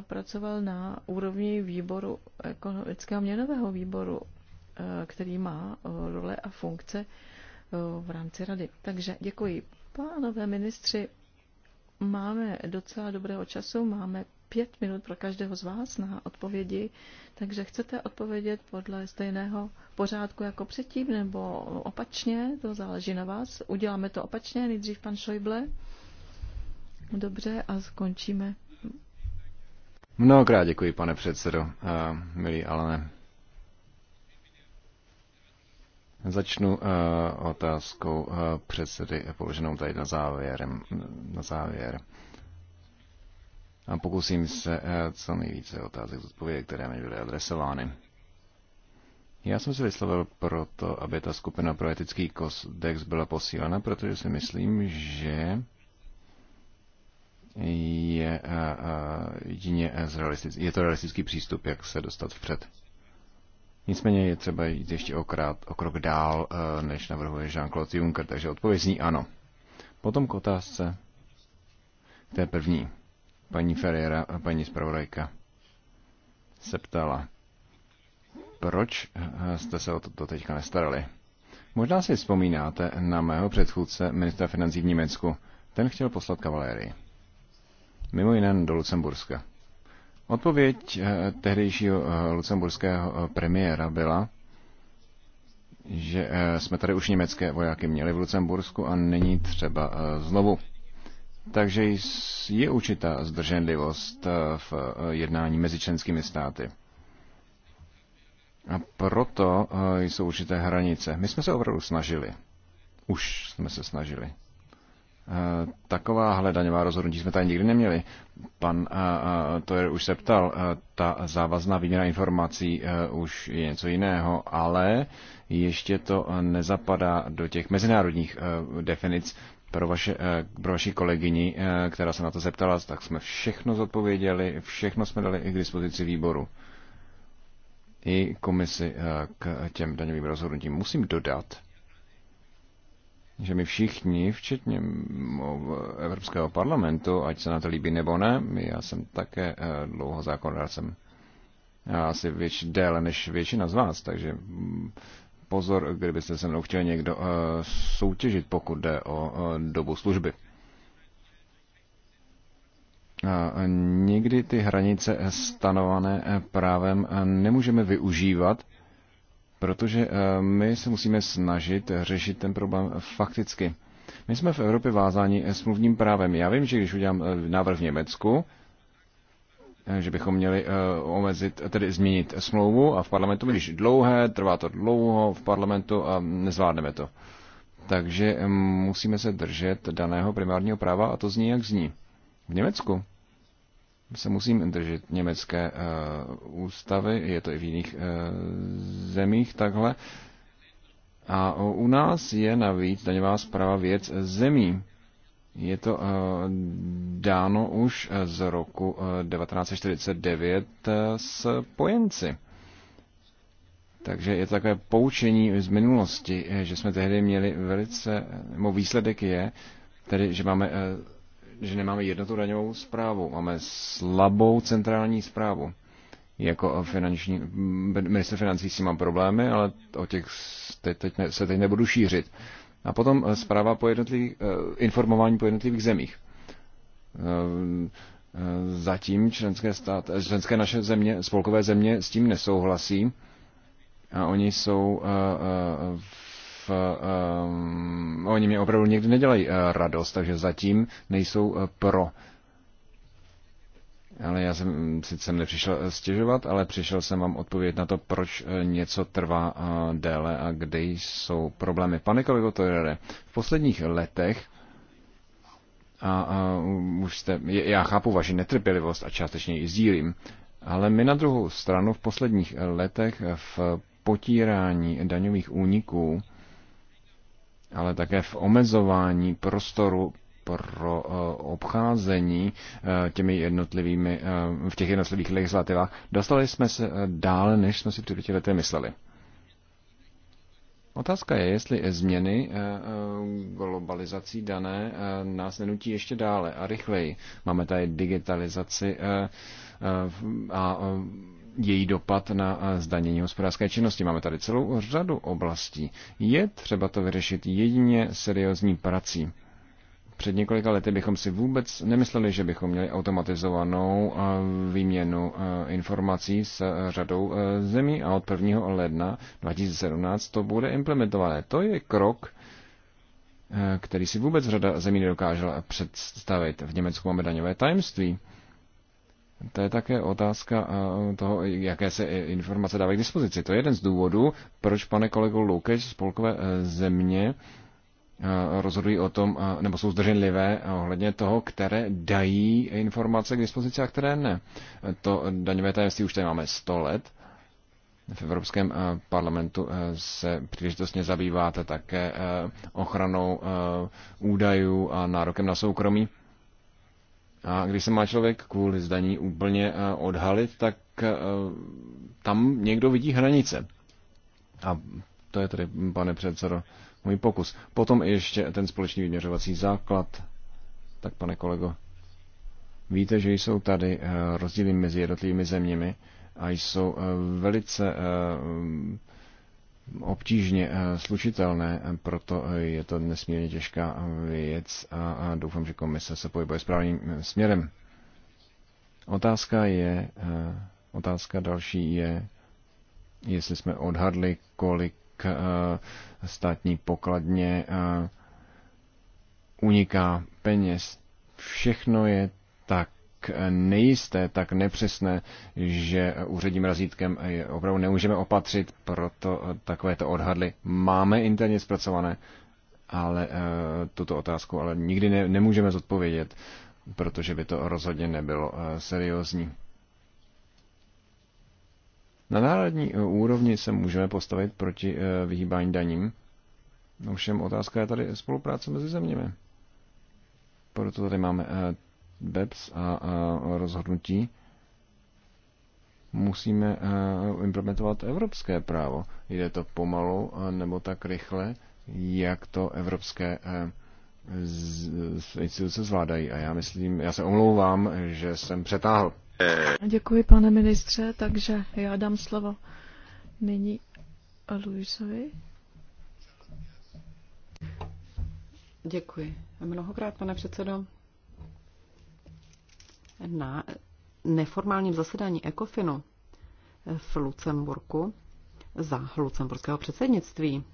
S2: pracoval na úrovni výboru ekonomického měnového výboru, e, který má e, role a funkce e, v rámci rady. Takže děkuji. Pánové ministři, máme docela dobrého času, máme pět minut pro každého z vás na odpovědi, takže chcete odpovědět podle stejného pořádku jako předtím, nebo opačně, to záleží na vás. Uděláme to opačně, nejdřív pan Šojble. Dobře, a skončíme
S3: Mnohokrát děkuji, pane předsedo, milý Alane. Začnu uh, otázkou uh, předsedy položenou tady na, závěrem, na závěr. A pokusím se uh, co nejvíce otázek zodpovědět, které mi byly adresovány. Já jsem se vyslovil proto, aby ta skupina pro etický kodex byla posílena, protože si myslím, že je, eh, eh, jině eh, je to realistický přístup, jak se dostat vpřed. Nicméně je třeba jít ještě o, krát, o krok dál, než navrhuje Jean-Claude Juncker, takže odpověď zní ano. Potom k otázce té první. Paní Ferreira paní zpravodajka se ptala, proč jste se o to teďka nestarali? Možná si vzpomínáte na mého předchůdce ministra financí v Německu. Ten chtěl poslat kavalérii mimo jiné do Lucemburska. Odpověď eh, tehdejšího eh, lucemburského eh, premiéra byla, že jsme tady už německé vojáky měli v Lucembursku a není třeba znovu. Takže je určitá zdrženlivost v jednání mezi členskými státy. A proto jsou určité hranice. My jsme se opravdu snažili. Už jsme se snažili. Eh, takováhle daňová rozhodnutí jsme tady nikdy neměli. Pan eh, eh, to je už se ptal, ta závazná výměna informací už je něco jiného, ale ještě to nezapadá do těch mezinárodních definic. Pro, vaše, pro vaši kolegyni, která se na to zeptala, tak jsme všechno zodpověděli, všechno jsme dali i k dispozici výboru i komisi k těm daňovým rozhodnutím. Musím dodat, že my všichni, včetně Evropského parlamentu, ať se na to líbí nebo ne, já jsem také eh, dlouho zákonodárcem, asi větš, déle než většina z vás, takže mm, pozor, kdybyste se mnou chtěl někdo eh, soutěžit, pokud jde o eh, dobu služby. Někdy ty hranice stanované právem nemůžeme využívat, Protože eh, my se musíme snažit řešit ten problém fakticky. My jsme v Evropě vázáni eh, smluvním právem. Já vím, že když udělám eh, návrh v Německu, že bychom měli omezit, tedy změnit smlouvu a v parlamentu, když dlouhé, trvá to dlouho v parlamentu a nezvládneme to. Takže musíme se držet daného primárního práva a to zní, jak zní. V Německu se musím držet německé eh, ústavy, je to i v jiných eh, zemích takhle. A u nás je navíc daňová zpráva věc zemí. Je to eh, dáno už z roku 1949 s pojenci. Takže je to takové poučení z minulosti, že jsme tehdy měli velice, nebo výsledek je, tedy, že máme že nemáme jednotu daňovou zprávu, máme slabou centrální zprávu. Jako finanční, minister financí si mám problémy, ale o těch teď, teď ne, se teď nebudu šířit. A potom eh, zpráva po jednotlivých, eh, informování po jednotlivých zemích. Eh, zatím členské, stát, členské naše země, spolkové země s tím nesouhlasí a oni jsou v um, oni mi opravdu někdy nedělají uh, radost, takže zatím nejsou uh, pro. Ale já jsem mm, sice nepřišel eh, stěžovat, ale přišel jsem vám odpovědět na to, proč něco trvá déle a kde jsou problémy. Pane kolego Tojrere, v posledních letech a, a už jste, já chápu vaši netrpělivost a částečně ji sdílím, ale my na druhou stranu v posledních letech v potírání daňových úniků ale také v omezování prostoru pro eh, obcházení eh, těmi jednotlivými, eh, v těch jednotlivých legislativách, dostali jsme se dále, než jsme si před pěti lety mysleli. Otázka je, jestli změny globalizací dané nás nenutí ještě dále a rychleji. Máme tady digitalizaci a její dopad na eh, zdanění hospodářské činnosti. Máme tady celou řadu oblastí. Je třeba to vyřešit jedině seriózní prací. Před několika lety bychom si vůbec nemysleli, že bychom měli automatizovanou eh, výměnu eh, informací s řadou zemí a od 1. ledna 2017 to bude implementované. To je krok, který si vůbec řada zemí nedokážela představit. V Německu máme daňové tajemství to je také otázka eh, toho, jaké se eh, informace dávají k dispozici. To je jeden z důvodů, proč, pane kolego z spolkové eh, země rozhodují o tom, nebo jsou zdrženlivé ohledně toho, které dají informace k dispozici a které ne. To daňové tajemství už tady máme 100 let. V Evropském parlamentu se příležitostně zabýváte také ochranou údajů a nárokem na soukromí. A když se má člověk kvůli zdaní úplně eh, odhalit, tak eh, tam někdo vidí hranice. A to je tedy, pane předsedo, můj pokus. Potom ještě ten společný vyměřovací základ. Tak, pane kolego, víte, že jsou tady eh, rozdíly mezi jednotlivými zeměmi a jsou velice obtížně eh, slučitelné, eh, proto eh, je to nesmírně těžká věc a doufám, že komise se pohybuje správným směrem. Otázka je, otázka další je, jestli jsme odhadli, kolik státní pokladně uniká peněz. Všechno je tak tak nejisté, tak nepřesné, že úředním razítkem opravdu nemůžeme opatřit, proto eh, takovéto odhadly máme interně zpracované, ale eh, tuto otázku ale nikdy ne, nemůžeme zodpovědět, protože by to rozhodně nebylo eh, seriózní. Na národní úrovni se můžeme postavit proti vyhýbání daním. Ovšem otázka je tady spolupráce mezi zeměmi. Proto tady máme BEPS a, a rozhodnutí, musíme implementovat evropské právo. Jde to pomalu nebo tak rychle, jak to evropské instituce zvládají. A já myslím, já se omlouvám, že jsem přetáhl.
S2: Děkuji, pane ministře, takže já dám slovo nyní Luisovi. Děkuji. Mnohokrát, pane předsedo
S4: na neformálním zasedání ECOFINu v Lucemburku za lucemburského předsednictví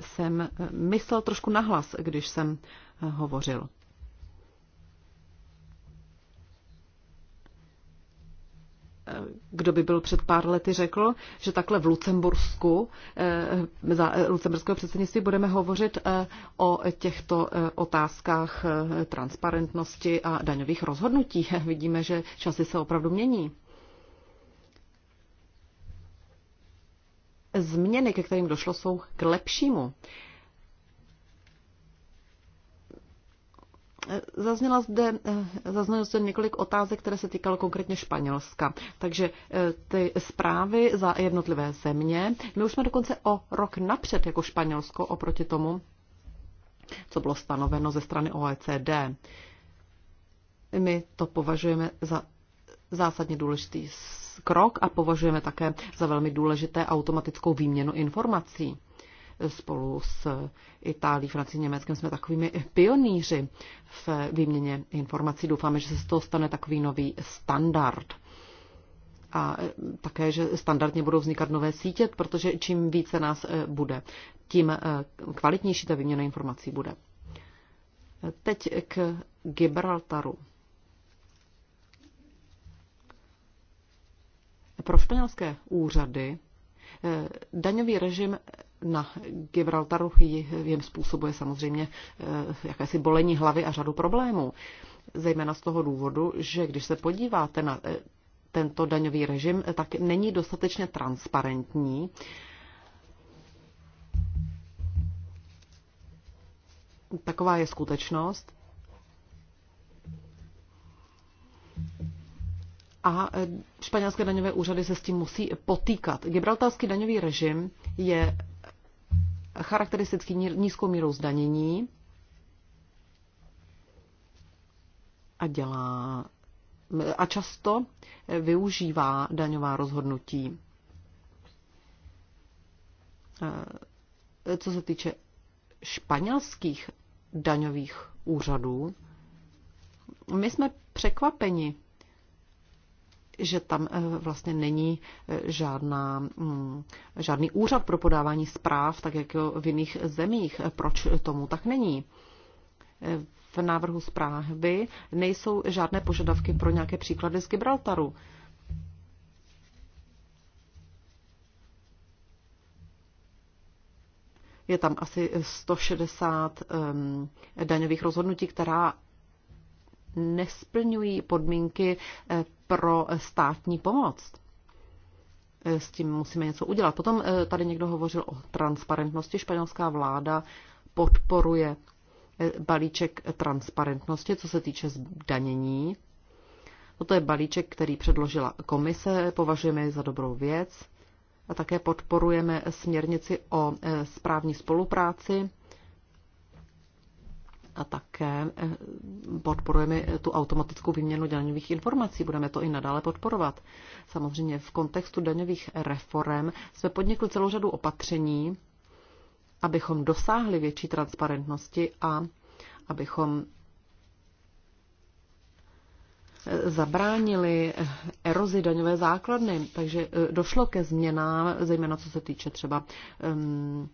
S4: jsem eh, myslel trošku nahlas, když jsem eh, hovořil. kdo by byl před pár lety řekl, že takhle v Lucembursku, eh, za eh, lucemburského předsednictví budeme hovořit eh, o těchto otázkách transparentnosti a daňových rozhodnutí. (laughs) Vidíme, že časy se opravdu mění. Změny, ke kterým došlo, jsou k lepšímu. Zazněla zde, eh, zaznělo zde několik otázek, které se týkalo konkrétně Španělska. Takže eh, ty zprávy za jednotlivé země, my už jsme dokonce o rok napřed jako Španělsko oproti tomu, co bylo stanoveno ze strany OECD. My to považujeme za zásadně důležitý krok a považujeme také za velmi důležité automatickou výměnu informací. Spolu s Itálií, Francií, Německem jsme takovými pionýři v výměně informací. Doufáme, že se z toho stane takový nový standard a také, že standardně budou vznikat nové sítě, protože čím více nás eh, bude, tím eh, kvalitnější ta výměna informací bude. Teď k Gibraltaru. Pro španělské úřady Eh, daňový režim na Gibraltaru jim způsobuje samozřejmě eh, jakési bolení hlavy a řadu problémů. Zejména z toho důvodu, že když se podíváte na eh, tento daňový režim, tak není dostatečně transparentní. Taková je skutečnost a e, španělské daňové úřady se s tím musí potýkat. Gibraltarský daňový režim je charakteristický nízkou mírou zdanění a dělá a často využívá daňová rozhodnutí. E, co se týče španělských daňových úřadů, my jsme překvapeni že tam eh, vlastně není eh, žádná, mm, žádný úřad pro podávání zpráv, tak jak v jiných zemích. Eh, proč tomu tak není? V návrhu zprávy nejsou žádné požadavky pro nějaké příklady z Gibraltaru. Je tam asi 160 um, ehm, daňových rozhodnutí, která nesplňují podmínky eh, pro státní pomoc. Eh, s tím musíme něco udělat. Potom eh, tady někdo hovořil o transparentnosti. Španělská vláda podporuje balíček transparentnosti, co se týče zdanění. Toto no, je balíček, který předložila komise, považujeme ji za dobrou věc. A také podporujeme směrnici o správní spolupráci a také eh, podporujeme tu automatickou výměnu daňových informací. Budeme to i nadále podporovat. Samozřejmě v kontextu daňových reform jsme podnikli celou řadu opatření, abychom dosáhli větší transparentnosti a abychom eh, zabránili eh, erozi daňové základny. Takže došlo ke změnám, zejména co se týče třeba um,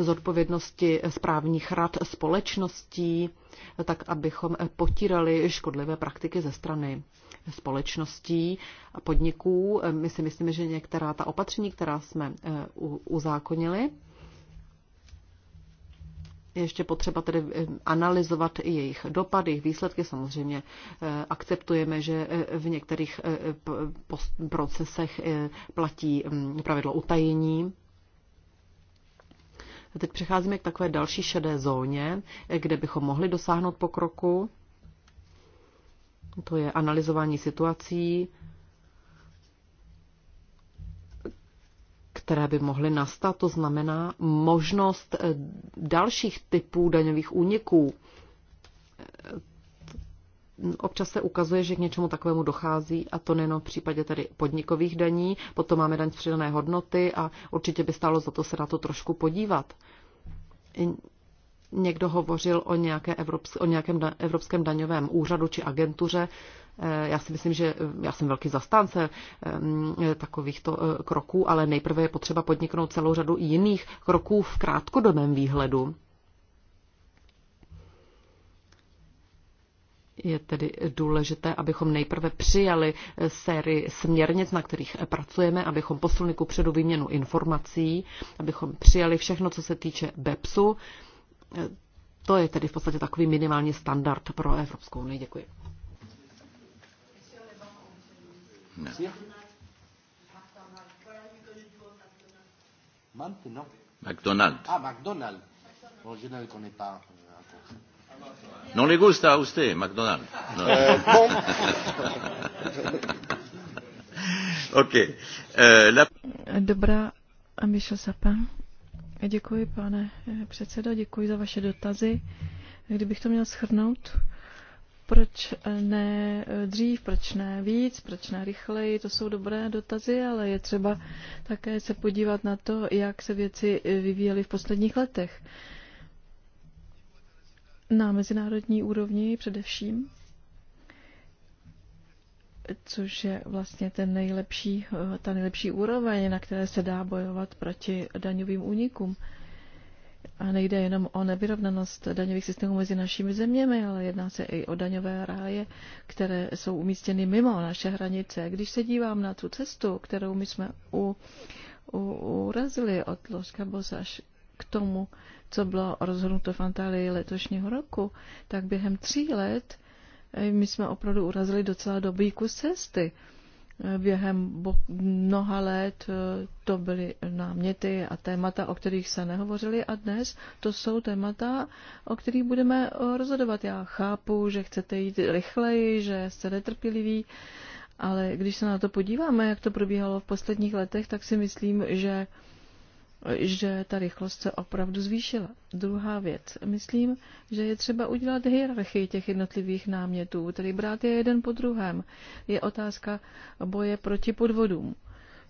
S4: zodpovědnosti správních rad společností, tak abychom potírali škodlivé praktiky ze strany společností a podniků. My si myslíme, že některá ta opatření, která jsme eh, uzákonili, ještě potřeba tedy eh, analyzovat jejich dopady, jejich výsledky. Samozřejmě eh, akceptujeme, že v některých procesech platí mm, pravidlo utajení. A teď přecházíme k takové další šedé zóně, kde bychom mohli dosáhnout pokroku. To je analyzování situací, které by mohly nastat, to znamená možnost eh, dalších typů daňových úniků občas se ukazuje, že k něčemu takovému dochází a to nejenom v případě tady podnikových daní, potom máme daň z přidané hodnoty a určitě by stálo za to se na to trošku podívat. Někdo hovořil o, nějaké evropské, o nějakém da, evropském daňovém úřadu či agentuře. Eh, já si myslím, že eh, já jsem velký zastánce eh, takovýchto kroků, ale nejprve je potřeba podniknout celou řadu jiných kroků v krátkodobém výhledu Je tedy důležité, abychom nejprve přijali sérii směrnic, na kterých pracujeme, abychom posunuli ku předu výměnu informací, abychom přijali všechno, co se týče BEPSu. To je tedy v podstatě takový minimální standard pro Evropskou unii. Děkuji.
S1: McDonald. Ah, McDonald. je ne le connais pas. No le gusta a usted, McDonald. No. Eh, no. (laughs) ok. Eh, la...
S2: Dobrá, Michel Sapin. Děkuji, pane eh, předsedo, děkuji za vaše dotazy. Kdybych to měl schrnout, proč ne dřív, proč ne víc, proč ne rychleji, to jsou dobré dotazy, ale je třeba také se podívat na to, jak se věci vyvíjely v posledních letech na mezinárodní úrovni především, což je vlastně ten nejlepší, ta nejlepší úroveň, na které se dá bojovat proti daňovým únikům. A nejde jenom o nevyrovnanost daňových systémů mezi našimi zeměmi, ale jedná se i o daňové ráje, které jsou umístěny mimo naše hranice. Když se dívám na tu cestu, kterou my jsme u, u, urazili od Ložka až k tomu, co bylo rozhodnuto v Antálii letošního roku, tak během tří let eh, my jsme opravdu urazili docela dobrý kus cesty. Eh, během mnoha let eh, to byly náměty a témata, o kterých se nehovořili a dnes to jsou témata, o kterých budeme rozhodovat. Já chápu, že chcete jít rychleji, že jste netrpěliví, ale když se na to podíváme, jak to probíhalo v posledních letech, tak si myslím, že že ta rychlost se opravdu zvýšila. Druhá věc. Myslím, že je třeba udělat hierarchii těch jednotlivých námětů, tedy brát je jeden po druhém. Je otázka boje proti podvodům.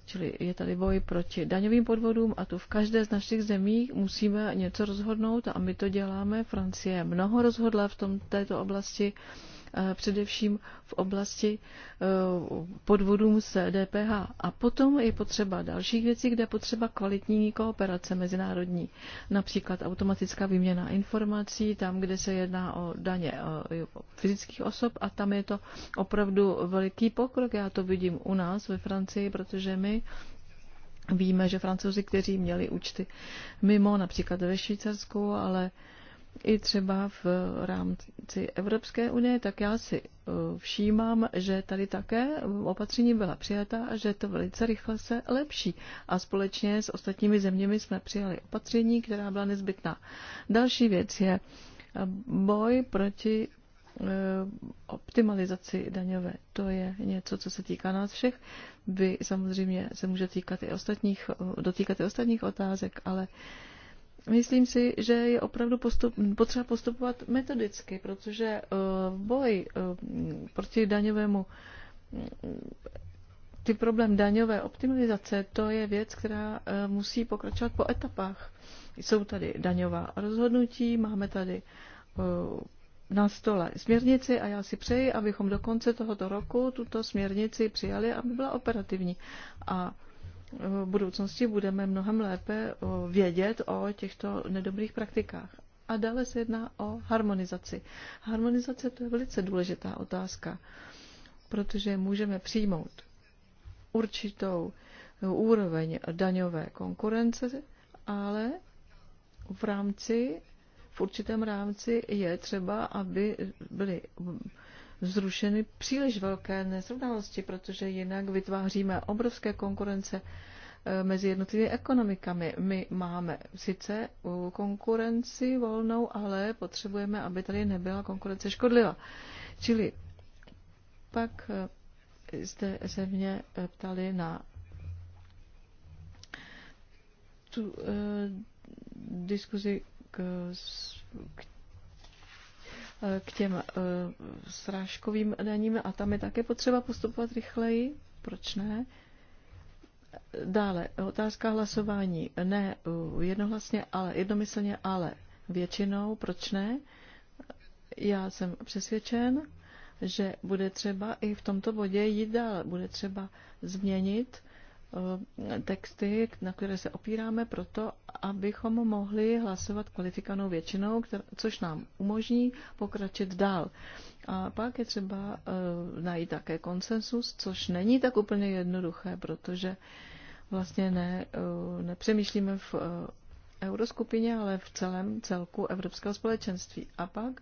S2: Čili je tady boj proti daňovým podvodům a tu v každé z našich zemí musíme něco rozhodnout a my to děláme. Francie mnoho rozhodla v tom, této oblasti. Eh, především v oblasti eh, podvodům s DPH. A potom je potřeba dalších věcí, kde je potřeba kvalitní kooperace mezinárodní, například automatická výměna informací, tam, kde se jedná o daně eh, fyzických osob a tam je to opravdu veliký pokrok. Já to vidím u nás ve Francii, protože my víme, že francouzi, kteří měli účty mimo, například ve Švýcarsku, ale i třeba v rámci Evropské unie, tak já si eh, všímám, že tady také eh, opatření byla přijata a že to velice rychle se lepší. A společně s ostatními zeměmi jsme přijali opatření, která byla nezbytná. Další věc je eh, boj proti optimalizaci daňové. To je něco, co se týká nás všech. Vy samozřejmě se může týkat i ostatních, dotýkat i ostatních otázek, ale Myslím si, že je opravdu postup, potřeba postupovat metodicky, protože eh, v boji eh, proti daňovému mm, ty problém daňové optimalizace, to je věc, která eh, musí pokračovat po etapách. Jsou tady daňová rozhodnutí, máme tady na stole směrnici a já si přeji, abychom do konce tohoto roku tuto směrnici přijali, aby byla operativní. A v budoucnosti budeme mnohem lépe vědět o těchto nedobrých praktikách. A dále se jedná o harmonizaci. Harmonizace to je velice důležitá otázka, protože můžeme přijmout určitou úroveň daňové konkurence, ale v rámci, v určitém rámci je třeba, aby byly zrušeny příliš velké nesrovnalosti, protože jinak vytváříme obrovské konkurence eh, mezi jednotlivými ekonomikami. My máme sice eh, konkurenci volnou, ale potřebujeme, aby tady nebyla konkurence škodlivá. Čili pak zde eh, se mě ptali na tu eh, diskuzi k, k k těm eh, srážkovým daním a tam je také potřeba postupovat rychleji. Proč ne? Dále, otázka hlasování. Ne eh, jednohlasně, ale jednomyslně, ale většinou. Proč ne? Já jsem přesvědčen, že bude třeba i v tomto bodě jít dál. Bude třeba změnit Eh, texty, na které se opíráme proto, abychom mohli hlasovat kvalifikovanou většinou, což nám umožní pokračit dál. A pak je třeba eh, najít také konsensus, což není tak úplně jednoduché, protože vlastně ne, eh, nepřemýšlíme v euroskupině, ale v celém celku Evropského společenství. A pak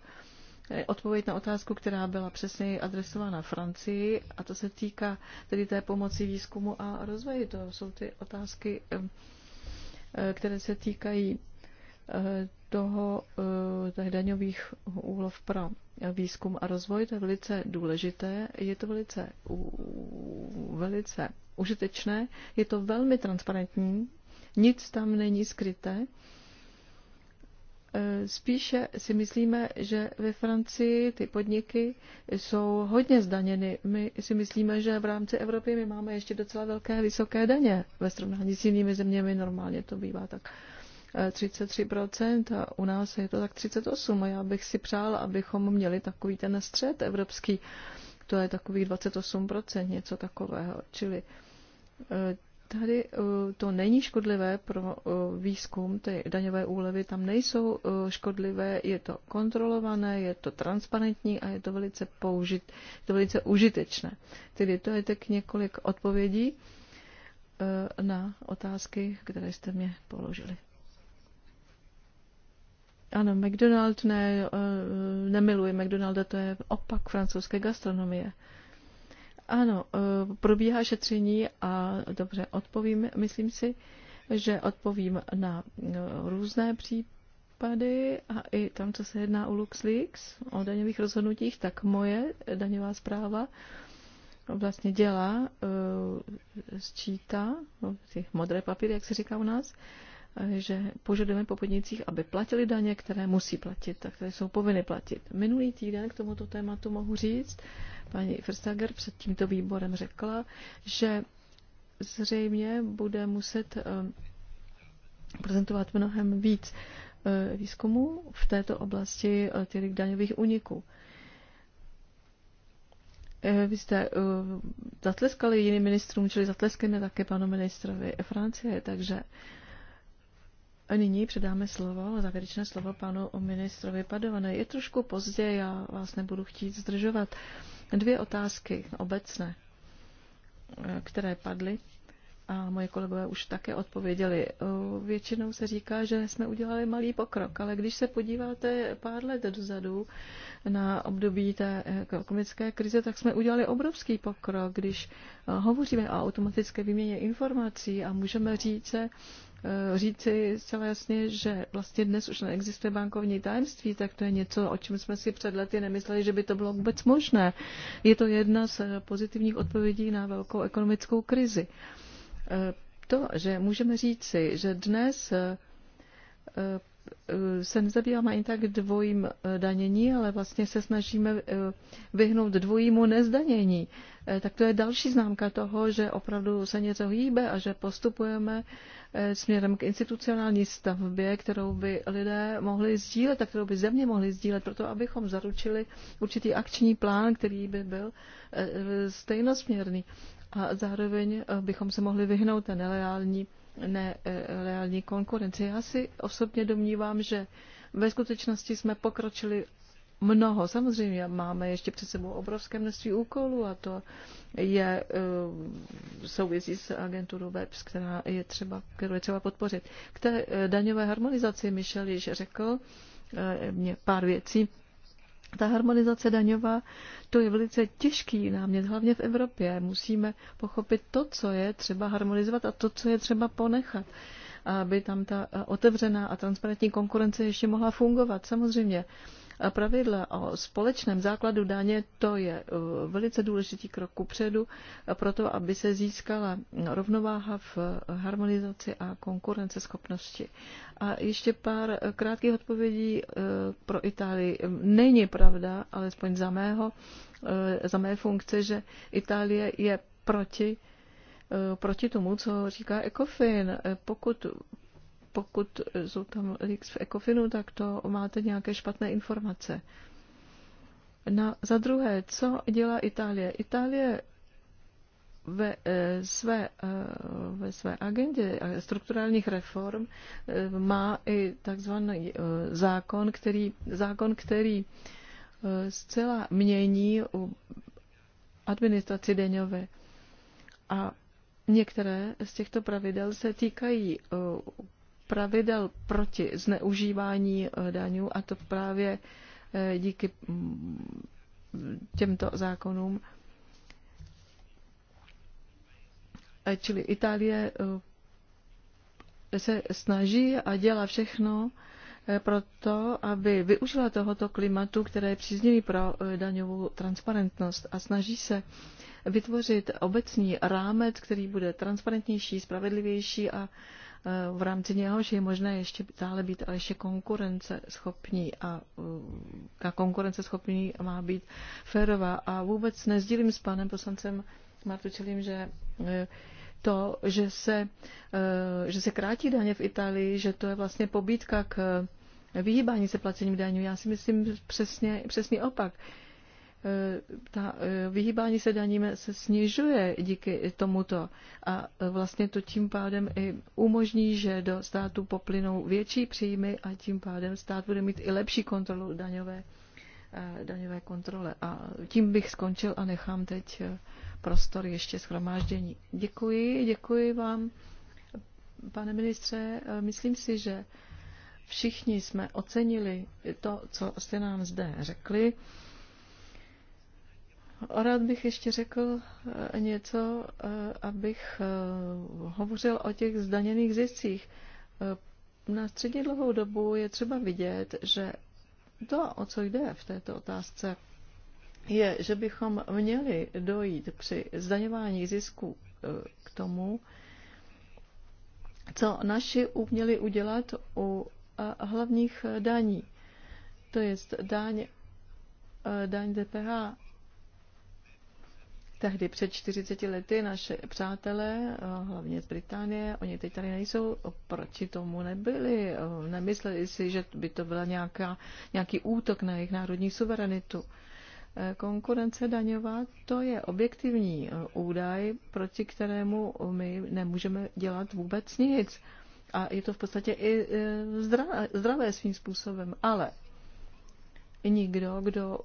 S2: Eh, odpověď na otázku, která byla přesně adresována Francii a to se týká tedy té pomoci výzkumu a rozvoji. To jsou ty otázky, eh, které se týkají eh, toho těch daňových úlov pro výzkum a rozvoj. To je velice důležité, je to velice, velice užitečné, je to velmi transparentní, nic tam není skryté Eh, spíše si myslíme, že ve Francii ty podniky jsou hodně zdaněny. My si myslíme, že v rámci Evropy my máme ještě docela velké vysoké daně. Ve srovnání s jinými zeměmi normálně to bývá tak 33% eh, a u nás je to tak 38%. A já bych si přál, abychom měli takový ten střed evropský. To je takových 28%, něco takového. Čili eh, Tady eh, to není škodlivé pro eh, výzkum, ty daňové úlevy tam nejsou eh, škodlivé, je to kontrolované, je to transparentní a je to velice, použit, je to velice užitečné. Tedy to je tak několik odpovědí na otázky, které jste mě položili. Ano, McDonald ne, nemiluji McDonalda, to je opak francouzské gastronomie. Ano, e, probíhá šetření a dobře, odpovím, myslím si, že odpovím na e, různé případy a i tam, co se jedná u LuxLeaks, o daňových rozhodnutích, tak moje daňová zpráva vlastně dělá, e, sčítá no, ty modré papíry, jak se říká u nás, že požadujeme po podnicích, aby platili daně, které musí platit a které jsou povinny platit. Minulý týden k tomuto tématu mohu říct, paní Verstager před tímto výborem řekla, že zřejmě bude muset eh, prezentovat mnohem víc eh, výzkumu v této oblasti těch eh, daňových úniků. Vy jste zatleskali jiným ministrům, čili zatleskejme také panu ministrovi Francie, takže a nyní předáme slovo, závěrečné slovo panu ministrovi Padované. Je trošku pozdě, já vás nebudu chtít zdržovat. Dvě otázky obecné, eh, které padly a moje kolegové už také odpověděli. E, většinou se říká, že jsme udělali malý pokrok, ale když se podíváte pár let dozadu na období té ekonomické krize, tak jsme udělali obrovský pokrok, když e, hovoříme o automatické výměně informací a můžeme říct, se, říci zcela jasně, že vlastně dnes už neexistuje bankovní tajemství, tak to je něco, o čem jsme si před lety nemysleli, že by to bylo vůbec možné. Je to jedna z pozitivních odpovědí na velkou ekonomickou krizi. To, že můžeme říci, že dnes eh, eh, se nezabýváme ani tak dvojím eh, danění, ale vlastně se snažíme vyhnout dvojímu nezdanění. Tak to je další známka toho, že opravdu se něco hýbe a že postupujeme směrem k institucionální stavbě, kterou by lidé mohli sdílet a kterou by země mohly sdílet, proto abychom zaručili určitý akční plán, který by byl stejnosměrný a zároveň eh, bychom se mohli vyhnout té nelegální, nelegální eh, konkurenci. Já si osobně domnívám, že ve skutečnosti jsme pokročili mnoho. Samozřejmě máme ještě před sebou obrovské množství úkolů a to je eh, souvisí s agenturou BEPS, která je třeba, kterou je třeba podpořit. K té daňové harmonizaci Michel již řekl mě pár věcí. Ta harmonizace daňová, to je velice těžký námět, hlavně v Evropě. Musíme pochopit to, co je třeba harmonizovat a to, co je třeba ponechat, aby tam ta otevřená a transparentní konkurence ještě mohla fungovat. Samozřejmě Pravidla o společném základu daně, to je eh, velice důležitý krok kupředu proto, aby se získala rovnováha v harmonizaci a konkurenceschopnosti. A ještě pár krátkých odpovědí eh, pro Itálii. Není pravda, alespoň za, mého, eh, za mé funkce, že Itálie je proti proti tomu, co říká ECOFIN. Pokud pokud jsou tam leaks v ECOFINu, tak to máte nějaké špatné informace. Na, za druhé, co dělá Itálie? Itálie ve, eh, své, eh, ve své agendě strukturálních reform eh, má i takzvaný zákon, který, zákon, který zcela mění administraci deňové. A některé z těchto pravidel se týkají pravidel proti zneužívání eh, daňů a to právě eh, díky mm, těmto zákonům. Eh, čili Itálie se snaží a dělá všechno pro to, aby využila tohoto klimatu, které je příznivý pro daňovou transparentnost a snaží se vytvořit obecný rámec, který bude transparentnější, spravedlivější a Eh, v rámci něhož je možné ještě dále být ale ještě konkurenceschopní a ta eh, konkurenceschopní má být férová. A vůbec nezdílím s panem poslancem Martučelím, že eh, to, že se, že se krátí daně v Itálii, že to je vlastně pobídka k vyhýbání se placením daní. Já si myslím přesně, přesný opak. Eh, ta eh, vyhýbání se daním se snižuje díky tomuto a eh, vlastně to tím pádem i umožní, že do státu poplynou větší příjmy a tím pádem stát bude mít i lepší kontrolu daňové, daňové kontrole. A tím bych skončil a nechám teď prostor ještě schromáždění. Děkuji, děkuji vám, pane ministře. Myslím si, že všichni jsme ocenili to, co jste nám zde řekli. Rád bych ještě řekl eh, něco, eh, abych eh, hovořil o těch zdaněných ziscích. Na středně dlouhou dobu je třeba vidět, že to, o co jde v této otázce, je, že bychom měli dojít při zdaňování zisku k tomu, co naši uměli udělat u hlavních daní. To je daň, daň DPH Tehdy před 40 lety naše přátelé, eh, hlavně z Británie, oni teď tady nejsou, proti tomu nebyli. Eh, nemysleli si, že by to byla nějaká, nějaký útok na jejich národní suverenitu. Eh, konkurence daňová to je objektivní údaj, proti kterému my nemůžeme dělat vůbec nic. A je to v podstatě i zdravé, zdravé svým způsobem. Ale nikdo, kdo,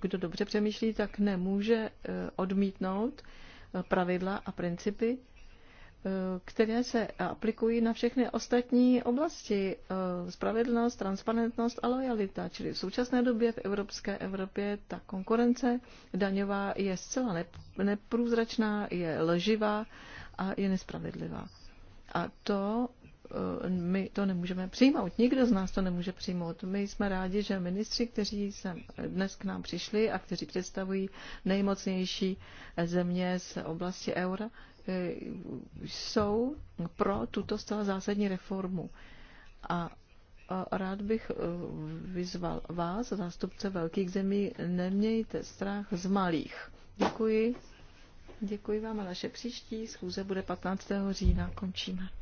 S2: kdo dobře přemýšlí, tak nemůže e, odmítnout e, pravidla a principy, e, které se aplikují na všechny ostatní oblasti. Spravedlnost, transparentnost a lojalita. Čili v současné době v Evropské Evropě ta konkurence daňová je zcela neprůzračná, je lživá a je nespravedlivá. A to Eh, my to nemůžeme přijmout. Nikdo z nás to nemůže přijmout. My jsme rádi, že ministři, kteří se dnes k nám přišli a kteří představují nejmocnější země z oblasti eura, eh, jsou pro tuto zcela zásadní reformu. A rád bych eh, vyzval vás, zástupce velkých zemí, nemějte strach z malých. Děkuji. Děkuji vám a naše příští schůze bude 15. října. Končíme.